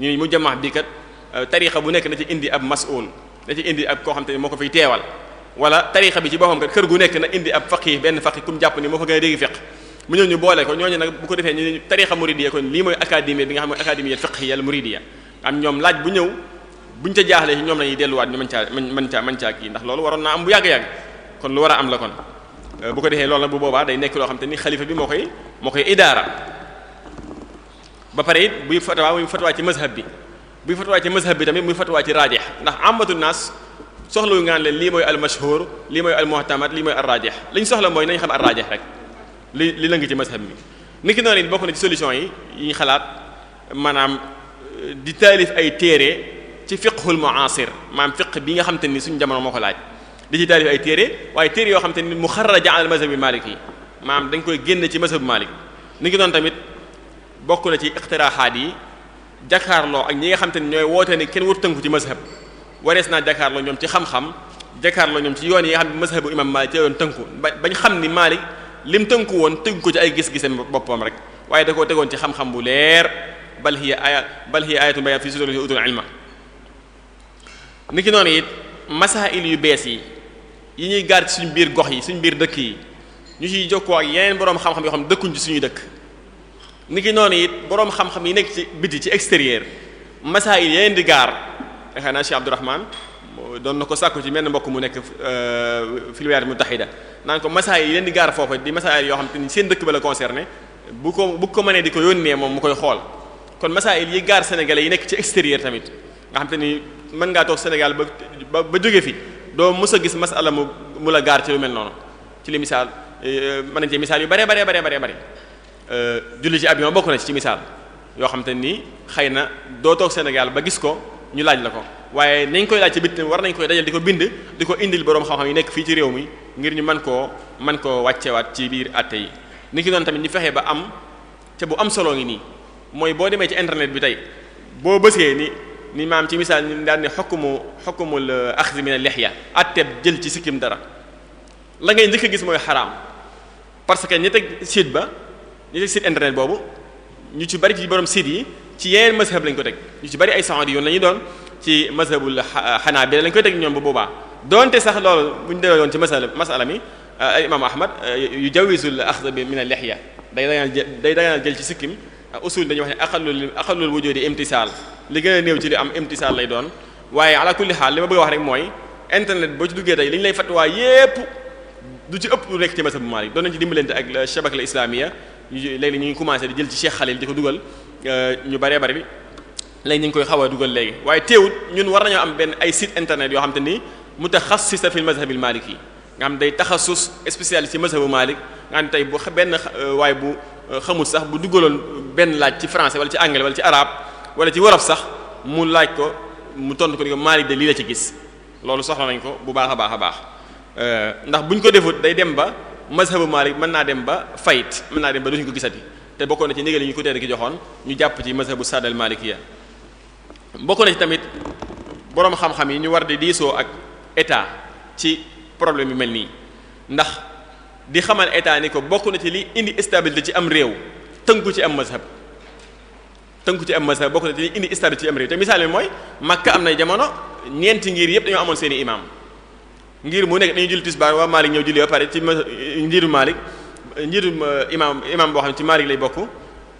ñu mu jamaa bi kat euh, tarixa bu nekk na ci indi ab mas'ul da ci indi ab koo xam moo ko fiy teewal wala tarixa bi ci boppam kat kër gu nekk na indi ab faqih benn faqih kum jàpp ni moo ko gën a dégg fiqh mu ñëw ñu boole ko ñooñu nag bu ko defee ñu tarixa muridiyya kon lii mooy académie bi nga xam ne académie fiqhiyya al muridiyya am ñoom laaj bu ñëw buñ ca jaaxlee ñoom lañuy delluwaat ñu mën caa mën caa mën caa kii ndax loolu waroon naa am bu yàgg-yàgg kon lu war a am la kon euh, bu ko defee loolu nag bu boobaa day nekk loo xam te ni xalifa bi moo koy moo koy idaara ba pare it buy fatwaa muy fatwaa ci mazhab bi buy fatwaa ci mazhab bi tamit muy fatwaa ci raajih ndax amatu nas soxlawu ngaan leen lii mooy al mashhur lii mooy al muhtamad lii mooy al raajih li ñu soxla mooy nañ xam al raajih rek li li la ngi ci mazhab bi niki noonu bokk na ci solution yi yi xalaat maanaam di taalif ay téere ci fiqhul mu'asir maam fiq bi nga xam te ni suñu jamono moo ko laaj li ci taalif ay téere waaye téer yoo xam te ni mu xarraja al mazhab maliki maam dañ koy génne ci mazhab malik ni ngi doon tamit bokk na ci iqtiraaxaat yi jakaarloo ak ñi nga xam te ni ñooy wootee ni kenn wut tënku ci mazhab warees naa jakaarloo ñoom ci xam-xam jakaarloo ñoom ci yoon yi nga xam ne mazhabu imam malik ci yoon tënku bañ xam ni malik lim tënku woon tënku ko ci ay gis-gisam boppam rek waaye da koo ci xam bu leer bal hiya bal hiya ayatu bayan fi suduri utul ilma niki noonu it masaa'il yu bees yi yi ñuy gaar ci suñu biir gox yi suñu biir dëkk yi ñu ciy jokkoo ak yeneen boroom xam-xam yoo xam ne dëkkuñ ci suñuy dëkk ni ki noonu it boroom xam-xam yi nekk ci biti ci extérieur masaa'il yeneen di gaar xëy na Cheikh Abdourahman doon na ko sàkku ci menn mbokk mu nekk euh, filiwaat mutahida naan ko masaa'il yeneen di gaar foofa di masaa'il yoo xam te ni seen dëkk ba la concerné bu ko bu ko mënee di ko yónnee moom mu koy xool kon masaa'il yi gaar sénégalais yi nekk ci extérieur tamit mën ngaa toog Sénégal ba ba jóge fi doo mës a gis masala mu mu la gaar ci lu mel noonu ci li misaal euh, mën nañ ci misaal yu bare bare bare bare bare euh, julli ci avion bokk na ci ci misaal yoo xam te nii xëy na doo toog Sénégal ba gis ko ñu laaj la ko waaye nañ koy laaj ci bit war nañ koy dajal di ko bind di ko indil boroom xam-xam yi nekk fii ci réew mi ngir ñu man koo mën koo wàccewaat ci biir àtte yi ni ki noonu tamit ñu fexee ba am te bu am solo ngi nii mooy boo demee ci internet bi tey boo bësee ni ni maam ci misaal ñu daan ne xokkumu xokkumul eh, axzi min al-lihya atteb jël ci sikkim dara la ngay njëkk a gis mooy xaraam parce que ñi teg site ba ñi teg site internet boobu ñu ci bari ci borom site yi ci yeneen mazhab lañ ko teg ñu ci bari ay saxoon yoon la ñuy doon ci mazhabul xanaa bi lañ koy teg ñoom bu boobaa donte sax loolu bu ñu delloo yoon ci masala masala mi al eh, imam ahmad eh, yu jawisul axz min al-lihya day daganal day daganal jël ci sikkim Euh, usul dañuy wax ne aqallul aqallul wujudi imtisaal li gën a néew ci li am imtisaal lay doon waaye ala kulli xaal li ma bëgg a wax rek mooy internet boo ci duggee tey li ñu lay fatwaa yépp du ci ëpp lu nekk ci mazhab Maalik doon nañ ci dimbalante ak shabaka al islamiya léegi ñu ngi commencé di jël ci Cheikh Khalil di ko dugal euh, ñu baree bari léegi ñu ngi koy xaw a dugal léegi waaye teewut ñun war nañoo am benn ay site internet yoo xam te ni mutaxassisa fi mazhab al yi nga xam day taxasus spécialiste ci mazhabu Maalik nga xam tey bu benn euh, waaye bu Euh, xamul sax bu duggaloon benn laaj ci français wala ci anglais wala ci araab wala ci wolof sax mu laaj ko mu tontu ko ni ko Malik de lii la ci gis loolu soxla nañ ko bu baax a baax a baax euh, ndax buñ ko defut day dem ba mazhabu Malik mën naa dem ba fayit mën naa dem ba duñu ko gisati te bokkoon na ci ndigal yi ñu ko teel ki joxoon ñu jàpp ci mazhabu sadal malikiya bokkoon na ci tamit boroom xam-xam yi ñu war di diisoo ak état ci problème yu mel nii ndax. di xamal état ni ko bokk na ci li indi stabilité ci am réew tënku ci am mazhab tënku ci am mazhab bokk na ci li indi stabilité ci am réew te misaal bi mooy Makka am na jamono ñeenti ngir yëpp dañoo amoon seen i imaam ngir mu nekk dañuy julli tisbaar waa Malik ñëw julli ba pare ci njiitu Malik njiitu euh, imaam imaam boo xam ne ci Malik lay bokk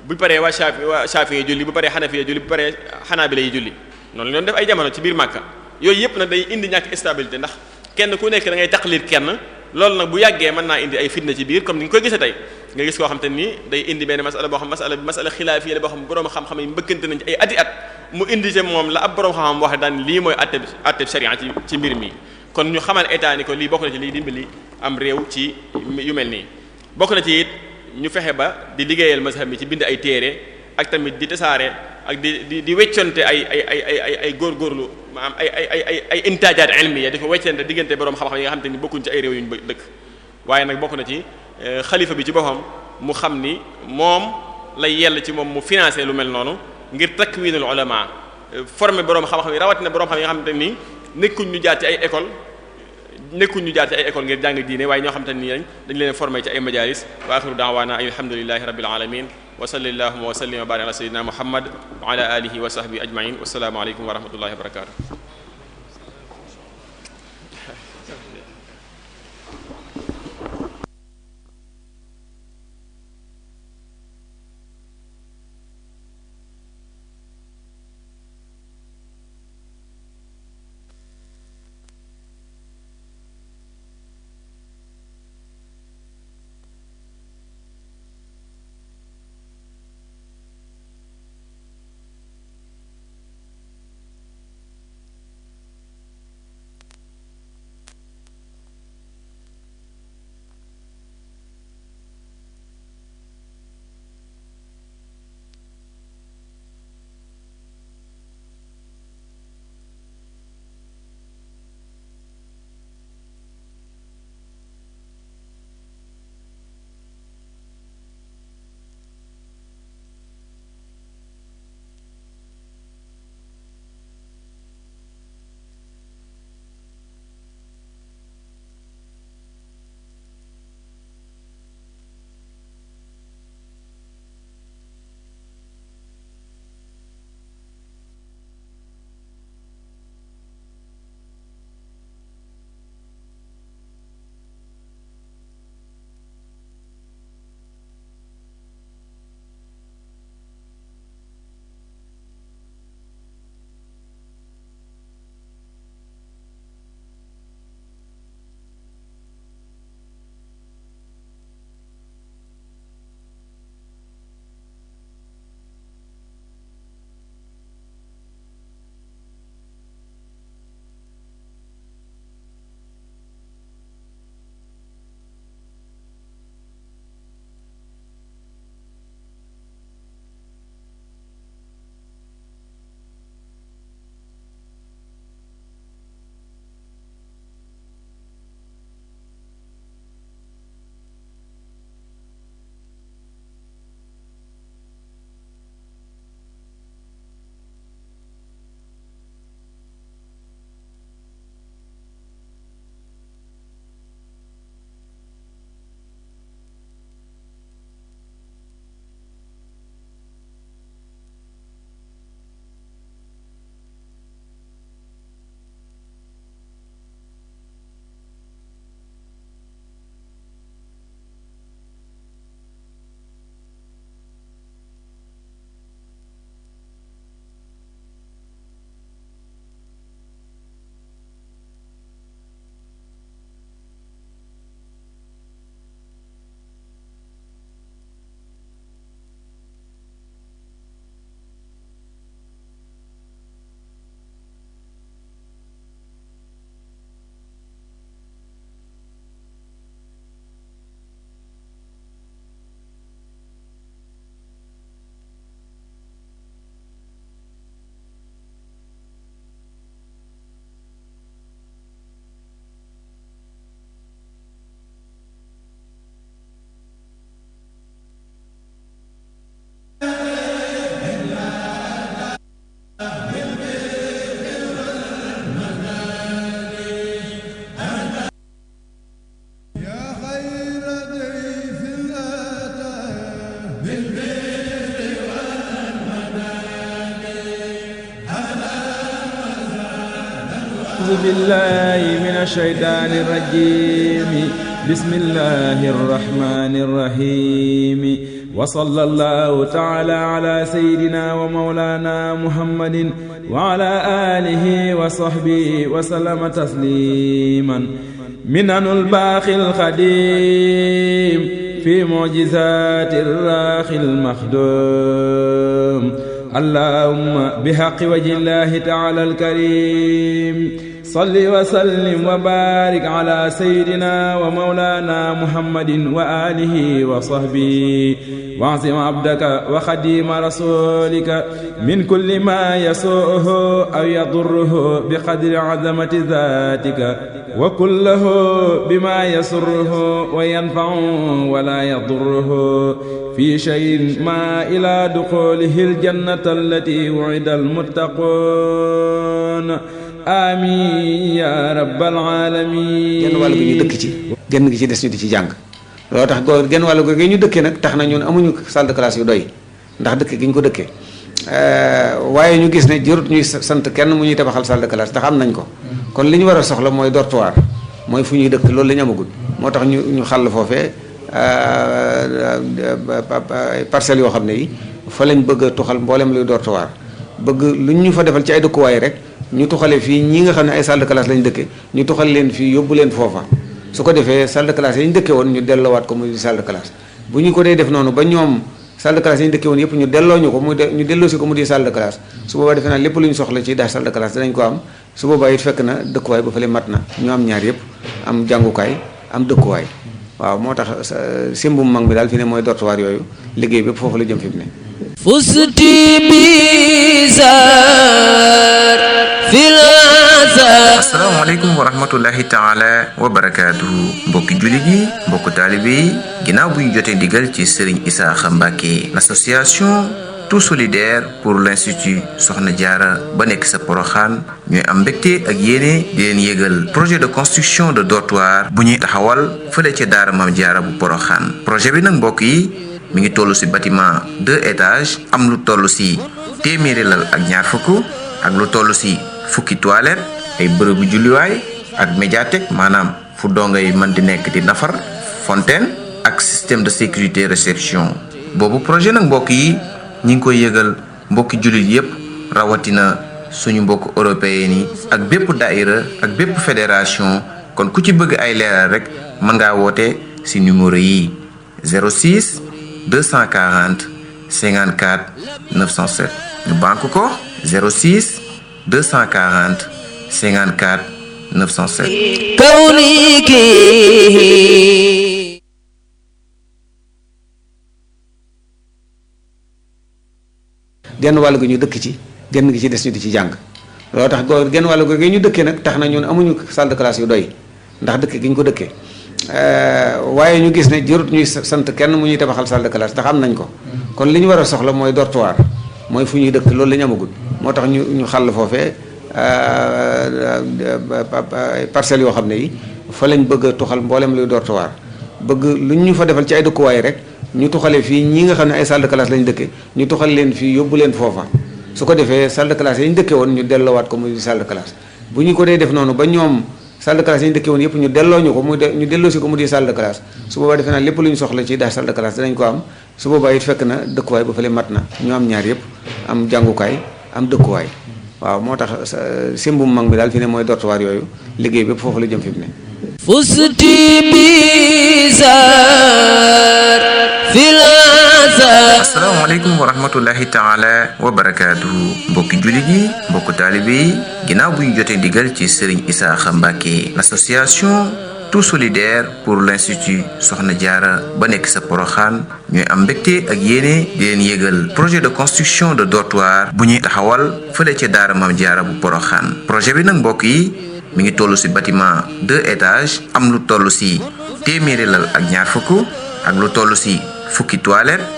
bu paree waa Shafi waa Shafi yi julli bu paree Hanafi yi julli bu paree Hanabila julli noonu la doon def ay jamono ci biir Makka yooyu yëpp nag day indi ñàkk stabilité ndax kenn ku nekk da ngay taqlid kenn. loolu nag bu yàggee mën naa indi ay fitna ci biir comme ni nga koy gisee tey nga gis koo xam te nii day indi benn masala boo xam masala bi masala xilaafi la boo xam borom xam-xam yi mbëkkante nañ ci ay ati at mu indi ci moom la ab borom xam-xam wax daan lii mooy atte atte sharia ci ci mbir mi kon ñu xamal état ni ko lii bokk na ci liy dimbali am réew ci yu mel nii bokk na ci it ñu fexe ba di liggéeyal mazhab bi ci bind ay téere ak tamit di tasaare ak di di di weccante ay ay ay ay ay ay góorgóorlu maanaam ay ay ay ay ay intaajaat ilmiya dafa weccante diggante boroom xam-xam yi nga xam te ni bokkuñ ci ay réew yu ñu dëkk waaye nag bokk na ci eh, xalifa bi ci boppam mu xam ni moom lay yell ci moom mu financé lu mel noonu ngir takwinul ulama eh, former borom xam-xam yi rawatina borom xam yi nga xam te ni nekkuñ ñu jaar ci ay école nekkuñ ñu jaar ci ay école ngir jàng diine waaye ñoo xam te ni dañ leen former ci ay majalis wa axiru da'wana alhamdulillahi wa salli allahuma wa sallim wa barik ala sayyidina muhammad wa ala alihi wa sahbihi ajmain wasalaamu aleykum wa rahmatullahi wa barakatuh بالله من الشيطان الرجيم بسم الله الرحمن الرحيم وصلى الله تعالى على سيدنا ومولانا محمد وعلى آله وصحبه وسلم تسليما منن الباخي الخديم في معجزات الراخي المخدوم اللهم بحق وجه الله تعالى الكريم salli wa sallim wa baarik ala sayyidina wa mawlaana muhammadin wa alihi wa sahbihi wa'zim abdaka wa xadiima rasulika min kulli ma yasuuhu aw yadurruhu bi qadri azamati zaatika wa kullahu bima yasurruhu wa yanfa'uhu wa la yadurruhu fi shay'in ma ila duxulihi aljannata allati wu'ida almuttaquun amin ya rabbal alamin genn wàll gi ñu dëkk ci genn gi ci des ñu di ci jàng loolu tax go genn wàll go gi ñu dëkkee nag tax nañu ñun amuñu salle de yu doy ndax dëkk gi ñu ko dëkkee euh, waaye ñu gis ne jërut ñuy sant kenn mu ñuy tabaxal salle de classe ndax am nañ ko kon li ñu war a soxla mooy dortoir mooy fu ñuy dëkk loolu la ñu moo tax ñu ñu xàll foofee euh, euh, parcelles yoo xam ne yi fa lañ bëgg a tuxal mboolem luy dortoir bëgg lu ñu fa defal ci ay dëkkuwaay rek ñu tuxale fii ñi nga xam ne ay salle de classe lañ ñu tuxal leen fii yóbbu leen foofa su ko defee salle de classe yañ dëkkee woon ñu dellowaat ko muy salle de classe bu ñu ko dee ba ñoom salle de classe yañ yëpp ñu delloo ñu ko muy ñu delloo si ko mu di salle de classe defe naa lépp lu ñu soxla ci daa salle de classe danañ ko am su boobaa it fekk na dëkkuwaay ba fële mat na ñu am ñaar yëpp am jàngukaay am dëkkuwaay waaw moo tax euh, simbum mag mi daal fi ne mooy dortoir yooyu liggéey bépp foofu la jëm fi فزت بزار في العذاب asalaamaaleykum wa wa barakaatuhu mbokki julli gi mbokk taalibe yi ginnaaw bu jotee digal ci Serigne Isaaxa Mbàkke l'association tout solidaire pour l'institut Soxna Jaara ba nekk sa poroxaan ñooy am mbégte ak yéene di leen yégal projet de construction de dortoir bu ñuy taxawal fële ca daara Maam Jaara bu poroxaan projet bi nag mbokk yi mi ngi toll si bâtiment deux étages am lu toll si téeméeri lal ak ñaar fukk ak lu toll si fukki toilette ay bërëbu julliwaay ak médiathèque maanaam fu dongay mën di nekk di nafar fontaine ak système de sécurité réception boobu projet nag mbokk yi ñu ngi koy yëgal mbokki jullit yépp rawatina suñu mbokk européen yi ak bépp daïra ak bépp fédération kon ku ci bëgg ay leeral rek mën ngaa woote si numéro yi 06 240 54 907 ñu banque ko 06 240 54 907 kawniki genn wàll gi ñu dëkk ci genn gi ci des ñu di ci jàng loolu tax genn wàll gi ñu dëkkee nag tax nañu ñun amuñu salle de classe yu doy ndax dëkk gi ñu ko dëkkee Euh, waaye ñu gis ne jërut ñuy sant kenn mu ñuy tabaxal salle de classe am nañ ko kon li ñu war a soxla mooy dortoir mooy fu ñuy dëkk loolu lañu ñu moo tax ñu ñu xàll foofee euh, euh, parcelles yoo xam ne yi fa lañ bëgg a tuxal mboolem luy dortoir bëgg lu ñu fa defal ci ay dëkkuwaay rek ñu tuxale fii ñi nga xam ne ay salle de classe lañ dëkke ñu tuxal leen fii yóbbu leen foofa su ko defee salle de classe yi dëkke woon ñu dellowaat ko muy salle de bu ñu ko dee def noonu salle de classe yi ñu dëkkee woon yëpp ñu delloo ñu ko mu ñu delloo si ko mu di salle de classe su boobaa defe naa lépp lu ñu soxla ci daa salle de danañ ko am su boobaa it fekk na dëkkuwaay ba fële mat na ñu am ñaar yëpp am jàngukaay am dëkkuwaay waaw moo tax simbum mag mi daal fi ne mooy dortoir yooyu liggéey bépp foofu la jëm fi mu ne fusti bizar fil asalaamaaleykum wa rahmatullahi taala wa barakaatuhu mbokki jullit yi mbokk taalibe ginnaaw bu ñu jotee digal ci sëriñ Isaaxa Mbàkke l'association tout solidaire pour l'institut Soxna Jaara ba nekk sa poroxaan ñooy am mbégte ak yéene di leen yëgal projet de construction de dortoir bu ñuy taxawal fële ca daara Maam Jaara bu poroxaan projet bi nag mbokk yi mi ngi toll ci bâtiment deux étages am lu toll ci téeméeri lal ak ñaar fukk ak lu toll ci fukki toilette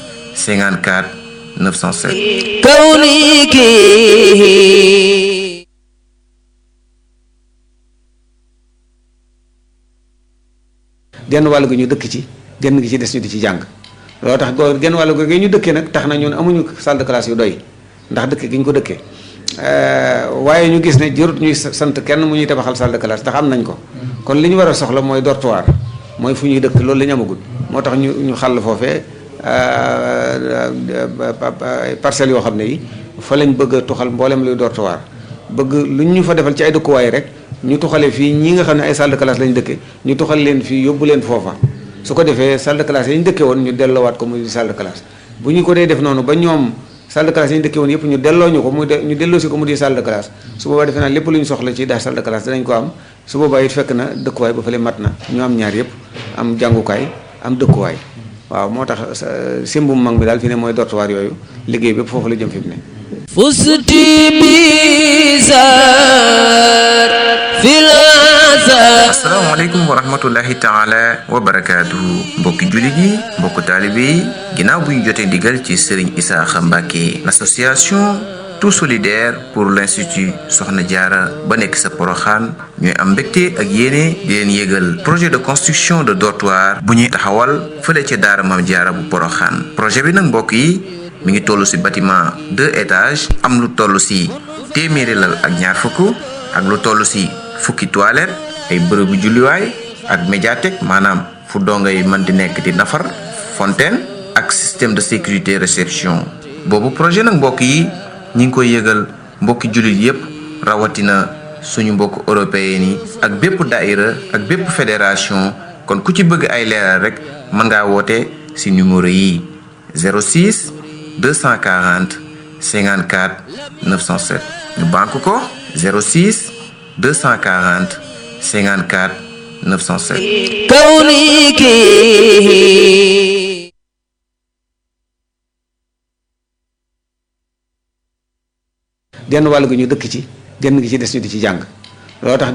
54 907 kawniki genn wàll gi ñu dëkk ci genn gi ci des ñu di ci jàng loo tax go genn wàll gi ñu dëkkee nag tax na ñun amuñu salle de yu doy ndax dëkk gi ñu ko dëkkee euh, waaye ñu gis ne jërut ñuy sant kenn mu ñuy tabaxal salle de classe ndax am nañ ko kon li ñu war a soxla mooy dortoir mooy fu ñuy dëkk loolu la moo tax ñu ñu xàll foofee Euh, euh, parcelles yoo xam ne yi fa lañ bëgg a tuxal mboolem luy door bëgg lu ñu fa defal ci ay dëkkuwaay rek ñu tuxale fii ñi nga xam ne ay salle de classe dëkke ñu tuxal leen fii yóbbu leen foofa su ko defee salle de classe yi dëkke woon ñu delloowaat ko muy salle de classe bu ñu ko dee def noonu ba ñoom salle de classe ñu dëkke woon yëpp ñu delloo ñu ko muy ñu delloo ko mu di salle de classe su boobaa defe naa lépp lu ñu soxla ci daal salle de classe danañ ko am su boobaa it fekk na dëkkuwaay ba fële mat na ñu am ñaar yëpp am jàngukaay am dëkkuwaay waaw moo tax simbum mag mi daal fi ne mooy dortuwaar yooyu liggéey bépp foofu la jëm fi mu ne fusti bizar fil asalaamaaleykum wa rahmatullahi taala wa mbokki jullit yi mbokk taalibe yi ginnaaw bu ñu jotee ndigal ci Serigne Isaaxa Mbàkke l'association tout solidaire pour l'institut Soxna Jaara ba nekk sa poroxaan ñooy am mbégte ak yéene di leen yëgal projet de construction de dortoir bu ñuy taxawal fële ca daara Maam Jaara bu poroxaan projet bi nag mbokk yi mu ngi toll ci bâtiment deux étages am lu toll ci téeméeri lal ak ñaar fukk ak lu toll ci fukki toilette ay bërëbu julliwaay ak médiathèque maanaam fu dongay man di nekk di nafar fontaine ak système de sécurité réception boobu projet nag mbokk yi ñi ngi koy yëgal mbokki jullit yépp rawatina suñu mbokk européen yi ak bépp daïra ak bépp fédération kon ku ci bëgg ay leeral rek mën ngaa woote ci numéro yi 06 240 54 907 ñu bank ko 06 240 54 907 kawni kii genn wàll gi ñu dëkk ci genn gi ci des ñu di ci jàng loo tax